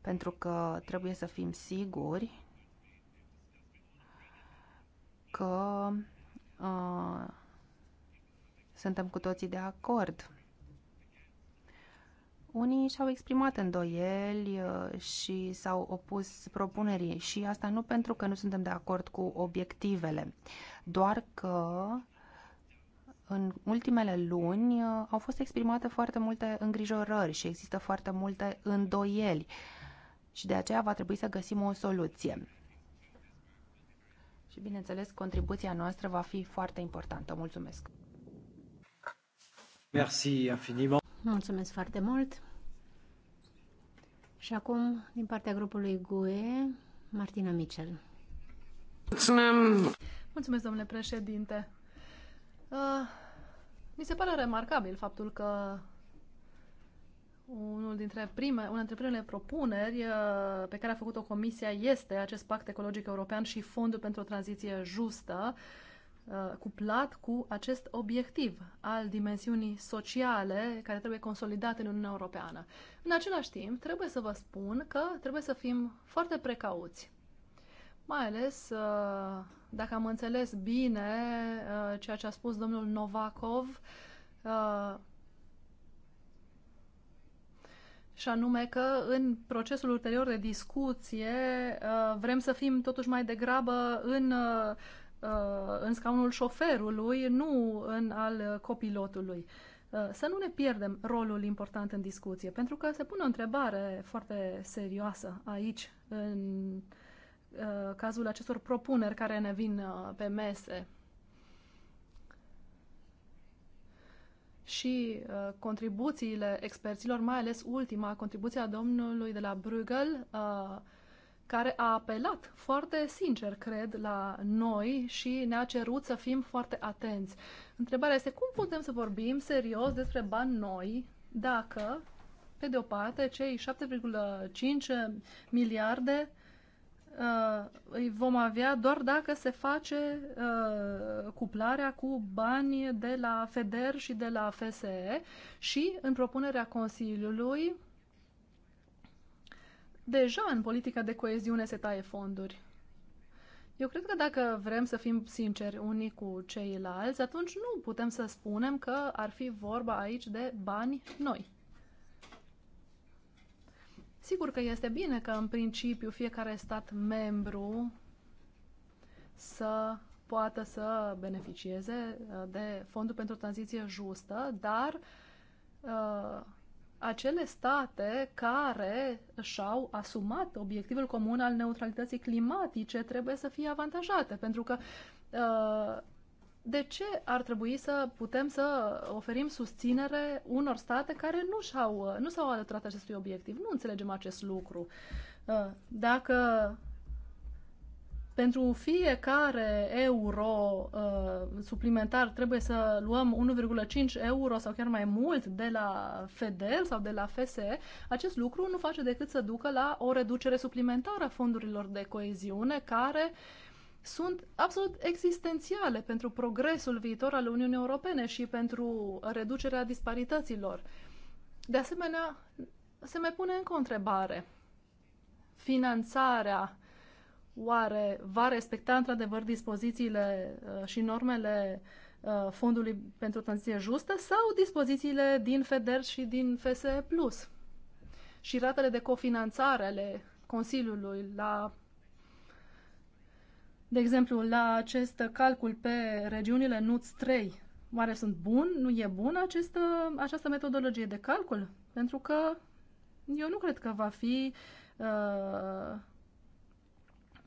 pentru că trebuie să fim siguri că uh, suntem cu toții de acord unii și-au exprimat îndoieli uh, și s-au opus propunerii și asta nu pentru că nu suntem de acord cu obiectivele, doar că în ultimele luni uh, au fost exprimate foarte multe îngrijorări și există foarte multe îndoieli și de aceea va trebui să găsim o soluție. Și bineînțeles, contribuția noastră va fi foarte importantă. Mulțumesc! Merci infiniment! Mulțumesc foarte mult! Și acum, din partea grupului GUE, Martina Michel. Mulțumim! Mulțumesc, domnule președinte. Uh, mi se pare remarcabil faptul că unul dintre prime, una dintre primele propuneri uh, pe care a făcut-o Comisia este acest pact ecologic european și fondul pentru o tranziție justă. Uh, Uh, cuplat cu acest obiectiv al dimensiunii sociale care trebuie consolidat în Uniunea Europeană. În același timp, trebuie să vă spun că trebuie să fim foarte precauți, mai ales uh, dacă am înțeles bine uh, ceea ce a spus domnul Novakov, și anume că în procesul ulterior de discuție vrem să fim totuși mai degrabă în Uh, în scaunul șoferului, nu în al copilotului. Uh, să nu ne pierdem rolul important în discuție, pentru că se pune o întrebare foarte serioasă aici, în uh, cazul acestor propuneri care ne vin pe mese. și contribuțiile experților, mai ales ultima, contribuția domnului de la Bruegel, care a apelat foarte sincer, cred, la noi și ne-a cerut să fim foarte atenți. Întrebarea este cum putem să vorbim serios despre bani noi dacă, pe de o parte, cei 7,5 miliarde uh, îi vom avea doar dacă se face uh, cuplarea cu bani de la FEDER și de la FSE și, în propunerea Consiliului, Deja în politica de coeziune se taie fonduri. Eu cred că dacă vrem să fim sinceri unii cu ceilalți, atunci nu putem să spunem că ar fi vorba aici de bani noi. Sigur că este bine că în principiu fiecare stat membru să poată să beneficieze uh, de fondul pentru tranziție justă, dar uh, acele state care și-au asumat obiectivul comun al neutralității climatice trebuie să fie avantajate, pentru că uh, de ce ar trebui să putem să oferim susținere unor state care nu, și-au, uh, nu s-au alăturat acestui obiectiv? Nu înțelegem acest lucru. Uh, dacă pentru fiecare euro uh, suplimentar trebuie să luăm 1,5 euro sau chiar mai mult de la FEDEL sau de la FSE, acest lucru nu face decât să ducă la o reducere suplimentară a fondurilor de coeziune care sunt absolut existențiale pentru progresul viitor al Uniunii Europene și pentru reducerea disparităților. De asemenea, se mai pune încă o întrebare. Finanțarea Oare va respecta într-adevăr dispozițiile uh, și normele uh, Fondului pentru Tranziție Justă sau dispozițiile din FEDER și din FSE+. Plus? Și ratele de cofinanțare ale Consiliului la de exemplu, la acest calcul pe regiunile NUTS 3, oare sunt bun? Nu e bună această, uh, această metodologie de calcul? Pentru că eu nu cred că va fi uh,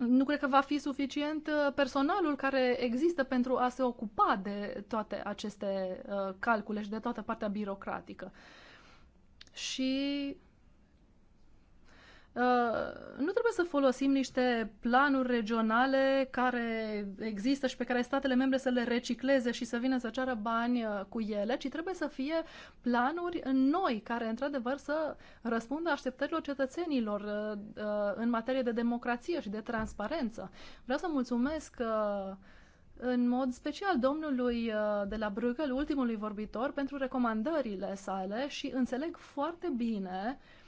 nu cred că va fi suficient uh, personalul care există pentru a se ocupa de toate aceste uh, calcule și de toată partea birocratică. Și Uh, nu trebuie să folosim niște planuri regionale care există și pe care statele membre să le recicleze și să vină să ceară bani uh, cu ele, ci trebuie să fie planuri noi care, într-adevăr, să răspundă așteptărilor cetățenilor uh, în materie de democrație și de transparență. Vreau să mulțumesc în mod special domnului de la Bruegel, ultimului vorbitor, pentru recomandările sale și înțeleg foarte bine uh,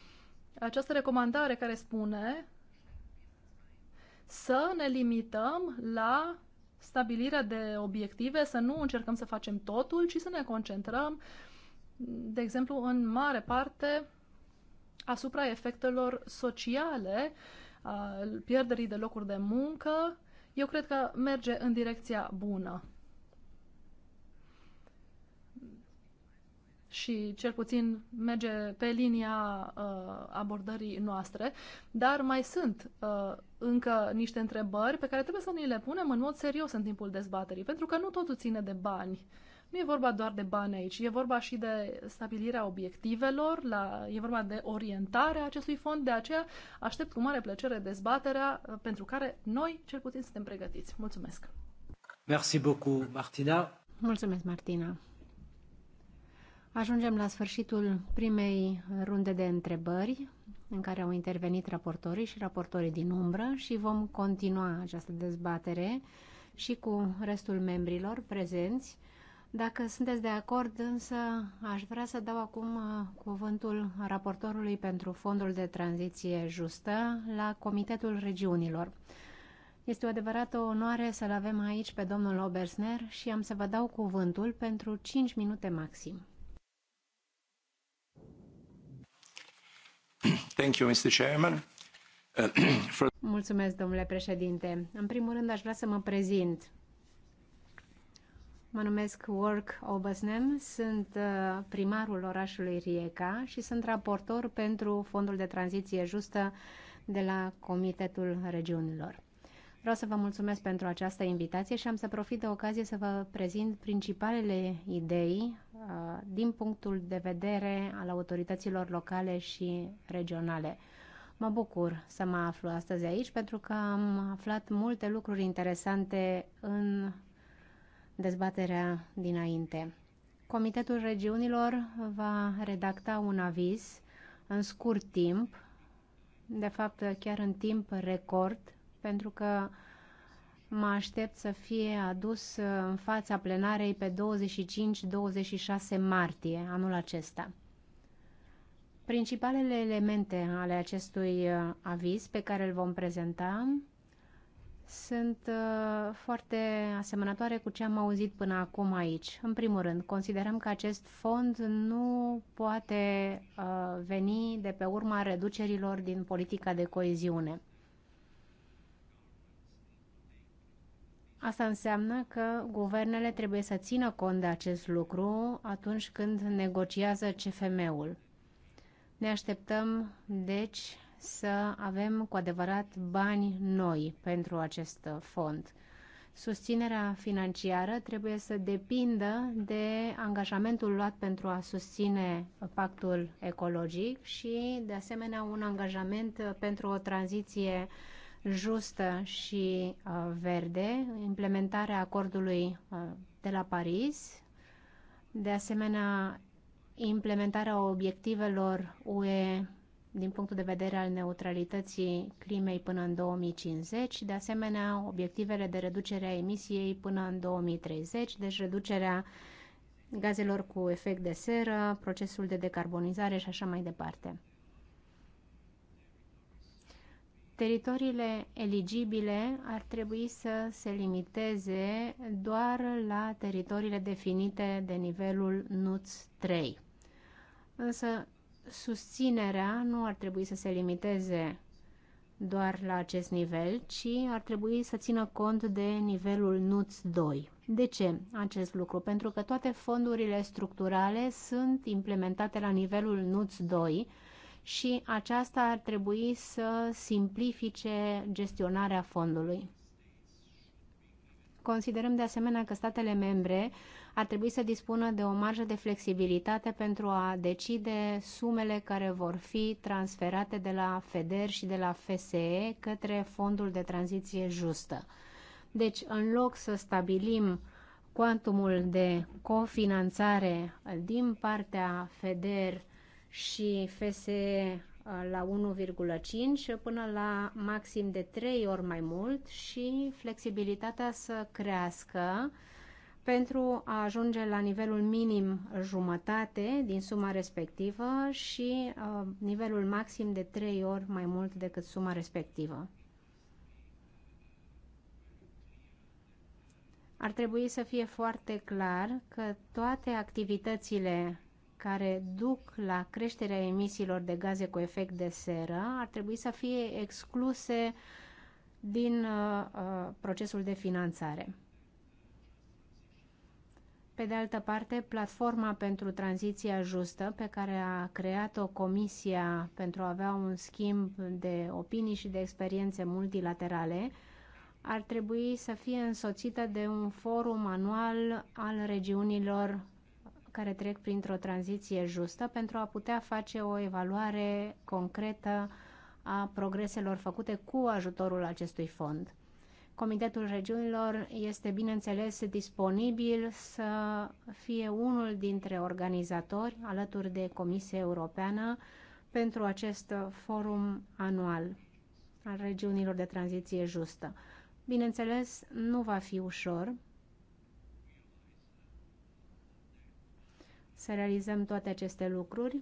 această recomandare care spune să ne limităm la stabilirea de obiective, să nu încercăm să facem totul, ci să ne concentrăm, de exemplu, în mare parte asupra efectelor sociale, pierderii de locuri de muncă. Eu cred că merge în direcția bună. și cel puțin merge pe linia uh, abordării noastre, dar mai sunt uh, încă niște întrebări pe care trebuie să ni le punem în mod serios în timpul dezbaterii, pentru că nu totul ține de bani. Nu e vorba doar de bani aici, e vorba și de stabilirea obiectivelor, la, e vorba de orientarea acestui fond, de aceea aștept cu mare plăcere dezbaterea uh, pentru care noi cel puțin suntem pregătiți. Mulțumesc! Merci beaucoup, Martina! Mulțumesc, Martina! Ajungem la sfârșitul primei runde de întrebări în care au intervenit raportorii și raportorii din umbră și vom continua această dezbatere și cu restul membrilor prezenți. Dacă sunteți de acord, însă aș vrea să dau acum uh, cuvântul raportorului pentru Fondul de Tranziție Justă la Comitetul Regiunilor. Este o adevărată onoare să-l avem aici pe domnul Obersner și am să vă dau cuvântul pentru 5 minute maxim. Mulțumesc, domnule președinte. În primul rând, aș vrea să mă prezint. Mă numesc Work Obasnem, sunt uh, primarul orașului Rieca și sunt raportor pentru Fondul de Tranziție Justă de la Comitetul Regiunilor. Vreau să vă mulțumesc pentru această invitație și am să profit de ocazie să vă prezint principalele idei Uh, din punctul de vedere al autorităților locale și regionale. Mă bucur să mă aflu astăzi aici pentru că am aflat multe lucruri interesante în dezbaterea dinainte. Comitetul Regiunilor va redacta un aviz în scurt timp, de fapt chiar în timp record, pentru că mă aștept să fie adus uh, în fața plenarei pe 25-26 martie anul acesta. Principalele elemente ale acestui uh, aviz pe care îl vom prezenta sunt uh, foarte asemănătoare cu ce am auzit până acum aici. În primul rând, considerăm că acest fond nu poate veni de pe urma reducerilor din politica de coeziune. Asta înseamnă că guvernele trebuie să țină cont de acest lucru atunci când negociază CFM-ul. Ne așteptăm, deci, să avem cu adevărat bani noi pentru acest fond. Susținerea financiară trebuie să depindă de angajamentul luat pentru a susține pactul ecologic și, de asemenea, un angajament pentru o tranziție uh, justă și uh, verde, implementarea acordului uh, de la Paris, de asemenea implementarea obiectivelor UE din punctul de vedere al neutralității climei până în 2050, de asemenea obiectivele de reducere a emisiei până în 2030, deci reducerea gazelor cu efect de seră, procesul de decarbonizare și așa mai departe. Teritoriile eligibile ar trebui să se limiteze doar la teritoriile definite de nivelul NUTS 3. Însă susținerea nu ar trebui să se limiteze doar la acest nivel, ci ar trebui să țină cont de nivelul NUTS 2. De ce acest lucru? Pentru că toate fondurile structurale sunt implementate la nivelul NUTS 2, și aceasta ar trebui să simplifice gestionarea fondului. Considerăm de asemenea că statele membre ar trebui să dispună de o marjă de flexibilitate pentru a decide sumele care vor fi transferate de la FEDER și de la FSE către fondul de tranziție justă. Deci, în loc să stabilim cuantumul de cofinanțare din partea FEDER și FSE uh, la 1,5 până la maxim de 3 ori mai mult și flexibilitatea să crească pentru a ajunge la nivelul minim jumătate din suma respectivă și uh, nivelul maxim de 3 ori mai mult decât suma respectivă. Ar trebui să fie foarte clar că toate activitățile care duc la creșterea emisiilor de gaze cu efect de seră ar trebui să fie excluse din uh, uh, procesul de finanțare. Pe de altă parte, platforma pentru tranziția justă, pe care a creat-o Comisia pentru a avea un schimb de opinii și de experiențe multilaterale, ar trebui să fie însoțită de un forum anual al regiunilor care trec printr-o tranziție justă pentru a putea face o evaluare concretă a progreselor făcute cu ajutorul acestui fond. Comitetul Regiunilor este, bineînțeles, disponibil să fie unul dintre organizatori alături de Comisia Europeană pentru acest forum anual al regiunilor de tranziție justă. Bineînțeles, nu va fi ușor, să realizăm toate aceste lucruri,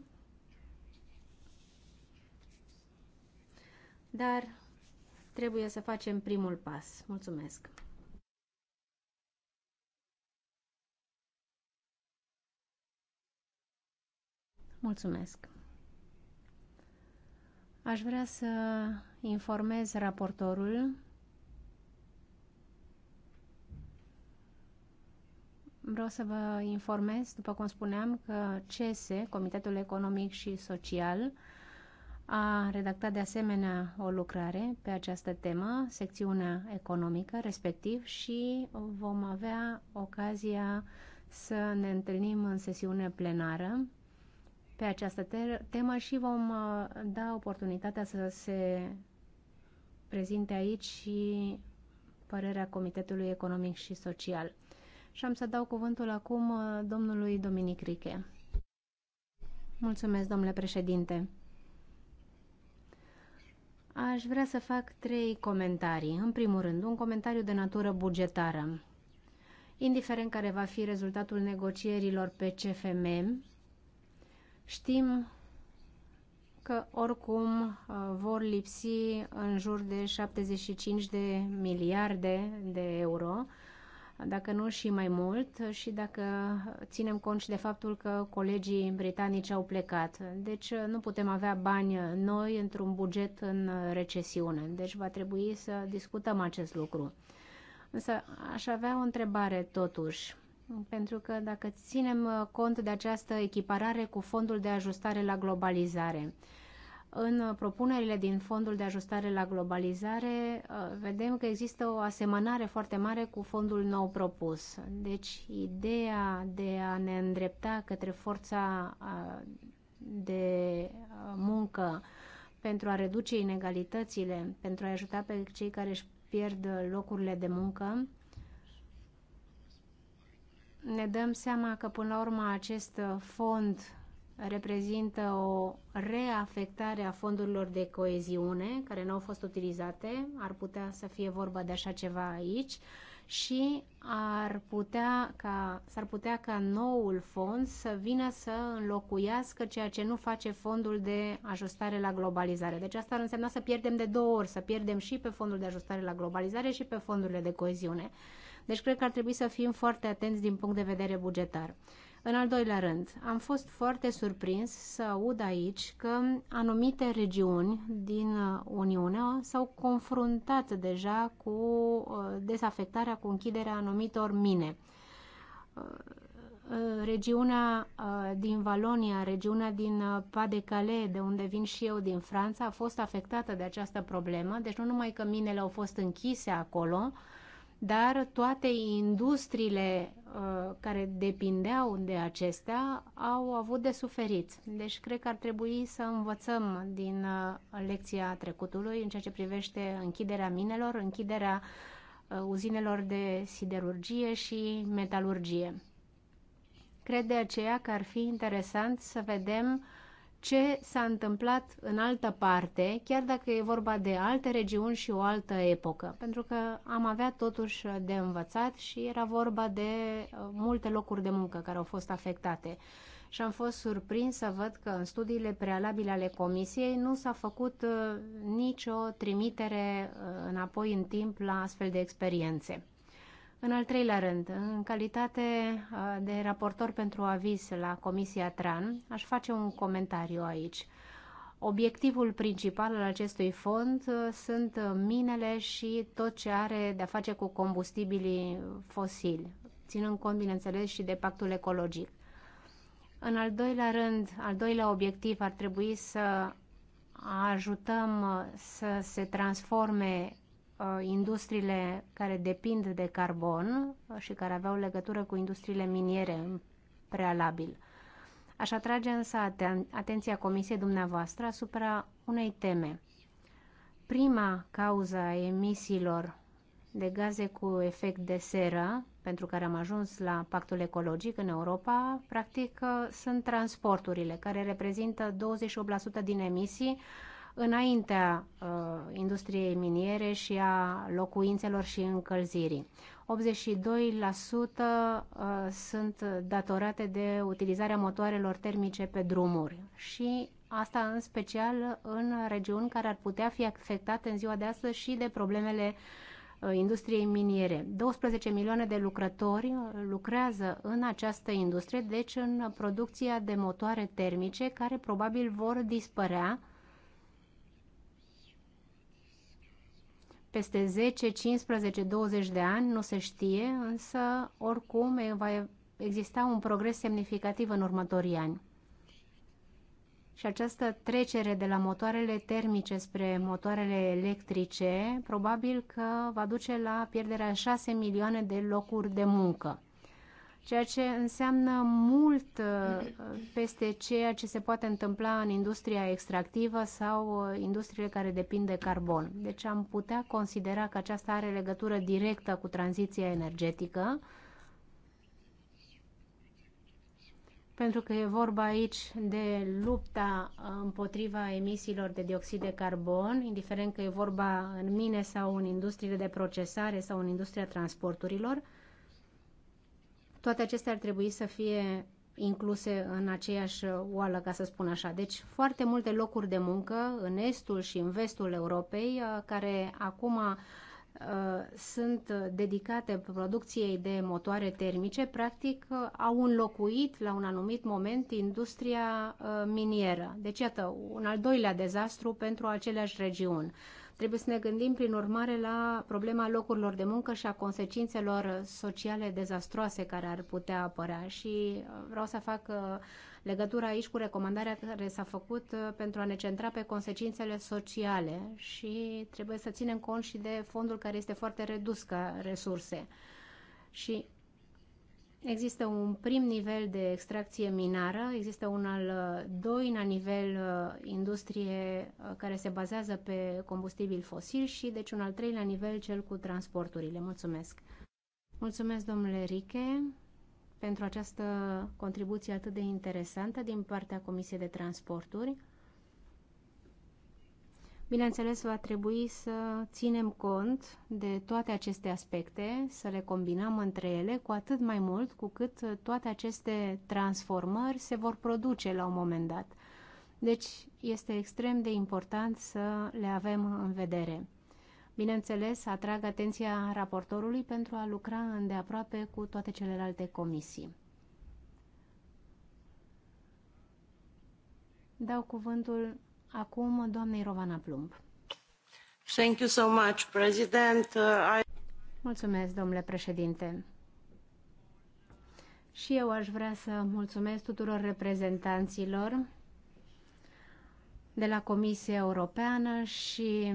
dar trebuie să facem primul pas. Mulțumesc! Mulțumesc! Aș vrea să informez raportorul Vreau să vă informez, după cum spuneam, că CESE, Comitetul Economic și Social, a redactat de asemenea o lucrare pe această temă, secțiunea economică respectiv și vom avea ocazia să ne întâlnim în sesiune plenară pe această temă și vom uh, da oportunitatea să se prezinte aici și părerea Comitetului Economic și Social și am să dau cuvântul acum uh, domnului Dominic Riche. Mulțumesc, domnule președinte. Aș vrea să fac trei comentarii. În primul rând, un comentariu de natură bugetară. Indiferent care va fi rezultatul negocierilor pe CFM, știm că oricum uh, vor lipsi în jur de 75 de miliarde de euro dacă nu și mai mult, și dacă ținem cont și de faptul că colegii britanici au plecat. Deci uh, nu putem avea bani noi într-un buget în recesiune. Deci va trebui să discutăm acest lucru. Însă aș avea o întrebare totuși. Pentru că dacă ținem uh, cont de această echiparare cu fondul de ajustare la globalizare, în uh, propunerile din Fondul de Ajustare la Globalizare uh, vedem că există o asemănare foarte mare cu fondul nou propus. Deci ideea de a ne îndrepta către forța uh, de muncă pentru a reduce inegalitățile, pentru a ajuta pe cei care își pierd locurile de muncă, ne dăm seama că până la urmă acest fond reprezintă o reafectare a fondurilor de coeziune care nu au fost utilizate, ar putea să fie vorba de așa ceva aici și ar putea ca, s-ar putea ca noul fond să vină să înlocuiască ceea ce nu face fondul de ajustare la globalizare. Deci asta ar însemna să pierdem de două ori, să pierdem și pe fondul de ajustare la globalizare și pe fondurile de coeziune. Deci cred că ar trebui să fim foarte atenți din punct de vedere bugetar. În al doilea rând, am fost foarte surprins să aud aici că anumite regiuni din uh, Uniune s-au confruntat deja cu uh, dezafectarea, cu închiderea anumitor mine. Uh, regiunea din Valonia, regiunea din Pas-de-Calais, de unde vin și eu din Franța, a fost afectată de această problemă. Deci nu numai că minele au fost închise acolo, dar toate industriile uh, care depindeau de acestea au avut de suferit. Deci cred că ar trebui să învățăm din uh, lecția trecutului în ceea ce privește închiderea minelor, închiderea uh, uzinelor de siderurgie și metalurgie. Cred de aceea că ar fi interesant să vedem uh, ce s-a întâmplat în altă parte, chiar dacă e vorba de alte regiuni și o altă epocă, pentru că am avea totuși de învățat și era vorba de uh, multe locuri de muncă care au fost afectate. Și am fost surprins să văd că în studiile prealabile ale comisiei nu s-a făcut uh, nicio trimitere uh, înapoi în timp la astfel de experiențe. În al treilea rând, în calitate de raportor pentru aviz la Comisia TRAN, aș face un comentariu aici. Obiectivul principal al acestui fond sunt minele și tot ce are de-a face cu combustibilii fosili, ținând cont, bineînțeles, și de pactul ecologic. În al doilea rând, al doilea obiectiv ar trebui să ajutăm să se transforme Uh, industriile care depind de carbon uh, și care aveau legătură cu industriile miniere în prealabil. Aș atrage însă aten atenția Comisiei dumneavoastră asupra unei teme. Prima cauză a emisiilor de gaze cu efect de seră, pentru care am ajuns la pactul ecologic în Europa, practic uh, sunt transporturile, care reprezintă 28% din emisii, înaintea uh, industriei miniere și a locuințelor și încălzirii. 82% uh, sunt datorate de utilizarea motoarelor termice pe drumuri și asta în special în regiuni care ar putea fi afectate în ziua de astăzi și de problemele uh, industriei miniere. 12 milioane de lucrători uh, lucrează în această industrie, deci în producția de motoare termice care probabil vor dispărea peste 10, 15, 20 de ani, nu se știe, însă oricum va exista un progres semnificativ în următorii ani. Și această trecere de la motoarele termice spre motoarele electrice probabil că va duce la pierderea 6 milioane de locuri de muncă ceea ce înseamnă mult uh, peste ceea ce se poate întâmpla în industria extractivă sau uh, industriile care depind de carbon. Deci am putea considera că aceasta are legătură directă cu tranziția energetică, pentru că e vorba aici de lupta împotriva emisiilor de dioxid de carbon, indiferent că e vorba în mine sau în industriile de procesare sau în industria transporturilor, toate acestea ar trebui să fie incluse în aceeași oală, ca să spun așa. Deci foarte multe locuri de muncă în estul și în vestul Europei, uh, care acum uh, sunt dedicate producției de motoare termice, practic uh, au înlocuit la un anumit moment industria minieră. Deci, iată, un al doilea dezastru pentru aceleași regiuni. Trebuie să ne gândim, prin urmare, la problema locurilor de muncă și a consecințelor sociale dezastroase care ar putea apărea. Și uh, vreau să fac uh, legătura aici cu recomandarea care s-a făcut uh, pentru a ne centra pe consecințele sociale și trebuie să ținem cont și de fondul care este foarte redus ca resurse. Și Există un prim nivel de extracție minară, există un al uh, doilea nivel uh, industrie uh, care se bazează pe combustibil fosil și deci un al treilea nivel cel cu transporturile. Mulțumesc! Mulțumesc, domnule Riche, pentru această contribuție atât de interesantă din partea Comisiei de Transporturi. Bineînțeles, va trebui să ținem cont de toate aceste aspecte, să le combinăm între ele, cu atât mai mult cu cât toate aceste transformări se vor produce la un moment dat. Deci, este extrem de important să le avem în vedere. Bineînțeles, atrag atenția raportorului pentru a lucra îndeaproape cu toate celelalte comisii. Dau cuvântul Acum, doamnei Rovana Plumb. Thank you so much, President. Uh, I... Mulțumesc, domnule președinte. Și eu aș vrea să mulțumesc tuturor reprezentanților de la Comisia Europeană și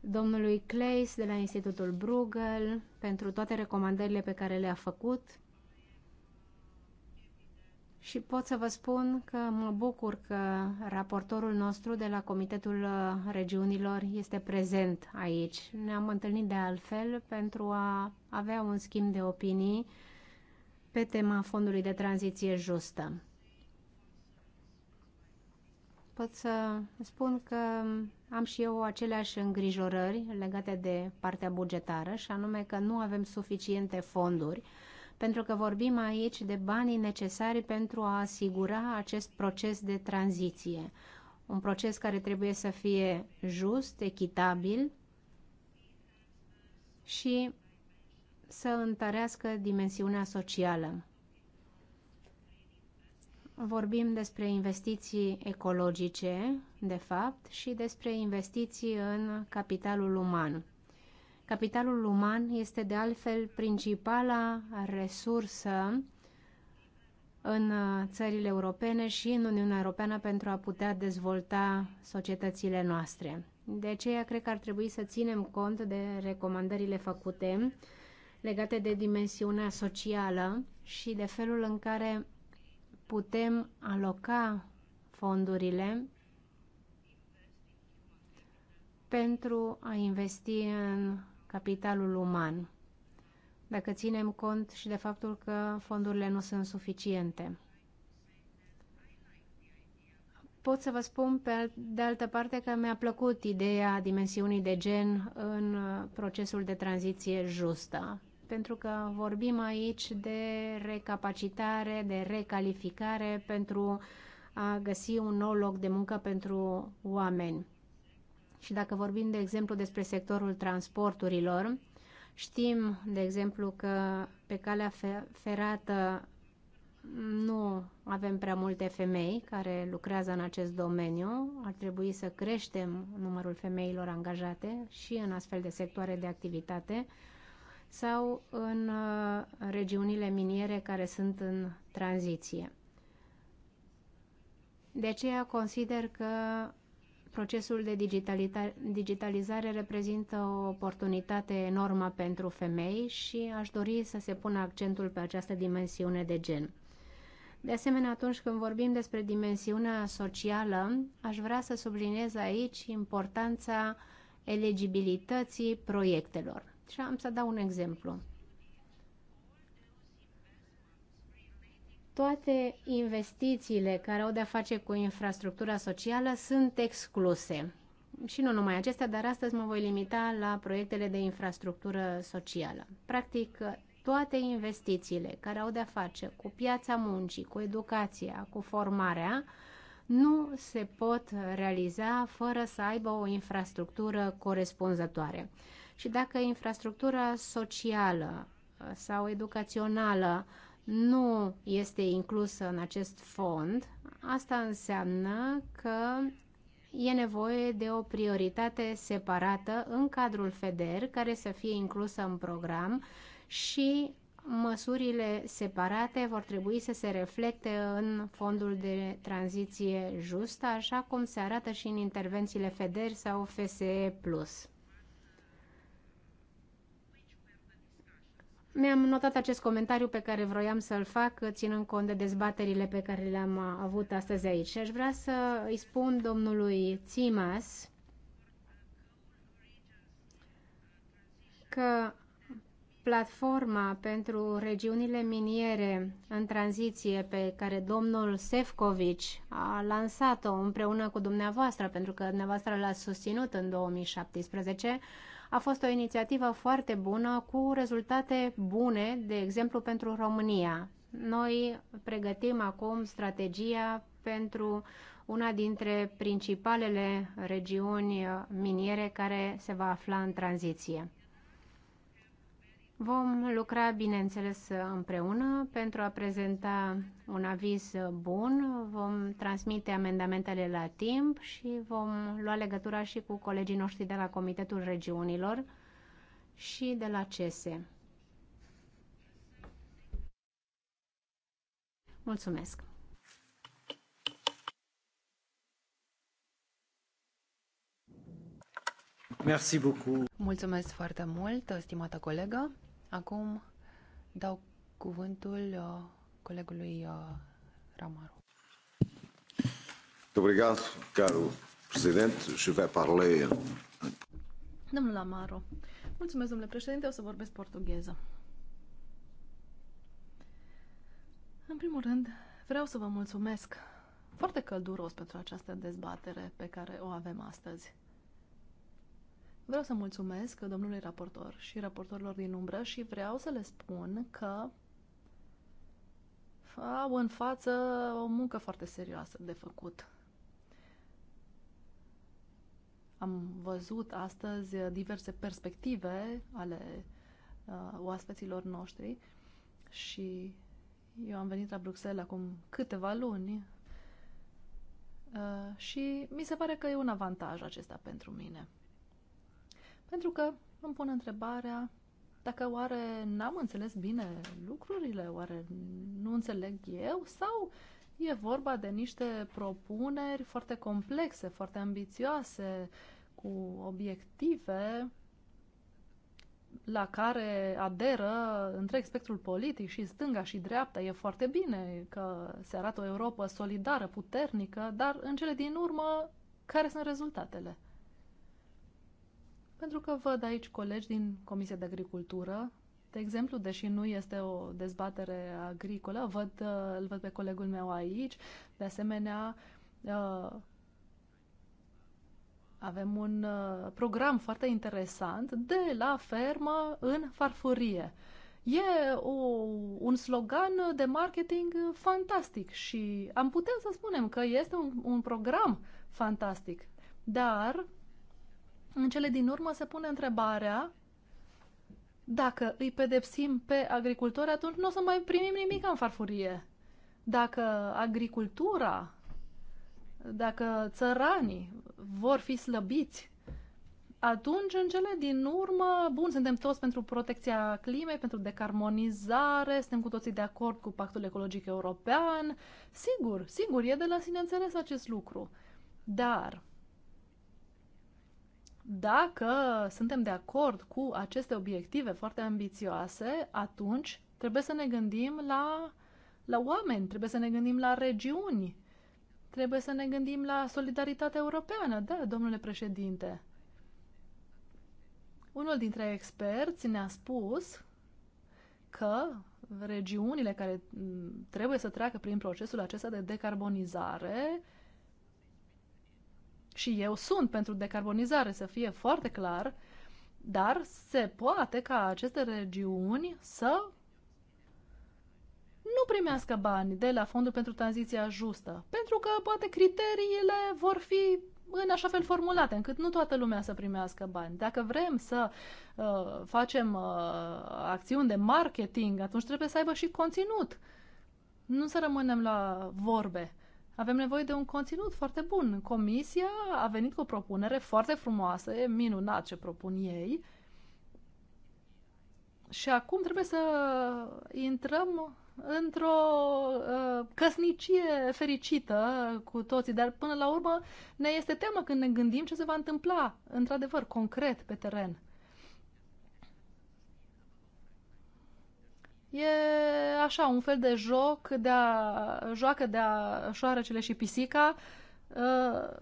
domnului Clays de la Institutul Bruegel pentru toate recomandările pe care le-a făcut și pot să vă spun că mă bucur că raportorul nostru de la Comitetul uh, Regiunilor este prezent aici. Ne-am întâlnit de altfel pentru a avea un schimb de opinii pe tema fondului de tranziție justă. Pot să spun că am și eu aceleași îngrijorări legate de partea bugetară și anume că nu avem suficiente fonduri pentru că vorbim aici de banii necesari pentru a asigura acest proces de tranziție. Un proces care trebuie să fie just, echitabil și să întărească dimensiunea socială. Vorbim despre investiții ecologice, de fapt, și despre investiții în capitalul uman. Capitalul uman este de altfel principala resursă în țările europene și în Uniunea Europeană pentru a putea dezvolta societățile noastre. De aceea cred că ar trebui să ținem cont de recomandările făcute legate de dimensiunea socială și de felul în care putem aloca fondurile pentru a investi în capitalul uman, dacă ținem cont și de faptul că fondurile nu sunt suficiente. Pot să vă spun, pe de altă parte, că mi-a plăcut ideea dimensiunii de gen în uh, procesul de tranziție justă, pentru că vorbim aici de recapacitare, de recalificare pentru a găsi un nou loc de muncă pentru oameni. Și dacă vorbim, de exemplu, despre sectorul transporturilor, știm, de exemplu, că pe calea ferată nu avem prea multe femei care lucrează în acest domeniu. Ar trebui să creștem numărul femeilor angajate și în astfel de sectoare de activitate sau în uh, regiunile miniere care sunt în tranziție. De aceea consider că procesul de digitalizare reprezintă o oportunitate enormă pentru femei și aș dori să se pună accentul pe această dimensiune de gen. De asemenea, atunci când vorbim despre dimensiunea socială, aș vrea să subliniez aici importanța eligibilității proiectelor. Și am să dau un exemplu. toate investițiile care au de-a face cu infrastructura socială sunt excluse. Și nu numai acestea, dar astăzi mă voi limita la proiectele de infrastructură socială. Practic, toate investițiile care au de-a face cu piața muncii, cu educația, cu formarea, nu se pot realiza fără să aibă o infrastructură corespunzătoare. Și dacă infrastructura socială sau educațională nu este inclusă în acest fond, asta înseamnă că e nevoie de o prioritate separată în cadrul FEDER care să fie inclusă în program și măsurile separate vor trebui să se reflecte în fondul de tranziție justă, așa cum se arată și în intervențiile FEDER sau FSE+. Mi-am notat acest comentariu pe care vroiam să-l fac, ținând cont de dezbaterile pe care le-am uh, avut astăzi aici. Și aș vrea să îi spun domnului Timas că platforma pentru regiunile miniere în tranziție pe care domnul Sefcovic a lansat-o împreună cu dumneavoastră, pentru că dumneavoastră l a susținut în 2017, a fost o inițiativă foarte bună cu rezultate bune, de exemplu pentru România. Noi pregătim acum strategia pentru una dintre principalele regiuni miniere care se va afla în tranziție. Vom lucra, bineînțeles, împreună pentru a prezenta un aviz bun, vom transmite amendamentele la timp și vom lua legătura și cu colegii noștri de la Comitetul Regiunilor și de la CESE. Mulțumesc! Mulțumesc foarte mult, stimată colegă. Acum dau cuvântul uh, colegului uh, Ramaru. Obrigado, caro presidente. Je vais parler. Domnul Amaro, mulțumesc, domnule președinte, o să vorbesc portugheză. În primul rând, vreau să vă mulțumesc foarte călduros pentru această dezbatere pe care o avem astăzi. Vreau să mulțumesc domnului raportor și raportorilor din umbră și vreau să le spun că au în față o muncă foarte serioasă de făcut. Am văzut astăzi diverse perspective ale uh, oaspeților noștri și eu am venit la Bruxelles acum câteva luni uh, și mi se pare că e un avantaj acesta pentru mine. Pentru că îmi pun întrebarea dacă oare n-am înțeles bine lucrurile, oare nu înțeleg eu sau e vorba de niște propuneri foarte complexe, foarte ambițioase, cu obiective la care aderă întreg spectrul politic și stânga și dreapta. E foarte bine că se arată o Europa solidară, puternică, dar în cele din urmă, care sunt rezultatele? Pentru că văd aici colegi din Comisia de Agricultură, de exemplu, deși nu este o dezbatere agricolă, văd, uh, îl văd pe colegul meu aici, de asemenea, uh, avem un uh, program foarte interesant de la fermă în farfurie. E o, un slogan de marketing fantastic și am putea să spunem că este un, un program fantastic, dar în cele din urmă se pune întrebarea dacă îi pedepsim pe agricultori, atunci nu o să mai primim nimic în farfurie. Dacă agricultura, dacă țăranii vor fi slăbiți, atunci, în cele din urmă, bun, suntem toți pentru protecția climei, pentru decarbonizare, suntem cu toții de acord cu Pactul Ecologic European. Sigur, sigur, e de la sine înțeles acest lucru. Dar dacă suntem de acord cu aceste obiective foarte ambițioase, atunci trebuie să ne gândim la, la oameni, trebuie să ne gândim la regiuni, trebuie să ne gândim la solidaritatea europeană. Da, domnule președinte. Unul dintre experți ne-a spus că regiunile care mm, trebuie să treacă prin procesul acesta de decarbonizare și eu sunt pentru decarbonizare, să fie foarte clar, dar se poate ca aceste regiuni să nu primească bani de la Fondul pentru Tranziția Justă, pentru că poate criteriile vor fi în așa fel formulate, încât nu toată lumea să primească bani. Dacă vrem să uh, facem uh, acțiuni de marketing, atunci trebuie să aibă și conținut. Nu să rămânem la vorbe. Avem nevoie de un conținut foarte bun. Comisia a venit cu o propunere foarte frumoasă, e minunat ce propun ei. Și acum trebuie să intrăm într-o uh, căsnicie fericită cu toții, dar până la urmă ne este teamă când ne gândim ce se va întâmpla, într-adevăr, concret, pe teren. E așa, un fel de joc de a, joacă de a șoarecele și pisica ă,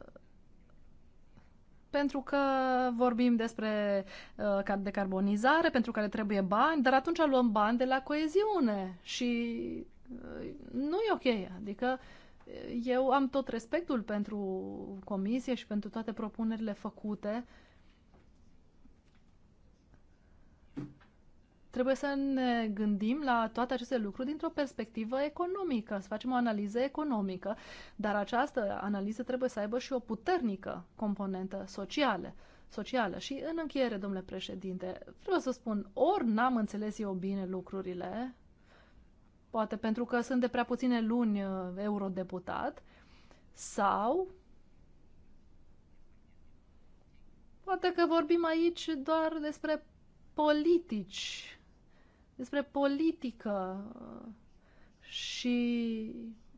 pentru că vorbim despre uh, decarbonizare, pentru care trebuie bani, dar atunci luăm bani de la coeziune și uh, nu e ok. Adică eu am tot respectul pentru comisie și pentru toate propunerile făcute, Trebuie să ne gândim la toate aceste lucruri dintr-o perspectivă economică, să facem o analiză economică, dar această analiză trebuie să aibă și o puternică componentă socială. Socială. Și în încheiere, domnule președinte, vreau să spun, ori n-am înțeles eu bine lucrurile, poate pentru că sunt de prea puține luni uh, eurodeputat, sau poate că vorbim aici doar despre politici despre politică și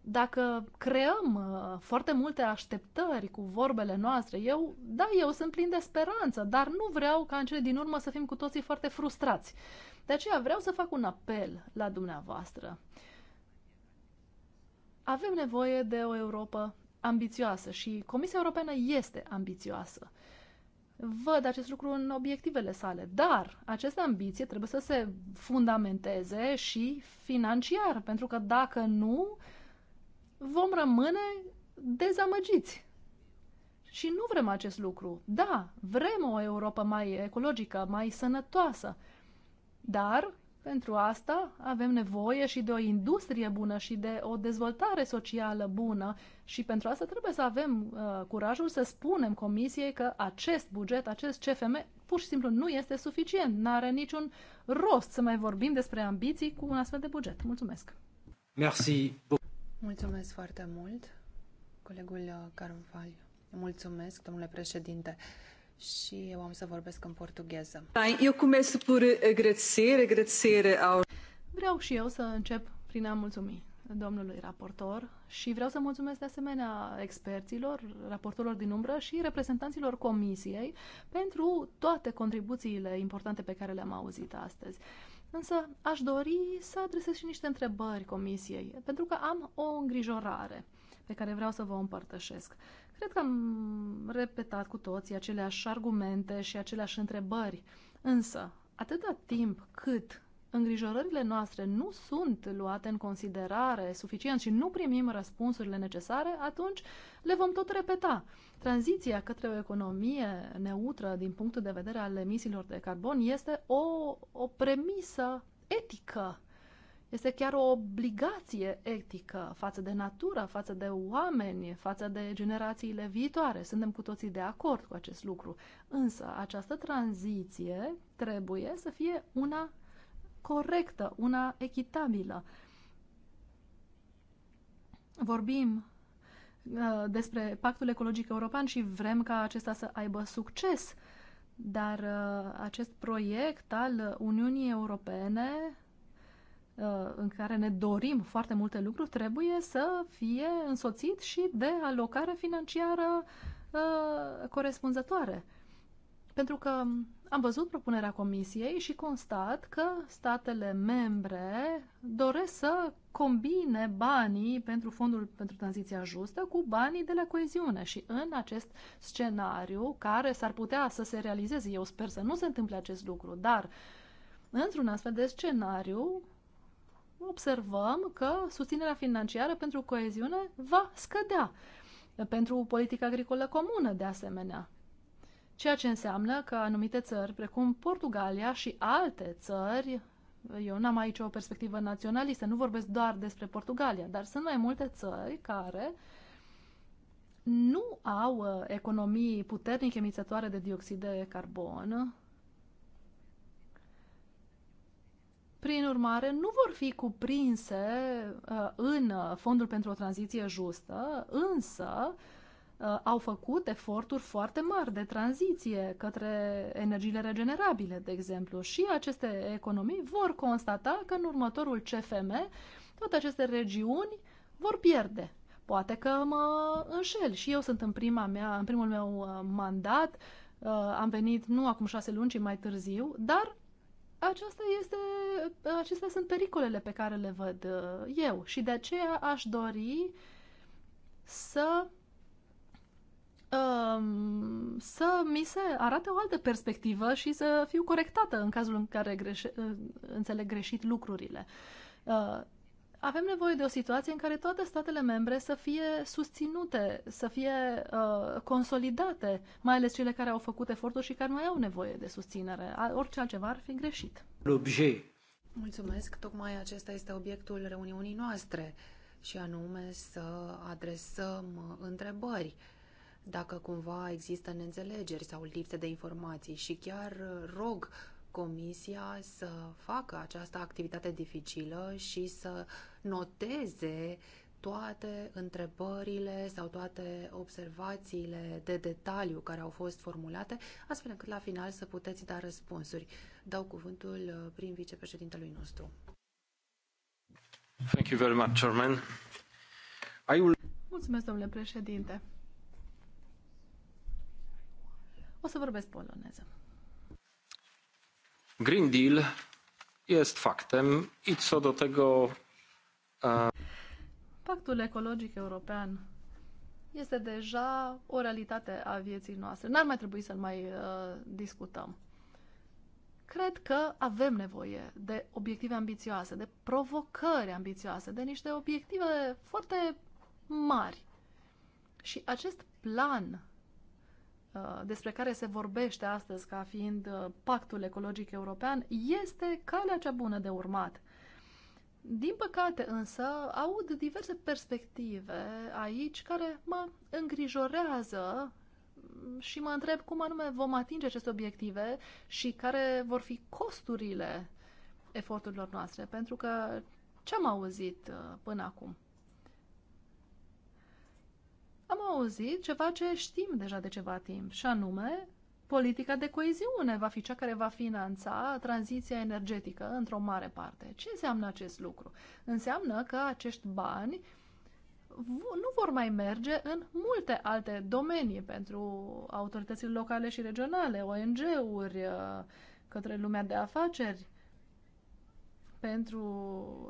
dacă creăm uh, foarte multe așteptări cu vorbele noastre, eu, da, eu sunt plin de speranță, dar nu vreau ca în cele din urmă să fim cu toții foarte frustrați. De aceea vreau să fac un apel la dumneavoastră. Avem nevoie de o Europa ambițioasă și Comisia Europeană este ambițioasă văd acest lucru în obiectivele sale, dar această ambiție trebuie să se fundamenteze și financiar, pentru că dacă nu, vom rămâne dezamăgiți. Și nu vrem acest lucru. Da, vrem o Europa mai ecologică, mai sănătoasă, dar pentru asta avem nevoie și de o industrie bună și de o dezvoltare socială bună și pentru asta trebuie să avem uh, curajul să spunem comisiei că acest buget, acest CFM pur și simplu nu este suficient, nu are niciun rost să mai vorbim despre ambiții cu un astfel de buget. Mulțumesc! Merci. Mulțumesc foarte mult, colegul Carval. Mulțumesc, domnule președinte și eu am să vorbesc în portugheză. Eu começo por agradecer, agradecer ao... Vreau și eu să încep prin a mulțumi domnului raportor și vreau să mulțumesc de asemenea experților, raportorilor din umbră și reprezentanților comisiei pentru toate contribuțiile importante pe care le-am auzit astăzi. Însă aș dori să adresez și niște întrebări comisiei, pentru că am o îngrijorare pe care vreau să vă împărtășesc. Cred că am repetat cu toții aceleași argumente și aceleași întrebări, însă atâta timp cât îngrijorările noastre nu sunt luate în considerare suficient și nu primim răspunsurile necesare, atunci le vom tot repeta. Tranziția către o economie neutră din punctul de vedere al emisiilor de carbon este o, o premisă etică este chiar o obligație etică față de natură, față de oameni, față de generațiile viitoare. Suntem cu toții de acord cu acest lucru. Însă această tranziție trebuie să fie una corectă, una echitabilă. Vorbim uh, despre Pactul Ecologic European și vrem ca acesta să aibă succes, dar uh, acest proiect al Uniunii Europene Uh, în care ne dorim foarte multe lucruri trebuie să fie însoțit și de alocare financiară uh, corespunzătoare. Pentru că am văzut propunerea Comisiei și constat că statele membre doresc să combine banii pentru Fondul pentru Tranziția Justă cu banii de la coeziune și în acest scenariu care s-ar putea să se realizeze, eu sper să nu se întâmple acest lucru, dar într-un astfel de scenariu observăm că susținerea financiară pentru coeziune va scădea pentru politica agricolă comună, de asemenea. Ceea ce înseamnă că anumite țări, precum Portugalia și alte țări, eu n-am aici o perspectivă naționalistă, nu vorbesc doar despre Portugalia, dar sunt mai multe țări care nu au uh, economii puternic emițătoare de dioxid de carbon, prin urmare, nu vor fi cuprinse uh, în Fondul pentru o tranziție justă, însă uh, au făcut eforturi foarte mari de tranziție către energiile regenerabile, de exemplu, și aceste economii vor constata că în următorul CFM toate aceste regiuni vor pierde. Poate că mă înșel și eu sunt în, prima mea, în primul meu uh, mandat, am venit nu acum șase luni, ci mai târziu, dar aceasta este, acestea sunt pericolele pe care le văd uh, eu și de aceea aș dori să um, să mi se arate o altă perspectivă și să fiu corectată în cazul în care greșe, uh, înțeleg greșit lucrurile. Uh, avem nevoie de o situație în care toate statele membre să fie susținute, să fie uh, consolidate, mai ales cele care au făcut eforturi și care mai au nevoie de susținere. Orice altceva ar fi greșit. L'objet. Mulțumesc. Tocmai acesta este obiectul reuniunii noastre și anume să adresăm uh, întrebări dacă cumva există neînțelegeri sau lipse de informații și chiar uh, rog Comisia să facă această activitate dificilă și să noteze toate întrebările sau toate observațiile de detaliu care au fost formulate, astfel încât la final să puteți da răspunsuri. Dau cuvântul uh, prin vicepreședintelui nostru. Thank you very much, Chairman. I will... Mulțumesc, domnule președinte. O să vorbesc poloneză. Green Deal jest faktem i co do tego... Uh... Pactul ecologic european este deja o realitate a vieții noastre. N-ar mai trebui să-l mai uh, discutăm. Cred că avem nevoie de obiective ambițioase, de provocări ambițioase, de niște obiective foarte mari. Și acest plan Uh, despre care se vorbește astăzi ca fiind uh, pactul ecologic european, este calea cea bună de urmat. Din păcate însă aud diverse perspective aici care mă îngrijorează și mă întreb cum anume vom atinge aceste obiective și care vor fi costurile eforturilor noastre, pentru că ce am auzit uh, până acum? am auzit ceva ce știm deja de ceva timp, și anume politica de coeziune va fi cea care va finanța tranziția energetică într-o mare parte. Ce înseamnă acest lucru? Înseamnă că acești bani nu vor mai merge în multe alte domenii pentru autoritățile locale și regionale, ONG-uri, uh, către lumea de afaceri, pentru,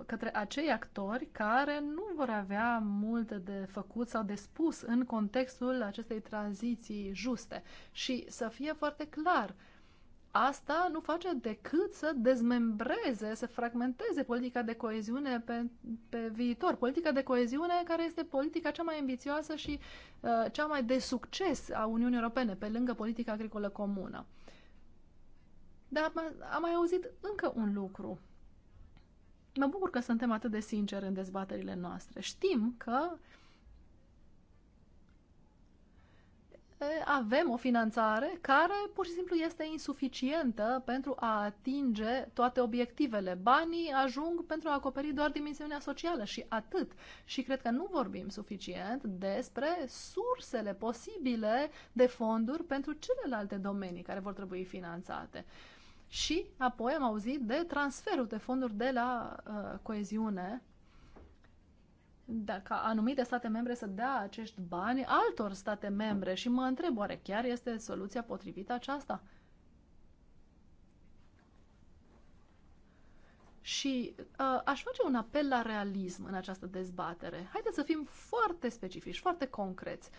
către acei actori care nu vor avea multe de făcut sau de spus în contextul acestei tranziții juste. Și să fie foarte clar, asta nu face decât să dezmembreze, să fragmenteze politica de coeziune pe, pe viitor. Politica de coeziune care este politica cea mai ambițioasă și uh, cea mai de succes a Uniunii Europene, pe lângă politica agricolă comună. Dar am mai auzit încă un lucru Mă bucur că suntem atât de sinceri în dezbaterile noastre. Știm că avem o finanțare care pur și simplu este insuficientă pentru a atinge toate obiectivele. Banii ajung pentru a acoperi doar dimensiunea socială și atât. Și cred că nu vorbim suficient despre sursele posibile de fonduri pentru celelalte domenii care vor trebui finanțate. Uh, și apoi am auzit de transferul de fonduri de la uh, coeziune, dacă anumite state membre să dea acești bani altor state membre. Și mă întreb, oare chiar este soluția potrivită aceasta? Și uh, aș face un apel la realism în această dezbatere. Haideți să fim foarte specifici, foarte concreți.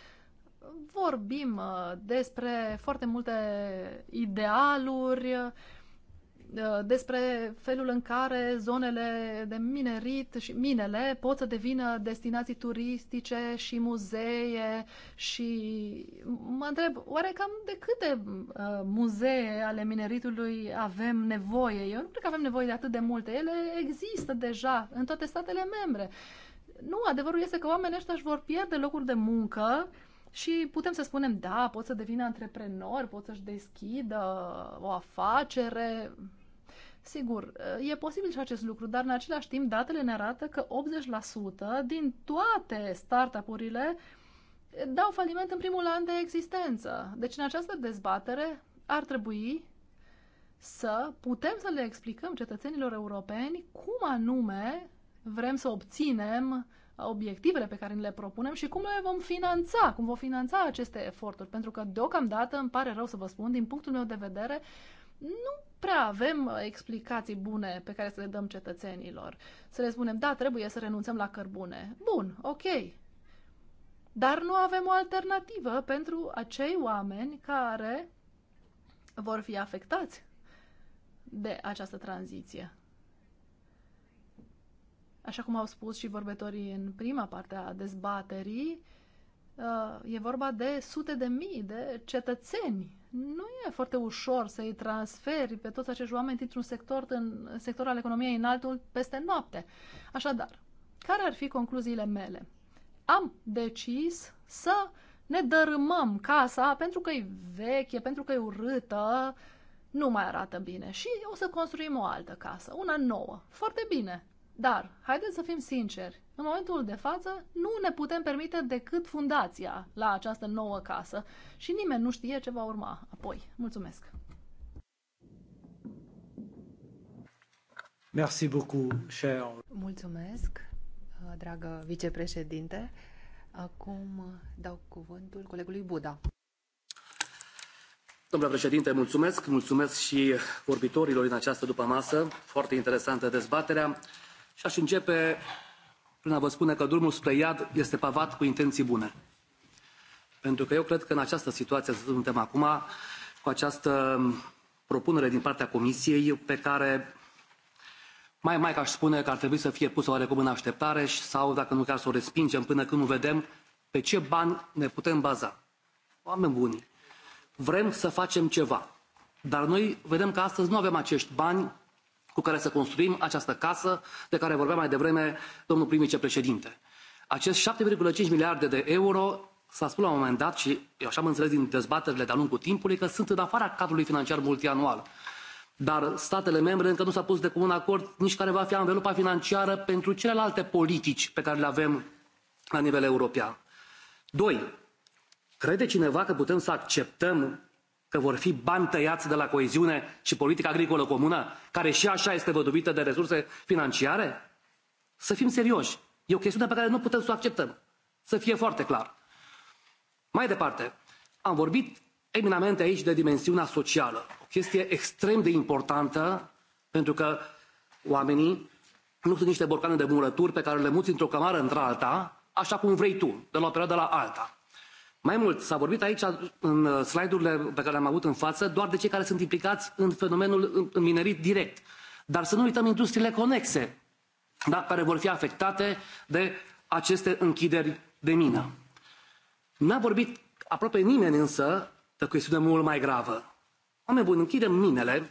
Vorbim uh, despre foarte multe idealuri, Uh, despre felul în care zonele de minerit și minele pot să devină destinații turistice și muzee și mă întreb, oare cam de câte uh, muzee ale mineritului avem nevoie? Eu nu cred că avem nevoie de atât de multe. Ele există deja în toate statele membre. Nu, adevărul este că oamenii ăștia își vor pierde locuri de muncă și putem să spunem, da, pot să devină antreprenori, pot să-și deschidă o afacere, Sigur, e posibil și acest lucru, dar în același timp datele ne arată că 80% din toate startup-urile dau faliment în primul an de existență. Deci în această dezbatere ar trebui să putem să le explicăm cetățenilor europeni cum anume vrem să obținem obiectivele pe care le propunem și cum le vom finanța, cum vom finanța aceste eforturi. Pentru că deocamdată, îmi pare rău să vă spun, din punctul meu de vedere, nu prea avem uh, explicații bune pe care să le dăm cetățenilor. Să le spunem, da, trebuie să renunțăm la cărbune. Bun, ok. Dar nu avem o alternativă pentru acei oameni care vor fi afectați de această tranziție. Așa cum au spus și vorbitorii în prima parte a dezbaterii, uh, e vorba de sute de mii de cetățeni nu e foarte ușor să-i transferi pe toți acești oameni dintr-un sector, în sector al economiei în altul peste noapte. Așadar, care ar fi concluziile mele? Am decis să ne dărâmăm casa pentru că e veche, pentru că e urâtă, nu mai arată bine și o să construim o altă casă, una nouă. Foarte bine. Dar, haideți să fim sinceri, în momentul de față, nu ne putem permite decât fundația la această nouă casă și nimeni nu știe ce va urma apoi. Mulțumesc! Merci beaucoup, cher. Mulțumesc, dragă vicepreședinte. Acum dau cuvântul colegului Buda. Domnule președinte, mulțumesc. Mulțumesc și vorbitorilor din această dupămasă. Foarte interesantă dezbaterea. Și aș începe prin a vă spune că drumul spre iad este pavat cu intenții bune. Pentru că eu cred că în această situație suntem acum, cu această um, propunere din partea Comisiei, pe care mai mai aș spune că ar trebui să fie pusă oarecum în așteptare sau, dacă nu chiar să o respingem până când nu vedem pe ce bani ne putem baza. Oameni buni, vrem să facem ceva, dar noi vedem că astăzi nu avem acești bani cu care să construim această casă de care vorbea mai devreme domnul prim vicepreședinte. Acest 7,5 miliarde de euro s-a spus la un moment dat și eu așa am înțeles din dezbaterile de-a lungul timpului că sunt în afara cadrului financiar multianual. Dar statele membre încă nu s-a pus de comun acord nici care va fi anvelopa financiară pentru celelalte politici pe care le avem la nivel european. Doi, crede cineva că putem să acceptăm că vor fi bani tăiați de la coeziune și politica agricolă comună, care și așa este văduvită de resurse financiare? Să fim serioși. E o chestiune pe care nu putem să o acceptăm. Să fie foarte clar. Mai departe, am vorbit eminamente aici de dimensiunea socială. O chestie extrem de importantă, pentru că oamenii nu sunt niște borcane de murături pe care le muți într-o cămară într-alta, așa cum vrei tu, de la o perioadă la alta. Mai mult, s-a vorbit aici în uh, slide-urile pe care le-am avut în față doar de cei care sunt implicați în fenomenul în minerit direct. Dar să nu uităm industriile conexe, da, care vor fi afectate de aceste închideri de mină. N-a vorbit aproape nimeni însă de chestiune mult mai gravă. Oameni buni, închidem minele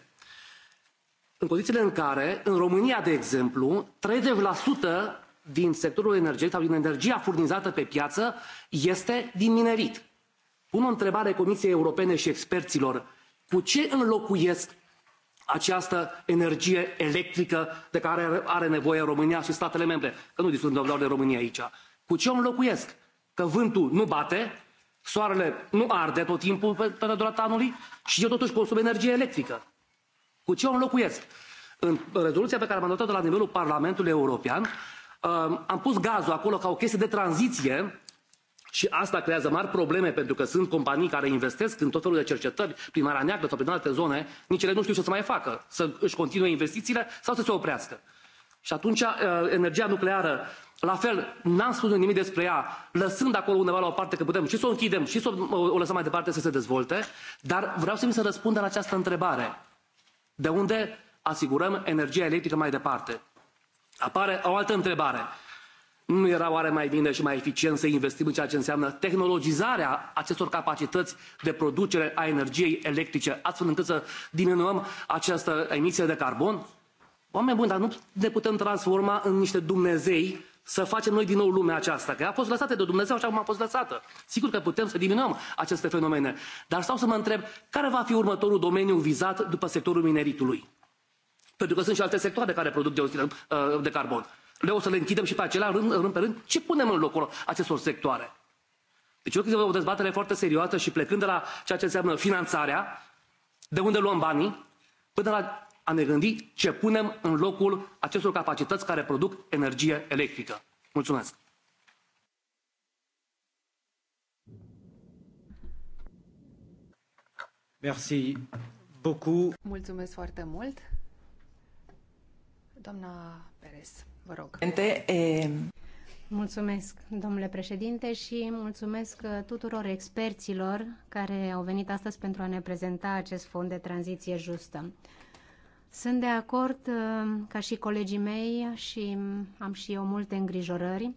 în condițiile în care, în România, de exemplu, 30% din sectorul energetic sau din energia furnizată pe piață este din minerit. Pun o întrebare Comisiei Europene și experților. Cu ce înlocuiesc această energie electrică de care are nevoie România și statele membre? Că nu discutăm doar de România aici. Cu ce o înlocuiesc? Că vântul nu bate, soarele nu arde tot timpul pe toată durata anului și eu totuși consum energie electrică. Cu ce o înlocuiesc? În rezoluția pe care am adoptat-o la nivelul Parlamentului European, am pus gazul acolo ca o chestie de tranziție și asta creează mari probleme pentru că sunt companii care investesc în tot felul de cercetări prin Marea Neagră sau prin alte zone, nici ele nu știu ce să mai facă, să își continue investițiile sau să se oprească. Și atunci uh, energia nucleară, la fel, n-am spus nimic despre ea, lăsând acolo undeva la o parte că putem și să o închidem și să o lăsăm mai departe să se dezvolte, dar vreau să mi se răspundă la această întrebare. De unde asigurăm energia electrică mai departe? apare o altă întrebare nu era oare mai bine și mai eficient să investim în ceea ce înseamnă tehnologizarea acestor capacități de producere a energiei electrice astfel încât să diminuăm această emisie de carbon? Oameni buni, dar nu ne putem transforma în niște Dumnezei să facem noi din nou lumea aceasta, că a fost lăsată de Dumnezeu așa cum a fost lăsată. Sigur că putem să diminuăm aceste fenomene, dar stau să mă întreb care va fi următorul domeniu vizat după sectorul mineritului pentru că sunt și alte sectoare care produc dioxid uh, de carbon. Le o să le închidem și pe acelea rând, rând pe rând. Ce punem în locul acestor sectoare? Deci eu cred că o dezbatere foarte serioasă și plecând de la ceea ce înseamnă finanțarea, de unde luăm banii, până la a ne gândi ce punem în locul acestor capacități care produc energie electrică. Mulțumesc! Merci beaucoup. Mulțumesc foarte mult! Doamna Perez, vă rog. Eh, mulțumesc, domnule președinte, și mulțumesc tuturor experților care au venit astăzi pentru a ne prezenta acest fond de tranziție justă. Sunt de acord, eh, ca și colegii mei, și am și eu multe îngrijorări.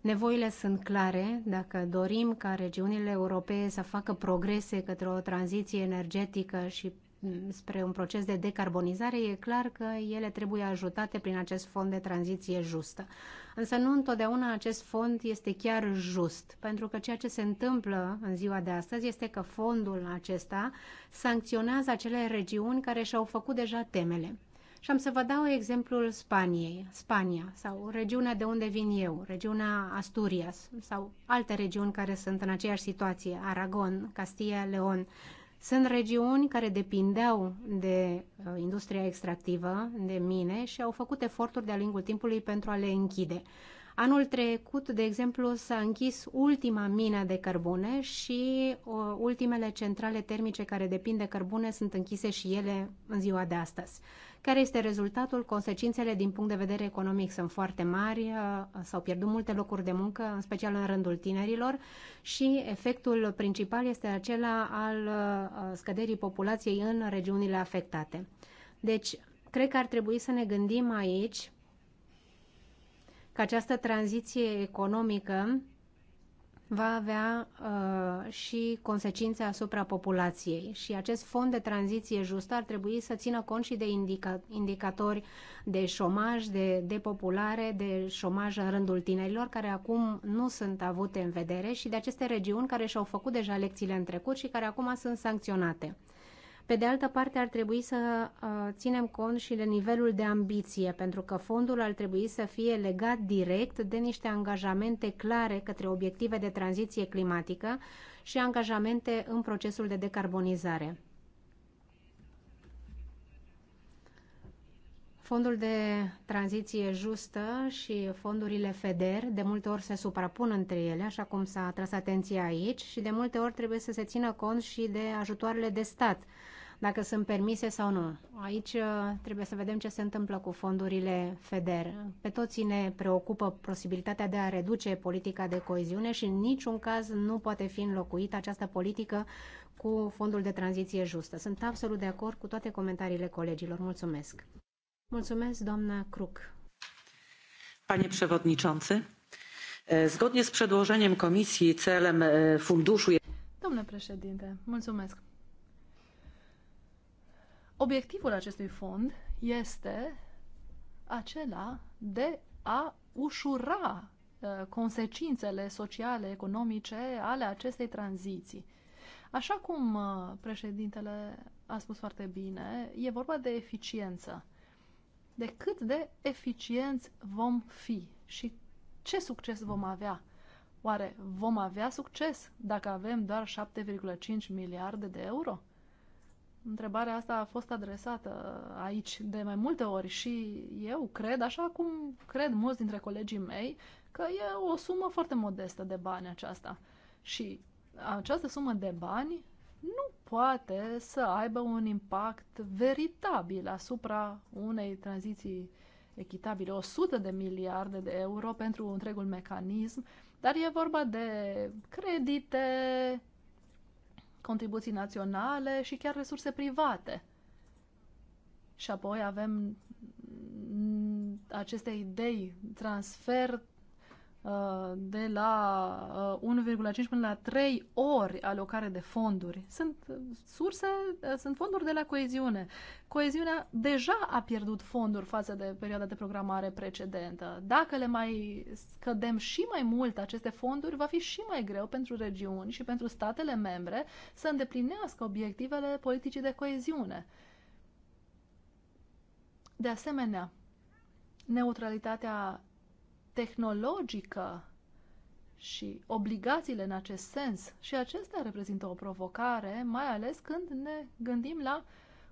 Nevoile sunt clare. Dacă dorim ca regiunile europee să facă progrese către o tranziție energetică și spre un proces de decarbonizare, e clar că ele trebuie ajutate prin acest fond de tranziție justă. Însă nu întotdeauna acest fond este chiar just, pentru că ceea ce se întâmplă în ziua de astăzi este că fondul acesta sancționează acele regiuni care și-au făcut deja temele. Și am să vă dau exemplul Spaniei, Spania sau regiunea de unde vin eu, regiunea Asturias sau alte regiuni care sunt în aceeași situație, Aragon, Castilla, Leon, sunt regiuni care depindeau de uh, industria extractivă, de mine, și au făcut eforturi de-a lungul timpului pentru a le închide. Anul trecut, de exemplu, s-a închis ultima mină de cărbune și uh, ultimele centrale termice care depind de cărbune sunt închise și ele în ziua de astăzi. Care este rezultatul? Consecințele din punct de vedere economic sunt foarte mari, uh, s-au pierdut multe locuri de muncă, în special în rândul tinerilor și efectul principal este acela al uh, scăderii populației în regiunile afectate. Deci, cred că ar trebui să ne gândim aici că această tranziție economică va avea uh, și consecințe asupra populației și acest fond de tranziție justă ar trebui să țină cont și de indica, indicatori de șomaj, de depopulare, de șomaj în rândul tinerilor, care acum nu sunt avute în vedere și de aceste regiuni care și-au făcut deja lecțiile în trecut și care acum sunt sancționate. Pe de altă parte, ar trebui să uh, ținem cont și de nivelul de ambiție, pentru că fondul ar trebui să fie legat direct de niște angajamente clare către obiective de tranziție climatică și angajamente în procesul de decarbonizare. Fondul de tranziție justă și fondurile FEDER de multe ori se suprapun între ele, așa cum s-a tras atenția aici, și de multe ori trebuie să se țină cont și de ajutoarele de stat dacă sunt permise sau nu. Aici uh, trebuie să vedem ce se întâmplă cu fondurile FEDER. Pe toți ne preocupă posibilitatea de a reduce politica de coeziune și în niciun caz nu poate fi înlocuită această politică cu fondul de tranziție justă. Sunt absolut de acord cu toate comentariile colegilor. Mulțumesc. Mulțumesc, doamna Cruc. Panie Przewodniczący, zgodnie z przedłożeniem Komisji celem funduszu... Domnule președinte, mulțumesc. Obiectivul acestui fond este acela de a ușura uh, consecințele sociale, economice ale acestei tranziții. Așa cum uh, președintele a spus foarte bine, e vorba de eficiență. De cât de eficienți vom fi și ce succes vom avea? Oare vom avea succes dacă avem doar 7,5 miliarde de euro? Întrebarea asta a fost adresată aici de mai multe ori și eu cred, așa cum cred mulți dintre colegii mei, că e o sumă foarte modestă de bani aceasta. Și această sumă de bani nu poate să aibă un impact veritabil asupra unei tranziții echitabile. 100 de miliarde de euro pentru întregul mecanism, dar e vorba de credite, contribuții naționale și chiar resurse private. Și apoi avem mm, aceste idei, transfer Uh, de la 1,5 uh, până la 3 ori alocare de fonduri. Sunt uh, surse, sunt fonduri de la coeziune. Coeziunea deja a pierdut fonduri față de perioada de programare precedentă. Dacă le mai scădem și mai mult aceste fonduri, va fi și mai greu pentru regiuni și pentru statele membre să îndeplinească obiectivele politicii de coeziune. De asemenea, neutralitatea tehnologică și obligațiile în acest sens. Și acestea reprezintă o provocare, mai ales când ne gândim la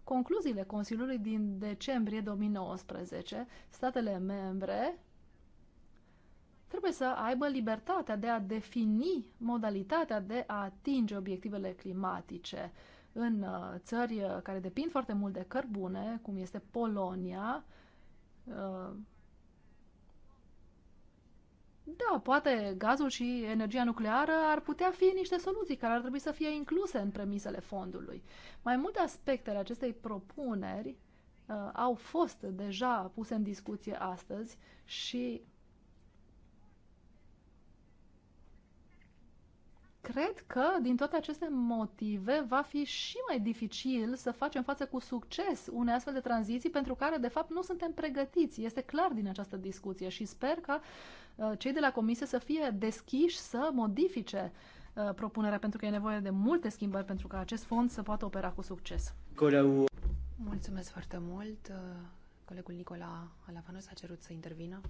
concluziile Consiliului din decembrie 2019. Statele membre trebuie să aibă libertatea de a defini modalitatea de a atinge obiectivele climatice. În uh, țări uh, care depind foarte mult de cărbune, cum este Polonia, uh, da, poate gazul și energia nucleară ar putea fi niște soluții care ar trebui să fie incluse în premisele fondului. Mai multe aspecte ale acestei propuneri uh, au fost deja puse în discuție astăzi și cred că din toate aceste motive va fi și mai dificil să facem față cu succes unei astfel de tranziții pentru care de fapt nu suntem pregătiți. Este clar din această discuție și sper că uh, Uh, cei de la comisie să fie deschiși să modifice uh, propunerea, pentru că e nevoie de multe schimbări pentru ca acest fond să poată opera cu succes. Mulțumesc foarte mult. Uh, colegul Nicola Alafanos a cerut să intervină.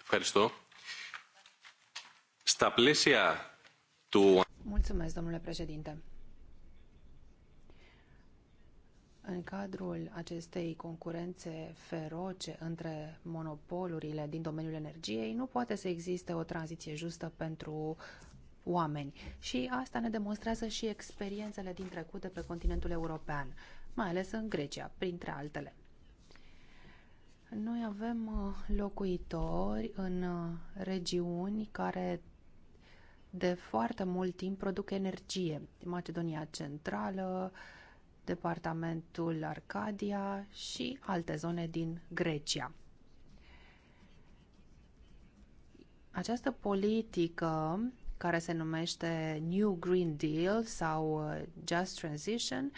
Ευχαριστώ. Στα πλαίσια του... Mulțumesc, domnule președinte. În cadrul acestei concurențe feroce între monopolurile din domeniul energiei, nu poate să existe o tranziție justă pentru oameni. Și asta ne demonstrează și experiențele din trecut de pe continentul european, mai ales în Grecia, printre altele. Noi avem uh, locuitori în uh, regiuni care de foarte mult timp produc energie. Macedonia Centrală, uh, departamentul Arcadia și alte zone din Grecia. Această politică care se numește New Green Deal sau uh, Just Transition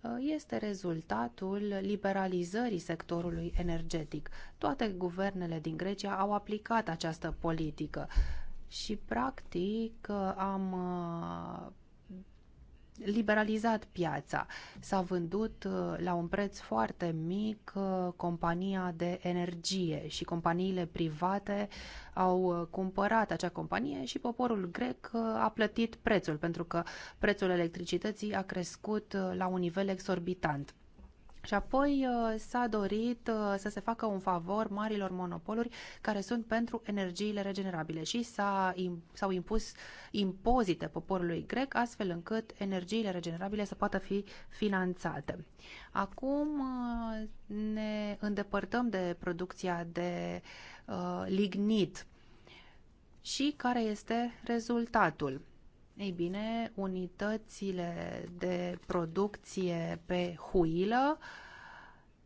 uh, este rezultatul liberalizării sectorului energetic. Toate guvernele din Grecia au aplicat această politică și practic uh, am liberalizat piața. S-a vândut uh, la un preț foarte mic uh, compania de energie și companiile private au uh, cumpărat acea companie și poporul grec a plătit prețul pentru că prețul electricității a crescut la un nivel exorbitant. Și apoi uh, s-a dorit uh, să se facă un favor marilor monopoluri care sunt pentru energiile regenerabile și s-au impus impozite poporului grec astfel încât energiile regenerabile să poată fi finanțate. Acum uh, ne îndepărtăm de producția de lignit și care este rezultatul ei bine, unitățile de producție pe huilă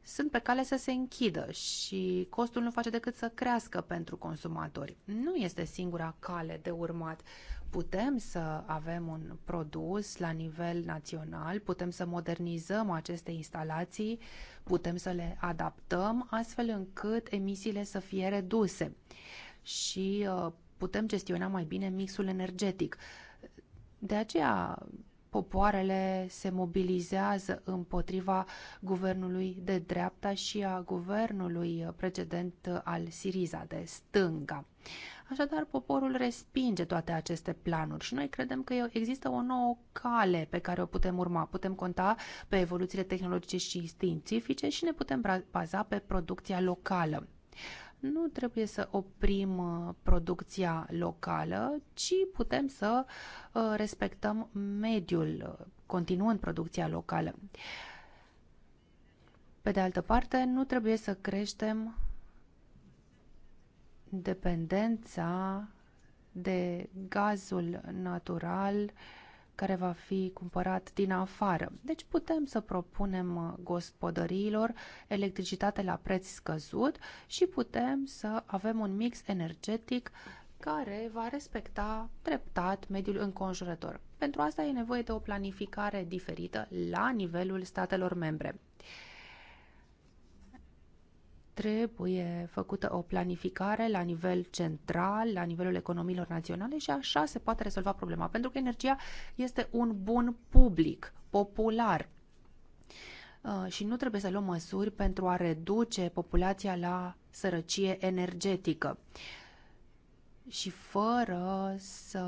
sunt pe cale să se închidă și costul nu face decât să crească pentru consumatori. Nu este singura cale de urmat. Putem să avem un produs la nivel național, putem să modernizăm aceste instalații, putem să le adaptăm astfel încât emisiile să fie reduse și uh, putem gestiona mai bine mixul energetic. De aceea popoarele se mobilizează împotriva guvernului de dreapta și a guvernului precedent al Siriza de stânga. Așadar, poporul respinge toate aceste planuri și noi credem că există o nouă cale pe care o putem urma. Putem conta pe evoluțiile tehnologice și științifice și ne putem baza pe producția locală nu trebuie să oprim uh, producția locală, ci putem să uh, respectăm mediul, uh, continuând producția locală. Pe de altă parte, nu trebuie să creștem dependența de gazul natural uh, care va fi cumpărat din afară. Deci putem să propunem uh, gospodăriilor electricitate la preț scăzut și putem să avem un mix energetic care va respecta treptat mediul înconjurător. Pentru asta e nevoie de o planificare diferită la nivelul statelor membre trebuie făcută o planificare la nivel central, la nivelul economiilor naționale și așa se poate rezolva problema, pentru că energia este un bun public, popular uh, și nu trebuie să luăm măsuri pentru a reduce populația la sărăcie energetică și fără să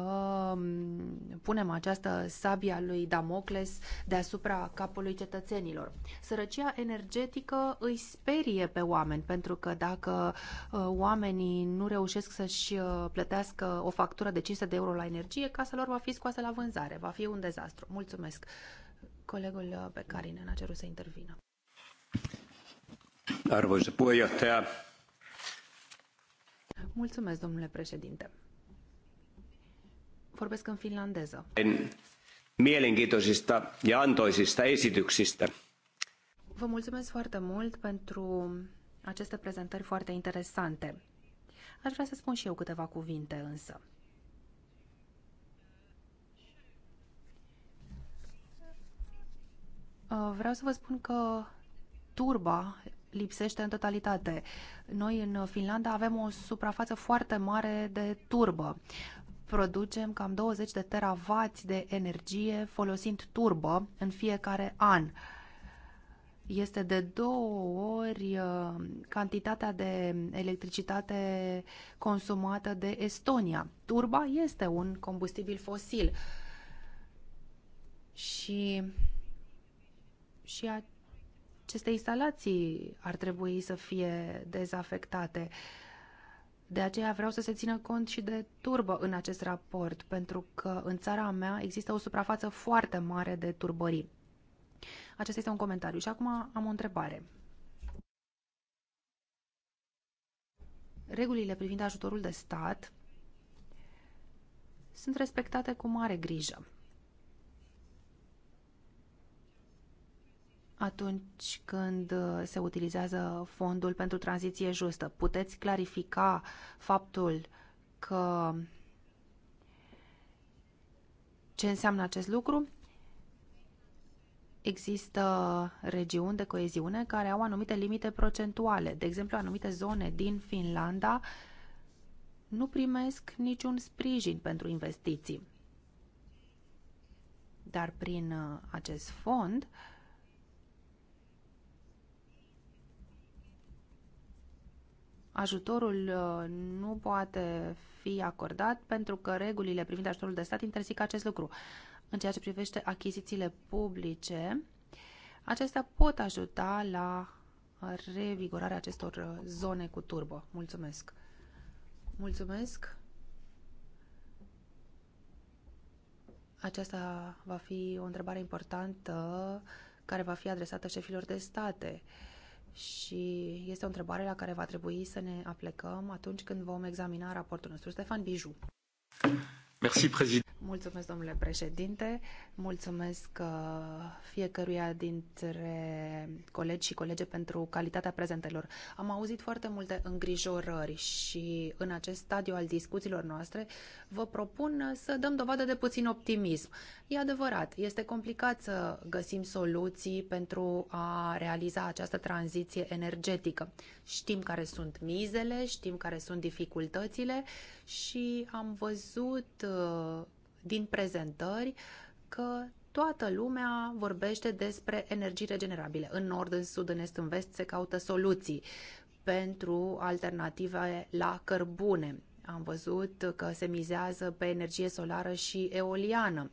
mm, punem această sabia lui Damocles deasupra capului cetățenilor. Sărăcia energetică îi sperie pe oameni, pentru că dacă uh, oamenii nu reușesc să-și uh, plătească o factură de 500 de euro la energie, casa lor va fi scoasă la vânzare, va fi un dezastru. Mulțumesc. Colegul uh, ne a cerut să intervină. Arvoisa puheenjohtaja, Mulțumesc, domnule președinte. Vorbesc în finlandeză. Mielenkiintoisista ja antoisista esityksistä. Vă mulțumesc foarte mult pentru aceste prezentări foarte interesante. Aș vrea să spun și eu câteva cuvinte însă. Vreau să vă spun că turba lipsește în totalitate. Noi în Finlanda avem o suprafață foarte mare de turbă. Producem cam 20 de teravați de energie folosind turbă în fiecare an este de două ori uh, cantitatea de electricitate consumată de Estonia. Turba este un combustibil fosil și, și a aceste instalații ar trebui să fie dezafectate. De aceea vreau să se țină cont și de turbă în acest raport, pentru că în țara mea există o suprafață foarte mare de turbării. Acesta este un comentariu și acum am o întrebare. Regulile privind ajutorul de stat sunt respectate cu mare grijă. atunci când uh, se utilizează fondul pentru tranziție justă. Puteți clarifica faptul că ce înseamnă acest lucru? Există regiuni de coeziune care au anumite limite procentuale. De exemplu, anumite zone din Finlanda nu primesc niciun sprijin pentru investiții. Dar prin uh, acest fond, uh, ajutorul uh, nu poate fi acordat pentru că regulile privind ajutorul de stat interzic acest lucru. În ceea ce privește achizițiile publice, acestea pot ajuta la revigorarea acestor uh, zone cu turbă. Mulțumesc! Mulțumesc! Aceasta va fi o întrebare importantă care va fi adresată șefilor de state. Uh, și este o întrebare la care va trebui să ne aplecăm atunci când vom examina raportul nostru. Stefan Biju. Merci, mulțumesc, domnule președinte. Mulțumesc uh, fiecăruia dintre colegi și colege pentru calitatea prezentelor. Am auzit foarte multe îngrijorări și în acest stadiu al discuțiilor noastre vă propun să dăm dovadă de puțin optimism. E adevărat, este complicat să găsim soluții pentru a realiza această tranziție energetică. Știm care sunt mizele, știm care sunt dificultățile și am văzut din prezentări că toată lumea vorbește despre energii regenerabile. În nord, în sud, în est, în vest se caută soluții pentru alternative la cărbune. Am văzut că se mizează pe energie solară și eoliană.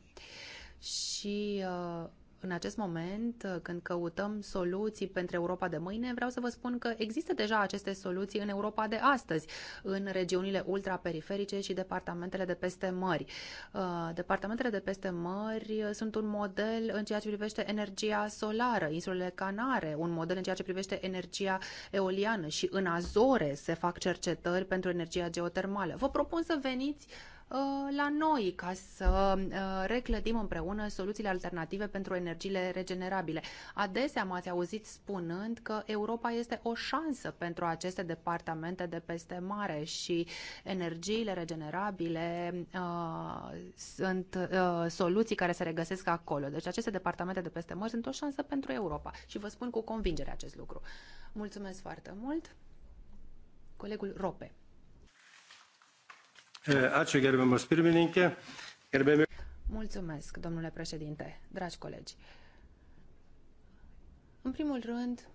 Și uh, în acest moment, uh, când căutăm soluții pentru Europa de mâine, vreau să vă spun că există deja aceste soluții în Europa de astăzi, în regiunile ultraperiferice și departamentele de peste mări. Uh, departamentele de peste mări uh, sunt un model în ceea ce privește energia solară, insulele Canare, un model în ceea ce privește energia eoliană și în Azore se fac cercetări pentru energia geotermală. Vă propun să veniți Uh, la noi ca să uh, reclădim împreună soluțiile alternative pentru energiile regenerabile. Adesea m-ați auzit spunând că Europa este o șansă pentru aceste departamente de peste mare și energiile regenerabile uh, sunt uh, soluții care se regăsesc acolo. Deci aceste departamente de peste mare sunt o șansă pentru Europa și vă spun cu convingere acest lucru. Mulțumesc foarte mult. Colegul Rope. Ačiū, gerbiamas pirmininkė. Gerbiami... Mulțumesc, domnule președinte, dragi colegi. În primul rând,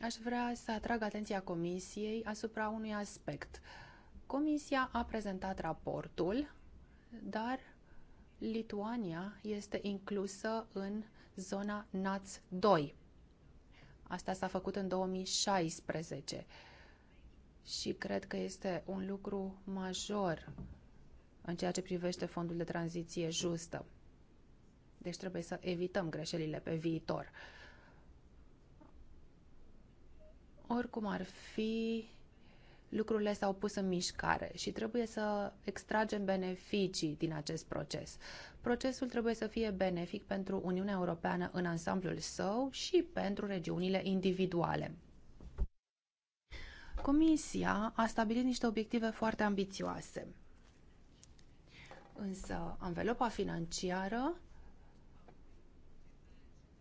aș vrea să atrag atenția Comisiei asupra unui aspect. Comisia a prezentat raportul, dar Lituania este inclusă în zona NATS 2. Asta s-a făcut în 2016 și cred că este un lucru major în ceea ce privește fondul de tranziție justă. Deci trebuie să evităm greșelile pe viitor. Oricum ar fi, lucrurile s-au pus în mișcare și trebuie să extragem beneficii din acest proces. Procesul trebuie să fie benefic pentru Uniunea Europeană în ansamblul său și pentru regiunile individuale. Comisia a stabilit niște obiective foarte ambițioase. Însă, anvelopa financiară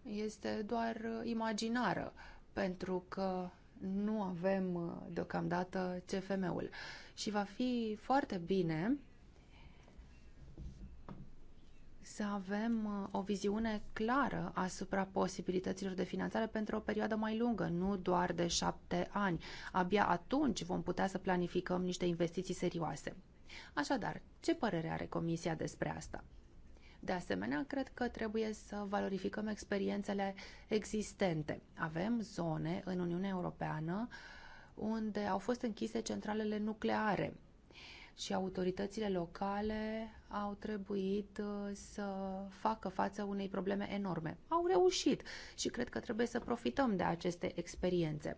este doar imaginară, pentru că nu avem deocamdată CFM-ul. Și va fi foarte bine să avem uh, o viziune clară asupra posibilităților de finanțare pentru o perioadă mai lungă, nu doar de șapte ani. Abia atunci vom putea să planificăm niște investiții serioase. Așadar, ce părere are Comisia despre asta? De asemenea, cred că trebuie să valorificăm experiențele existente. Avem zone în Uniunea Europeană unde au fost închise centralele nucleare și autoritățile locale au trebuit uh, să facă față unei probleme enorme. Au reușit și cred că trebuie să profităm de aceste experiențe.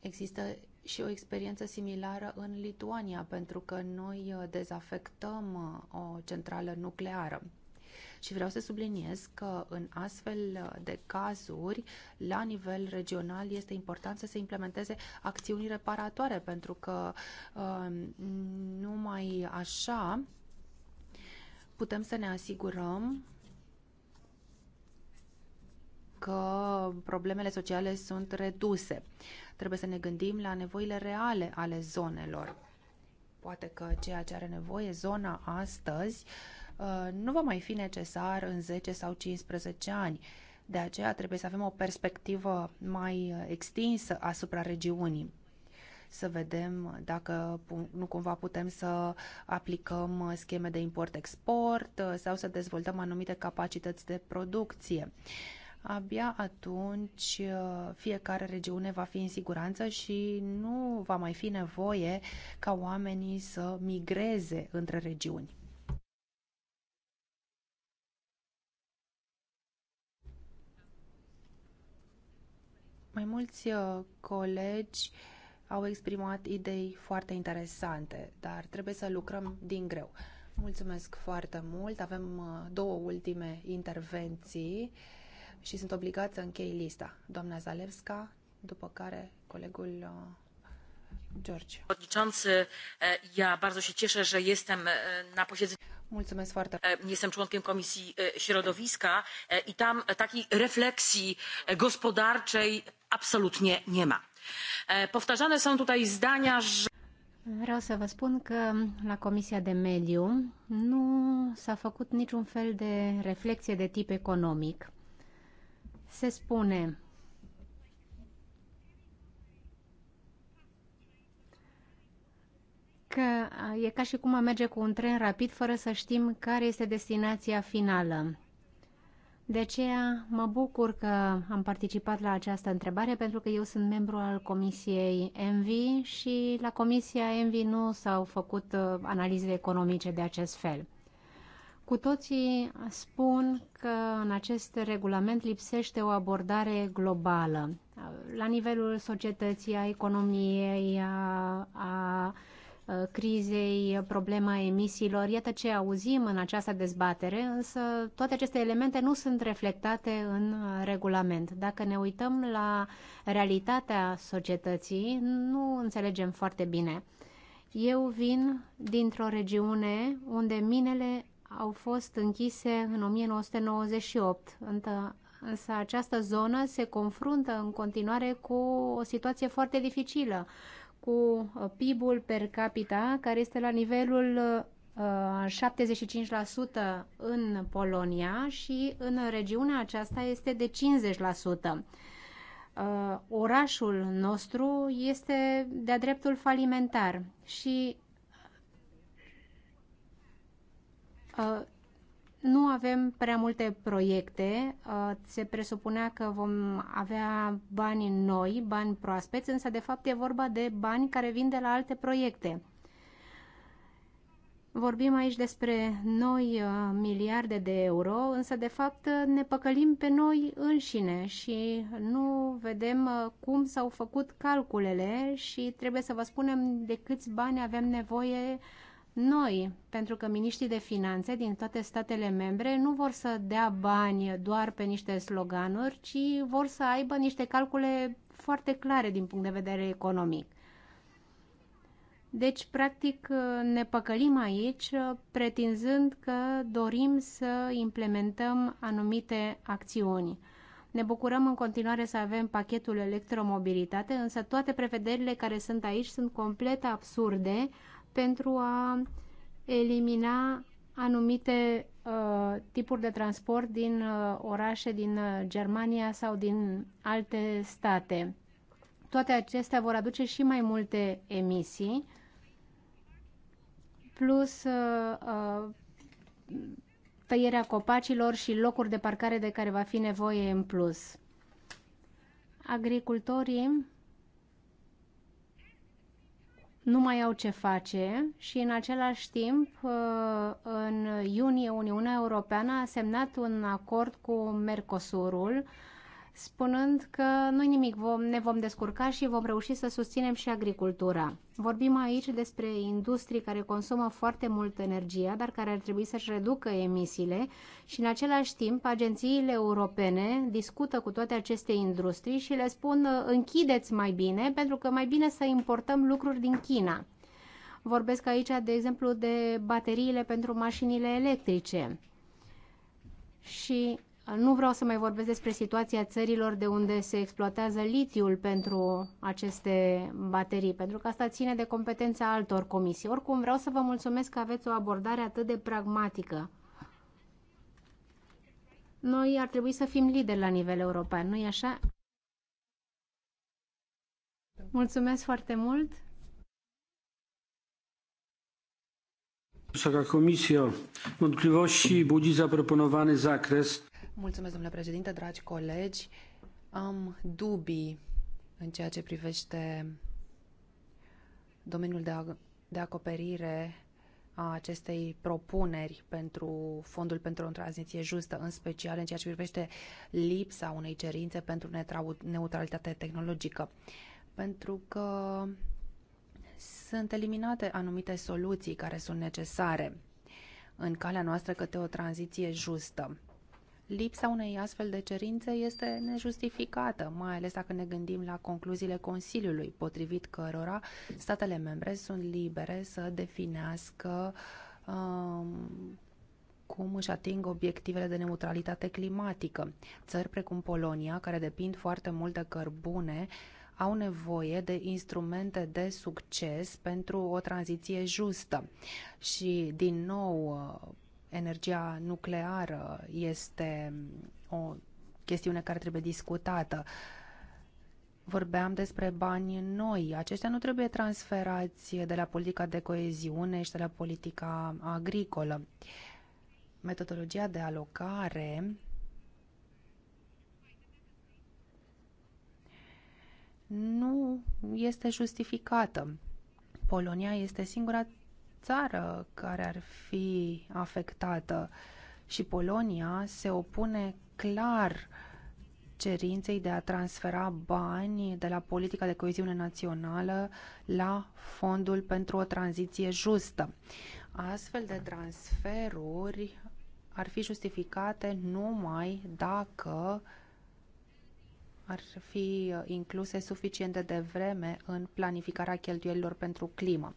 Există și o experiență similară în Lituania, pentru că noi uh, dezafectăm uh, o centrală nucleară. Și vreau să subliniez că în astfel de cazuri, la nivel regional, este important să se implementeze acțiuni reparatoare, pentru că um, numai așa putem să ne asigurăm că problemele sociale sunt reduse. Trebuie să ne gândim la nevoile reale ale zonelor. Poate că ceea ce are nevoie zona astăzi uh, Uh, nu va mai fi necesar în 10 sau 15 ani. De aceea trebuie să avem o perspectivă mai uh, extinsă asupra regiunii să vedem dacă nu cumva putem să aplicăm uh, scheme de import-export sau să dezvoltăm anumite capacități de producție. Abia atunci fiecare regiune va fi în siguranță și nu va mai fi nevoie ca oamenii să migreze între regiuni. Mai mulți uh, colegi au exprimat idei foarte interesante, dar trebuie să lucrăm din greu. Mulțumesc foarte mult. Avem uh, două ultime intervenții și sunt obligat să închei lista. Doamna Zalevska, după care colegul uh, George. Ja bardzo się cieszę, że jestem na posiedzeniu. Mulțumesc foarte Jestem członkiem Komisji Środowiska i tam takiej refleksji gospodarczej absolutnie nie ma. Powtarzane są tutaj zdania, że Vreau să vă spun că la Comisia de Mediu nu s-a făcut niciun fel de reflexie de tip economic. Se spune Uh, e ca și cum a merge cu un tren rapid fără să știm care este destinația finală. De aceea mă bucur că am participat la această întrebare pentru că eu sunt membru al Comisiei Envi și la Comisia Envi nu s-au făcut uh, analize economice de acest fel. Cu toții spun că în acest regulament lipsește o abordare globală uh, la nivelul societății, a economiei, a, a Uh, crizei, uh, problema emisiilor. Iată ce auzim în această dezbatere, însă toate aceste elemente nu sunt reflectate în uh, regulament. Dacă ne uităm la realitatea societății, nu înțelegem foarte bine. Eu vin dintr-o regiune unde minele au fost închise în 1998, însă această zonă se confruntă în continuare cu o situație foarte dificilă cu uh, PIB-ul per capita, care este la nivelul 75% uh, în Polonia și în regiunea aceasta este de 50%. Uh, orașul nostru este de-a dreptul falimentar și nu avem prea multe proiecte. Uh, se presupunea că vom avea bani noi, bani proaspeți, însă de fapt e vorba de bani care vin de la alte proiecte. Vorbim aici despre noi uh, miliarde de euro, însă de fapt ne păcălim pe noi înșine și nu vedem uh, cum s-au făcut calculele și trebuie să vă spunem de câți bani avem nevoie noi, pentru că miniștrii de finanțe din toate statele membre nu vor să dea bani doar pe niște sloganuri, ci vor să aibă niște calcule foarte clare din punct de vedere economic. Deci, practic, ne păcălim aici pretinzând că dorim să implementăm anumite acțiuni. Ne bucurăm în continuare să avem pachetul electromobilitate, însă toate prevederile care sunt aici sunt complet absurde, pentru a elimina anumite uh, tipuri de transport din uh, orașe din uh, Germania sau din alte state. Toate acestea vor aduce și mai multe emisii, plus uh, uh tăierea copacilor și locuri de parcare de care va fi nevoie în plus. Agricultorii nu mai au ce face și în același timp uh, în iunie Uniunea Europeană a semnat un acord cu Mercosurul spunând că nu nimic, vom, ne vom descurca și vom reuși să susținem și agricultura. Vorbim aici despre industrii care consumă foarte mult energie, dar care ar trebui să-și reducă emisiile și în același timp agențiile europene discută cu toate aceste industrii și le spun închideți mai bine pentru că mai bine să importăm lucruri din China. Vorbesc aici, de exemplu, de bateriile pentru mașinile electrice. Și nu vreau să mai vorbesc despre situația țărilor de unde se exploatează litiul pentru aceste baterii, pentru că asta ține de competența altor comisii. Oricum, vreau să vă mulțumesc că aveți o abordare atât de pragmatică. Noi ar trebui să fim lideri la nivel european, nu-i așa? Mulțumesc foarte mult! Wysoka Komisjo, wątpliwości budzi zaproponowany zakres. Mulțumesc, domnule președinte, dragi colegi. Am dubii în ceea ce privește domeniul de, a, de acoperire a acestei propuneri pentru Fondul pentru o tranziție justă, în special în ceea ce privește lipsa unei cerințe pentru neutralitate tehnologică. Pentru că sunt eliminate anumite soluții care sunt necesare în calea noastră către o tranziție justă. Lipsa unei astfel de cerințe este nejustificată, mai ales dacă ne gândim la concluziile Consiliului, potrivit cărora statele membre sunt libere să definească um, cum își ating obiectivele de neutralitate climatică. Țări precum Polonia, care depind foarte mult de cărbune, au nevoie de instrumente de succes pentru o tranziție justă. Și, din nou, energia nucleară este o chestiune care trebuie discutată. Vorbeam despre bani noi. Aceștia nu trebuie transferați de la politica de coeziune și de la politica agricolă. Metodologia de alocare nu este justificată. Polonia este singura țară care ar fi afectată și Polonia se opune clar cerinței de a transfera bani de la politica de coeziune națională la fondul pentru o tranziție justă. Astfel de transferuri ar fi justificate numai dacă ar fi uh, incluse suficiente de vreme în planificarea cheltuielilor pentru climă.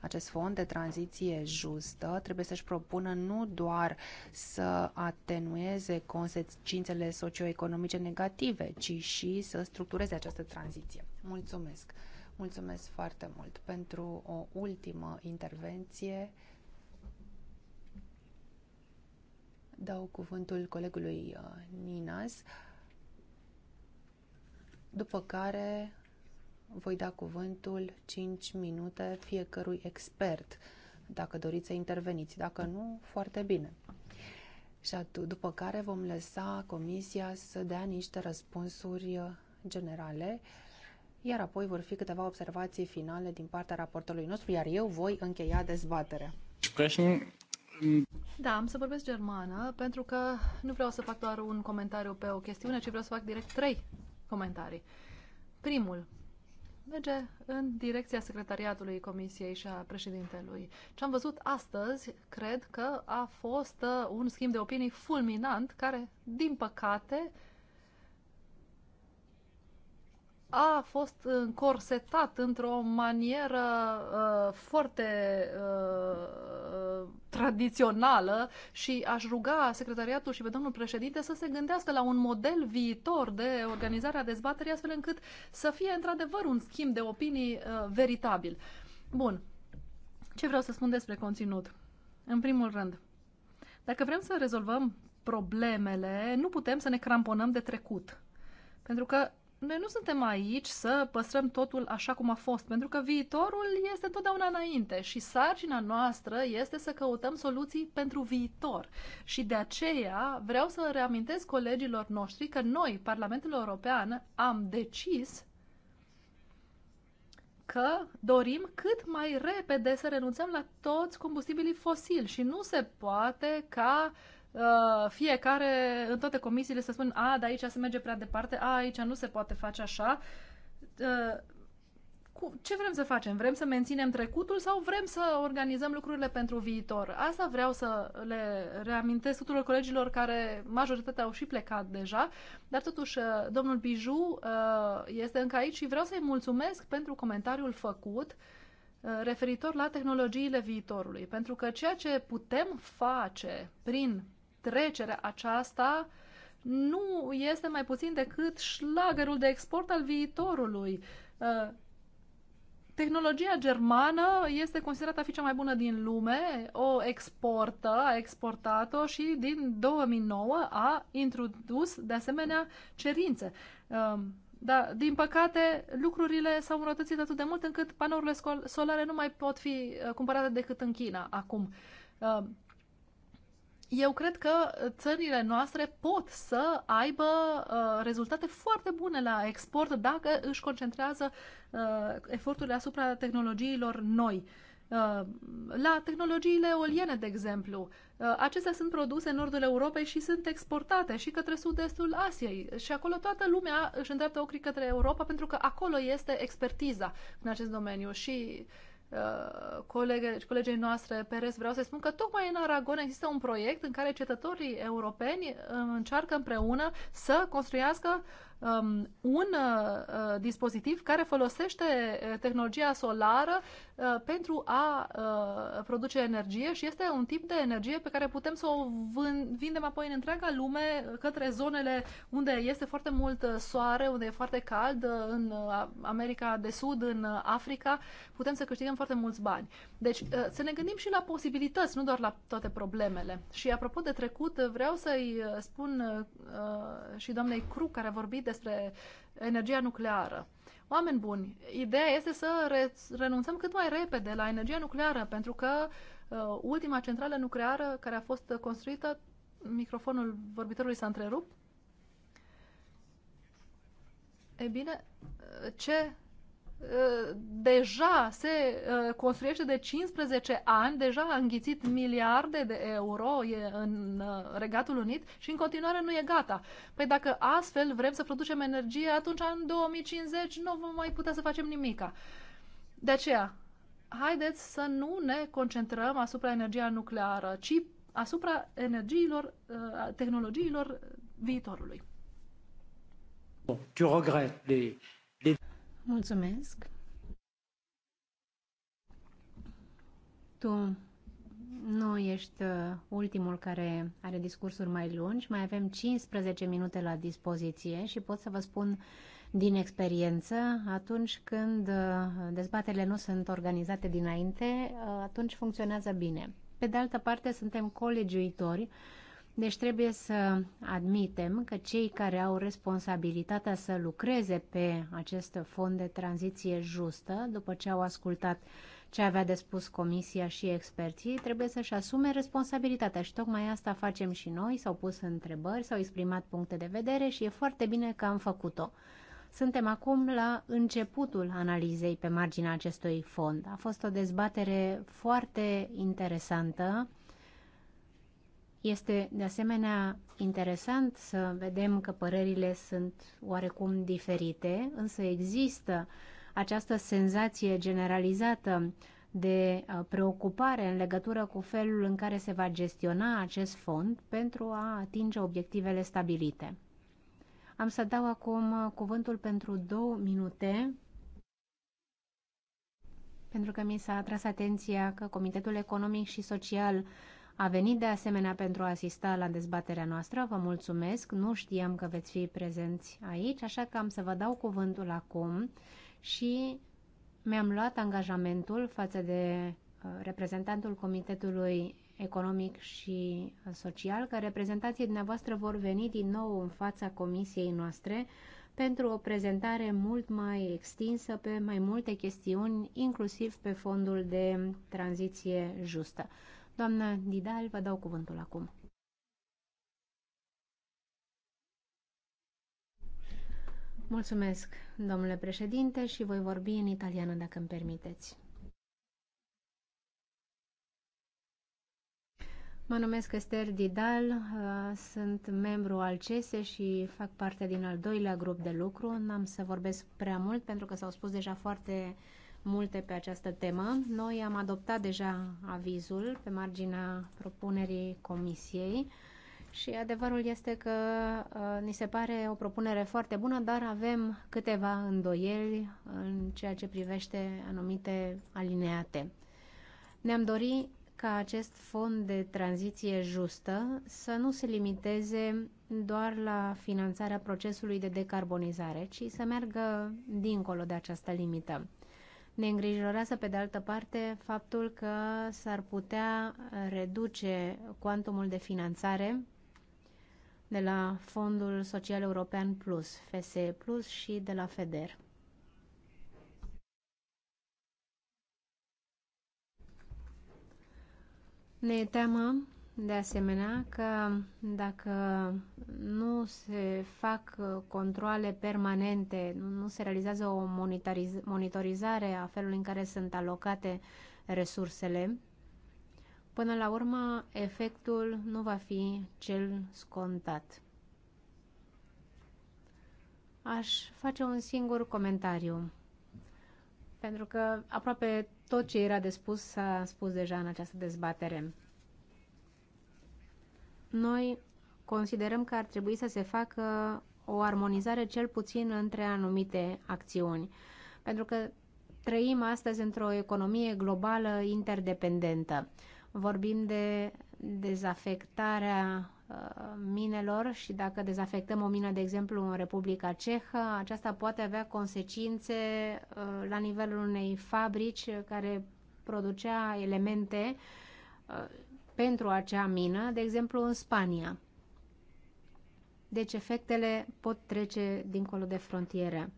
Acest fond de tranziție justă trebuie să-și propună nu doar să atenueze consecințele socioeconomice negative, ci și să structureze această tranziție. Mulțumesc! Mulțumesc foarte mult pentru o ultimă intervenție. Dau cuvântul colegului uh, Ninas după care voi da cuvântul 5 minute fiecărui expert, dacă doriți să interveniți, dacă nu, foarte bine. Și atunci, după care vom lăsa comisia să dea niște răspunsuri generale, iar apoi vor fi câteva observații finale din partea raportului nostru, iar eu voi încheia dezbaterea. Da, am să vorbesc germană, pentru că nu vreau să fac doar un comentariu pe o chestiune, ci vreau să fac direct trei comentarii. Primul merge în direcția secretariatului Comisiei și a președintelui. Ce am văzut astăzi, cred că a fost uh, un schimb de opinii fulminant, care, din păcate, a fost încorsetat într-o manieră uh, foarte uh, tradițională și aș ruga secretariatul și pe domnul președinte să se gândească la un model viitor de organizare a dezbaterii astfel încât să fie într-adevăr un schimb de opinii uh, veritabil. Bun. Ce vreau să spun despre conținut? În primul rând, dacă vrem să rezolvăm problemele, nu putem să ne cramponăm de trecut. Pentru că noi nu suntem aici să păstrăm totul așa cum a fost, pentru că viitorul este întotdeauna înainte și sarcina noastră este să căutăm soluții pentru viitor. Și de aceea vreau să reamintesc colegilor noștri că noi, Parlamentul European, am decis că dorim cât mai repede să renunțăm la toți combustibilii fosili și nu se poate ca uh, Uh, fiecare, în toate comisiile, să spun, a, de aici se merge prea departe, a, aici nu se poate face așa. Uh, ce vrem să facem? Vrem să menținem trecutul sau vrem să organizăm lucrurile pentru viitor? Asta vreau să le reamintesc tuturor colegilor care majoritatea au și plecat deja, dar totuși uh, domnul Biju este încă aici și vreau să-i mulțumesc pentru comentariul făcut referitor la tehnologiile viitorului, pentru că ceea ce putem face prin trecerea aceasta nu este mai puțin decât șlagărul de export al viitorului. Uh, tehnologia germană este considerată a fi cea mai bună din lume, o exportă, a exportat-o și din 2009 a introdus de asemenea cerințe. Um, Dar din păcate, lucrurile s-au înrătățit atât de mult încât panourile solare nu mai pot fi uh, cumpărate decât în China acum. Um, eu cred că uh, țările noastre pot să aibă uh, rezultate foarte bune la export dacă își concentrează uh, eforturile asupra tehnologiilor noi. Uh, la tehnologiile oliene, de exemplu. Uh, acestea sunt produse în nordul Europei și sunt exportate și către sud-estul Asiei. Și acolo toată lumea își îndreaptă ochii către Europa pentru că acolo este expertiza în acest domeniu. Și uh, Uh, colege, deci colegei noastre Perez, vreau să spun că tocmai în Aragon există un proiect în care cetătorii europeni uh, încearcă împreună să construiască um, un uh, uh dispozitiv care folosește tehnologia solară uh, pentru a uh, produce energie și este un tip de energie pe care putem să o vindem apoi în întreaga lume către zonele unde este foarte mult soare, unde e foarte cald, în America de Sud, în Africa. Putem să câștigăm foarte mulți bani. Deci uh, să ne gândim și la posibilități, nu doar la toate problemele. Și apropo de trecut, vreau să-i uh, spun uh, și doamnei Cru, care a vorbit despre energia nucleară. Oameni buni, ideea este să renunțăm cât mai repede la energia nucleară, pentru că ultima centrală nucleară care a fost construită, microfonul vorbitorului s-a întrerupt, E bine, ce deja se uh, construiește de 15 ani, deja a înghițit miliarde de euro în uh, Regatul Unit și în continuare nu e gata. Păi dacă astfel vrem să producem energie, atunci în 2050 nu vom mai putea să facem nimica. De aceea, haideți să nu ne concentrăm asupra energia nucleară, ci asupra energiilor, uh, tehnologiilor viitorului. Bon, tu regrettes les Mulțumesc. Tu nu ești uh, ultimul care are discursuri mai lungi. Mai avem 15 minute la dispoziție și pot să vă spun din experiență, atunci când uh, dezbaterile nu sunt organizate dinainte, uh, atunci funcționează bine. Pe de altă parte, suntem colegiuitori deci trebuie să admitem că cei care au responsabilitatea să lucreze pe acest fond de tranziție justă, după ce au ascultat ce avea de spus comisia și experții, trebuie să-și asume responsabilitatea și tocmai asta facem și noi, s-au pus întrebări, s-au exprimat puncte de vedere și e foarte bine că am făcut-o. Suntem acum la începutul analizei pe marginea acestui fond. A fost o dezbatere foarte interesantă este de asemenea interesant să vedem că părerile sunt oarecum diferite, însă există această senzație generalizată de uh, preocupare în legătură cu felul în care se va gestiona acest fond pentru a atinge obiectivele stabilite. Am să dau acum uh, cuvântul pentru două minute, pentru că mi s-a atras atenția că Comitetul Economic și Social a venit de asemenea pentru a asista la dezbaterea noastră. Vă mulțumesc, nu știam că veți fi prezenți aici, așa că am să vă dau cuvântul acum și mi-am luat angajamentul față de uh, reprezentantul Comitetului Economic și Social că reprezentanții dumneavoastră vor veni din nou în fața comisiei noastre pentru o prezentare mult mai extinsă pe mai multe chestiuni, inclusiv pe fondul de tranziție justă. Doamna Didal, vă dau cuvântul acum. Mulțumesc, domnule președinte, și voi vorbi în italiană, dacă îmi permiteți. Mă numesc Esther Didal, uh, sunt membru al CESE și fac parte din al doilea grup de lucru. N-am să vorbesc prea mult pentru că s-au spus deja foarte uh, multe pe această temă. Noi am adoptat deja avizul pe marginea propunerii comisiei și adevărul este că uh, ni se pare o propunere foarte bună, dar avem câteva îndoieli în ceea ce privește anumite alineate. Ne-am dorit ca acest fond de tranziție justă să nu se limiteze doar la finanțarea procesului de decarbonizare, ci să meargă dincolo de această limită. Ne îngrijorează, pe de altă parte, faptul că s-ar putea reduce cuantumul de finanțare de la Fondul Social European Plus, FSE Plus și de la FEDER. Ne teamă de asemenea că dacă nu se fac uh, controle permanente, nu se realizează o monitorizare a felului în care sunt alocate resursele, până la urmă efectul nu va fi cel scontat. Aș face un singur comentariu, pentru că aproape tot ce era de spus s-a spus deja în această dezbatere. Noi considerăm că ar trebui să se facă o armonizare cel puțin între anumite acțiuni, pentru că trăim astăzi într-o economie globală interdependentă. Vorbim de dezafectarea uh, minelor și dacă dezafectăm o mină, de exemplu, în Republica Cehă, aceasta poate avea consecințe uh, la nivelul unei fabrici care producea elemente uh, pentru acea mină, de exemplu în Spania. Deci efectele pot trece dincolo de frontiere.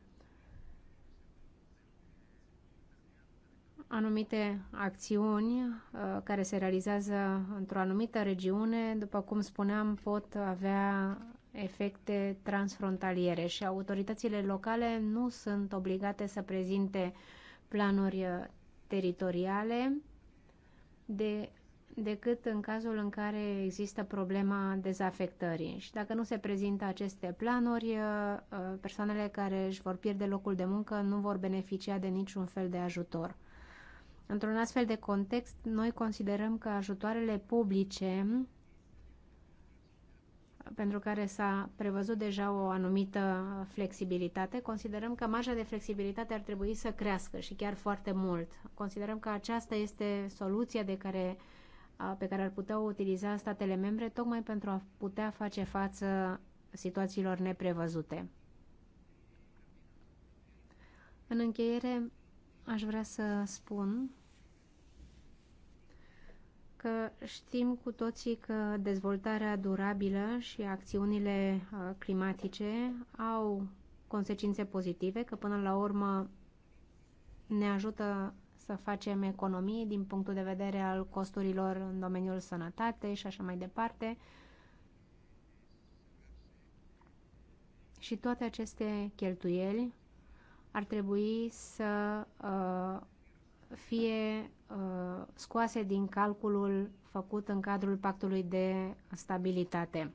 Anumite acțiuni uh, care se realizează într-o anumită regiune, după cum spuneam, pot avea efecte transfrontaliere și autoritățile locale nu sunt obligate să prezinte planuri uh, teritoriale de decât în cazul în care există problema dezafectării. Și dacă nu se prezintă aceste planuri, uh, uh, persoanele care își vor pierde locul de muncă nu vor beneficia de niciun fel de ajutor. Într-un astfel de context, noi considerăm că ajutoarele publice pentru care s-a prevăzut deja o anumită flexibilitate, considerăm că marja de flexibilitate ar trebui să crească și chiar foarte mult. Considerăm că aceasta este soluția de care pe care ar putea utiliza statele membre tocmai pentru a putea face față situațiilor neprevăzute. În încheiere, aș vrea să spun că știm cu toții că dezvoltarea durabilă și acțiunile climatice au consecințe pozitive, că până la urmă ne ajută să facem economii din punctul de vedere al costurilor în domeniul sănătate și așa mai departe. Și toate aceste cheltuieli ar trebui să uh, fie uh, scoase din calculul făcut în cadrul pactului de stabilitate.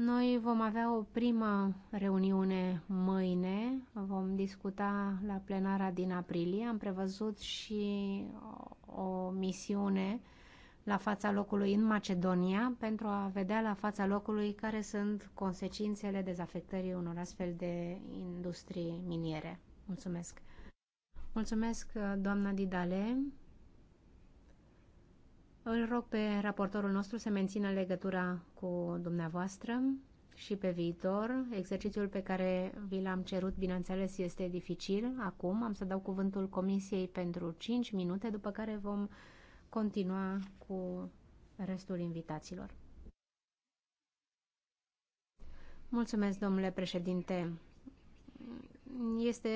Noi vom avea o primă reuniune mâine, vom discuta la plenara din aprilie. Am prevăzut și o misiune la fața locului în Macedonia pentru a vedea la fața locului care sunt consecințele dezafectării unor astfel de industrii miniere. Mulțumesc! Mulțumesc, doamna Didale! Îl rog pe raportorul nostru să mențină legătura cu dumneavoastră și pe viitor. Exercițiul pe care vi l-am cerut, bineînțeles, este dificil. Acum am să dau cuvântul Comisiei pentru 5 minute, după care vom continua cu restul invitaților. Mulțumesc, domnule președinte. Este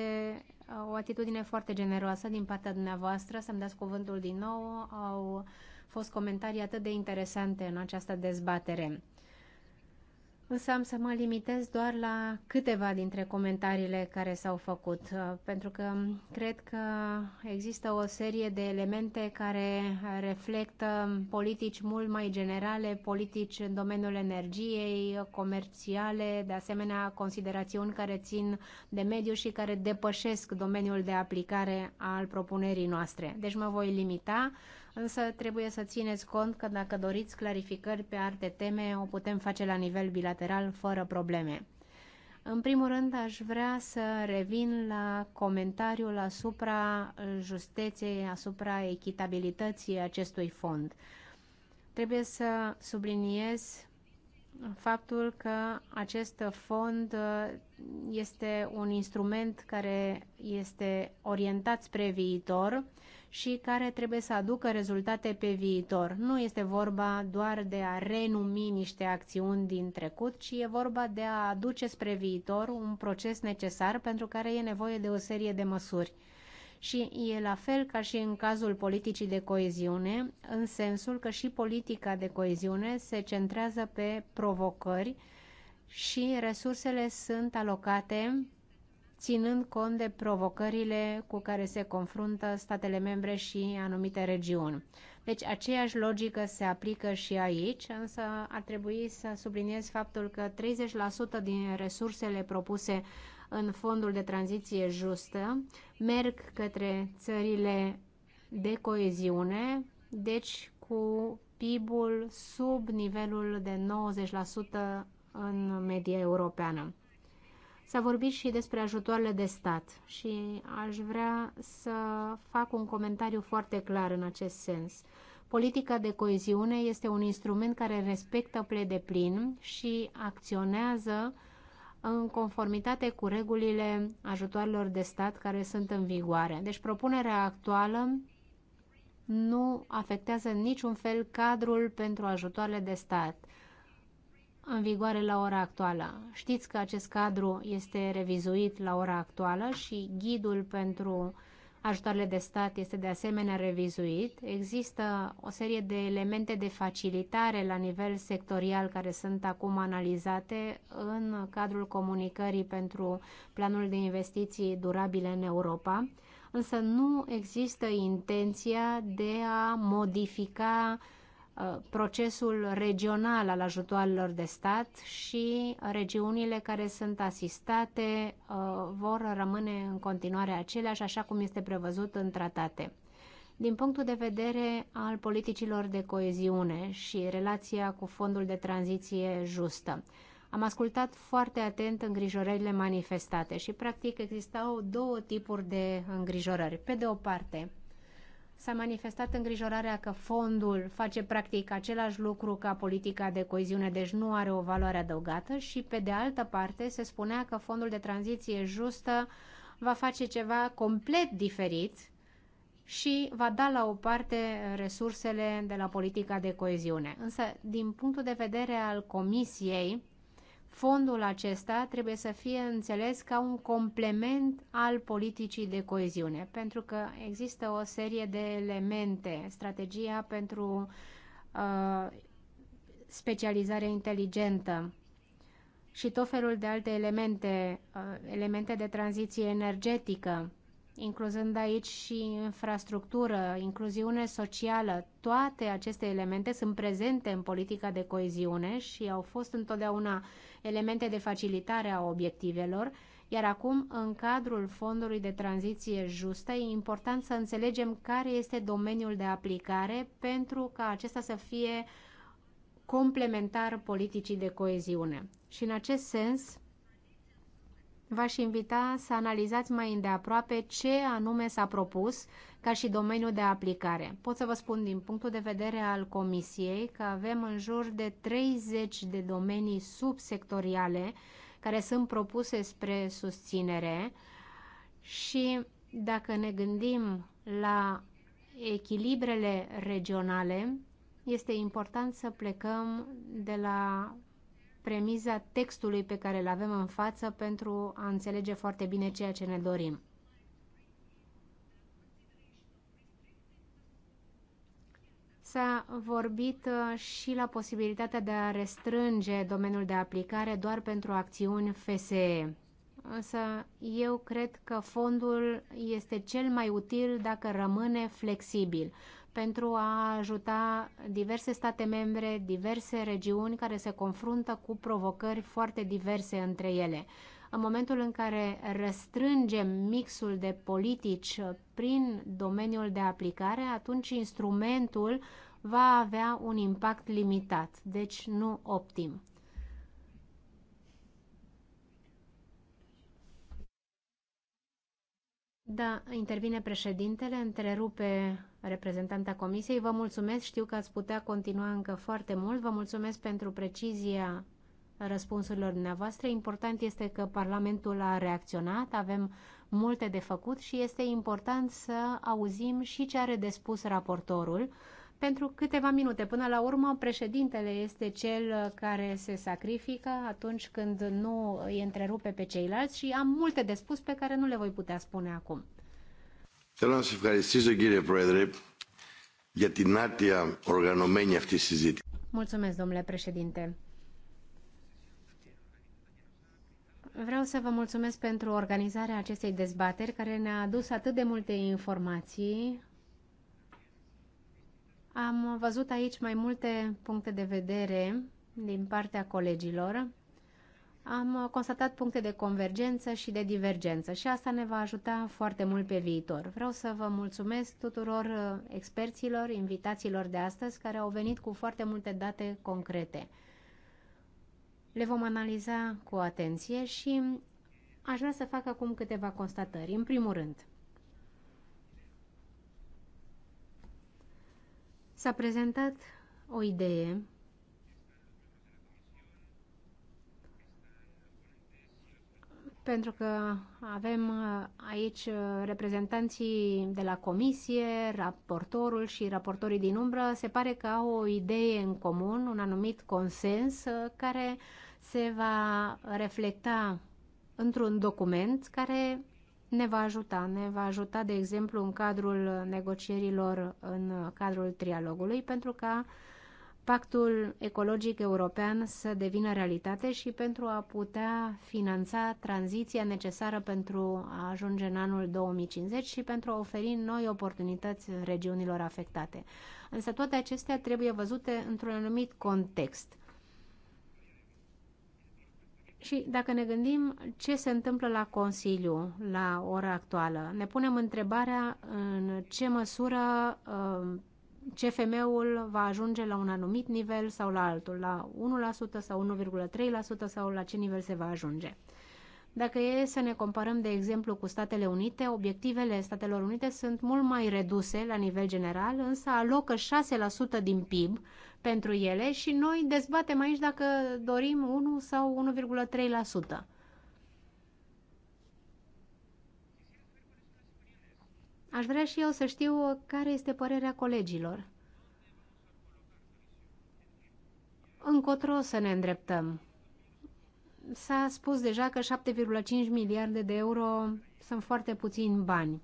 o atitudine foarte generoasă din partea dumneavoastră să-mi dați cuvântul din nou. Au fost comentarii atât de interesante în această dezbatere. Însă am să mă limitez doar la câteva dintre comentariile care s-au făcut, uh, pentru că cred că există o serie de elemente care reflectă politici mult mai generale, politici în domeniul energiei, comerciale, de asemenea considerațiuni care țin de mediu și care depășesc domeniul de aplicare al propunerii noastre. Deci mă voi limita însă trebuie să țineți cont că dacă doriți clarificări pe alte teme, o putem face la nivel bilateral fără probleme. În primul rând, aș vrea să revin la comentariul asupra justeței, asupra echitabilității acestui fond. Trebuie să subliniez faptul că acest fond uh, este un instrument care este orientat spre viitor și care trebuie să aducă rezultate pe viitor. Nu este vorba doar de a renumi niște acțiuni din trecut, ci e vorba de a aduce spre viitor un proces necesar pentru care e nevoie de o serie de măsuri și e la fel ca și în cazul politicii de coeziune, în sensul că și politica de coeziune se centrează pe provocări și resursele sunt alocate ținând cont de provocările cu care se confruntă statele membre și anumite regiuni. Deci aceeași logică se aplică și aici, însă ar trebui să subliniez faptul că 30% din resursele propuse în fondul de tranziție justă merg către țările de coeziune, deci cu PIB-ul sub nivelul de 90% în media europeană. S-a vorbit și despre ajutoarele de stat și aș vrea să fac un comentariu foarte clar în acest sens. Politica de coeziune este un instrument care respectă ple de plin și acționează în conformitate cu regulile ajutoarelor de stat care sunt în vigoare. Deci propunerea actuală nu afectează în niciun fel cadrul pentru ajutoarele de stat în vigoare la ora actuală. Știți că acest cadru este revizuit la ora actuală și ghidul pentru ajutoarele de stat este de asemenea revizuit. Există o serie de elemente de facilitare la nivel sectorial care sunt acum analizate în cadrul comunicării pentru planul de investiții durabile în Europa, însă nu există intenția de a modifica uh, Uh, procesul regional al ajutoarelor de stat și regiunile care sunt asistate uh, vor rămâne în continuare aceleași, așa cum este prevăzut în tratate. Din punctul de vedere al politicilor de coeziune și relația cu fondul de tranziție justă, am ascultat foarte atent îngrijorările manifestate și, practic, existau două tipuri de îngrijorări. Pe de o parte, s-a manifestat îngrijorarea că fondul face practic același lucru ca politica de coeziune, deci nu are o valoare adăugată și pe de altă parte se spunea că fondul de tranziție justă va face ceva complet diferit și va da la o parte resursele de la politica de coeziune. Însă, din punctul de vedere al Comisiei, Fondul acesta trebuie să fie înțeles ca un complement al politicii de coeziune, pentru că există o serie de elemente, strategia pentru uh, specializare inteligentă și tot felul de alte elemente, uh, elemente de tranziție energetică, incluzând aici și infrastructură, incluziune socială, toate aceste elemente sunt prezente în politica de coeziune și au fost întotdeauna elemente de facilitare a obiectivelor, iar acum, în cadrul fondului de tranziție justă, e important să înțelegem care este domeniul de aplicare pentru ca acesta să fie complementar politicii de coeziune. Și în acest sens, v-aș invita să analizați mai îndeaproape ce anume s-a propus ca și domeniul de aplicare. Pot să vă spun din punctul de vedere al Comisiei că avem în jur de 30 de domenii subsectoriale care sunt propuse spre susținere și dacă ne gândim la echilibrele regionale, este important să plecăm de la premiza textului pe care îl avem în față pentru a înțelege foarte bine ceea ce ne dorim. S-a vorbit uh, și la posibilitatea de a restrânge domeniul de aplicare doar pentru acțiuni FSE. Însă eu cred că fondul este cel mai util dacă rămâne flexibil pentru a ajuta diverse state membre, diverse regiuni care se confruntă cu provocări foarte diverse între ele. În momentul în care răstrângem mixul de politici prin domeniul de aplicare, atunci instrumentul va avea un impact limitat, deci nu optim. Da, intervine președintele, întrerupe reprezentanta Comisiei. Vă mulțumesc, știu că ați putea continua încă foarte mult. Vă mulțumesc pentru precizia răspunsurilor dumneavoastră. Important este că Parlamentul a reacționat, avem multe de făcut și este important să auzim și ce are de spus raportorul pentru câteva minute. Până la urmă, președintele este cel care se sacrifică atunci când nu îi întrerupe pe ceilalți și am multe de spus pe care nu le voi putea spune acum. Θέλω να σας ευχαριστήσω κύριε Πρόεδρε για την άτια οργανωμένη αυτή συζήτηση. Mulțumesc, domnule președinte. Vreau să vă mulțumesc pentru organizarea acestei dezbateri care ne-a adus atât de multe informații. Am văzut aici mai multe puncte de vedere din partea colegilor am constatat puncte de convergență și de divergență și asta ne va ajuta foarte mult pe viitor. Vreau să vă mulțumesc tuturor uh, experților, invitațiilor de astăzi, care au venit cu foarte multe date concrete. Le vom analiza cu atenție și aș vrea să fac acum câteva constatări. În primul rând, s-a prezentat o idee pentru că avem uh, aici uh, reprezentanții de la comisie, raportorul și raportorii din umbră. Se pare că au o idee în comun, un anumit consens uh, care se va reflecta într-un document care ne va ajuta. Ne va ajuta, de exemplu, în cadrul negocierilor, în cadrul trialogului, pentru ca pactul ecologic european să devină realitate și pentru a putea finanța tranziția necesară pentru a ajunge în anul 2050 și pentru a oferi noi oportunități regiunilor afectate. Însă toate acestea trebuie văzute într-un anumit context. Și dacă ne gândim ce se întâmplă la Consiliu la ora actuală, ne punem întrebarea în ce măsură uh, CFM-ul va ajunge la un anumit nivel sau la altul, la 1% sau 1,3% sau la ce nivel se va ajunge. Dacă e să ne comparăm, de exemplu, cu Statele Unite, obiectivele Statelor Unite sunt mult mai reduse la nivel general, însă alocă 6% din PIB pentru ele și noi dezbatem aici dacă dorim 1 sau 1,3%. Aș vrea și eu să știu care este părerea colegilor. Încotro să ne îndreptăm. S-a spus deja că 7,5 miliarde de euro sunt foarte puțini bani.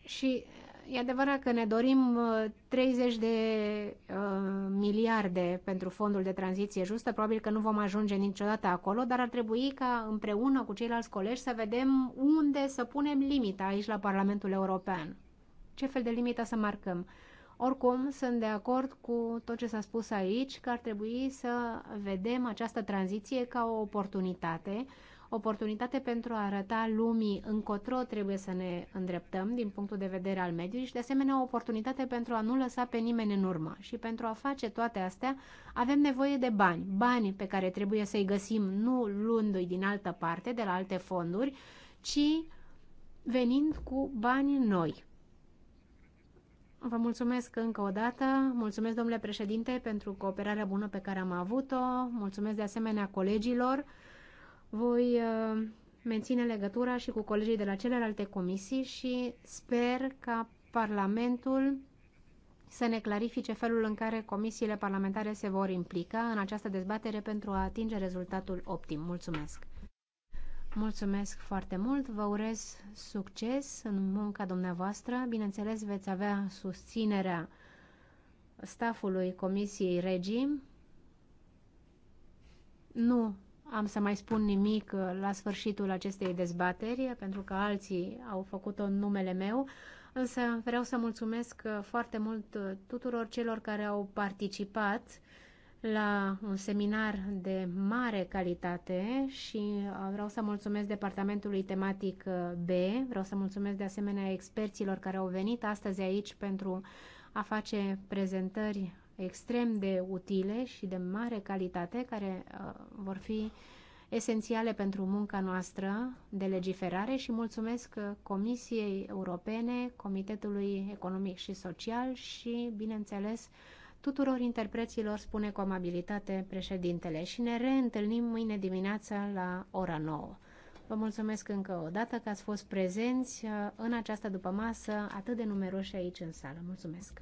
Și E adevărat că ne dorim 30 uh, de uh, miliarde pentru fondul de tranziție justă, probabil că nu vom ajunge niciodată acolo, dar ar trebui ca împreună cu ceilalți colegi să vedem unde să punem limita aici la Parlamentul European. Ce fel de limita să marcăm? Oricum, sunt de acord cu tot ce s-a spus aici, că ar trebui să vedem această tranziție ca o oportunitate uh, oportunitate pentru a arăta lumii încotro trebuie să ne îndreptăm din punctul de vedere al mediului și de asemenea o oportunitate pentru a nu lăsa pe nimeni în urmă. Și pentru a face toate astea avem nevoie de bani, bani pe care trebuie să-i găsim nu luându-i din altă parte, de la alte fonduri, ci venind cu bani noi. Vă mulțumesc încă o dată, mulțumesc domnule președinte pentru cooperarea bună pe care am avut-o, mulțumesc de asemenea colegilor. Voi uh, menține legătura și cu colegii de la celelalte comisii și sper ca Parlamentul să ne clarifice felul în care comisiile parlamentare se vor implica în această dezbatere pentru a atinge rezultatul optim. Mulțumesc! Mulțumesc foarte mult, vă urez succes în munca dumneavoastră. Bineînțeles, veți avea susținerea stafului Comisiei Regii. Nu am să mai spun nimic uh, la sfârșitul acestei dezbateri, pentru că alții au făcut-o în numele meu, însă vreau să mulțumesc uh, foarte mult uh, tuturor celor care au participat la un seminar de mare calitate și vreau să mulțumesc departamentului tematic B, vreau să mulțumesc de asemenea experților care au venit astăzi aici pentru a face prezentări extrem de utile și de mare calitate, care uh, vor fi esențiale pentru munca noastră de legiferare și mulțumesc uh, Comisiei Europene, Comitetului Economic și Social și, bineînțeles, tuturor interpreților, spune cu amabilitate președintele, și ne reîntâlnim mâine dimineața la ora 9. Vă mulțumesc încă o dată că ați fost prezenți uh, în această dupămasă atât de numeroși aici în sală. Mulțumesc!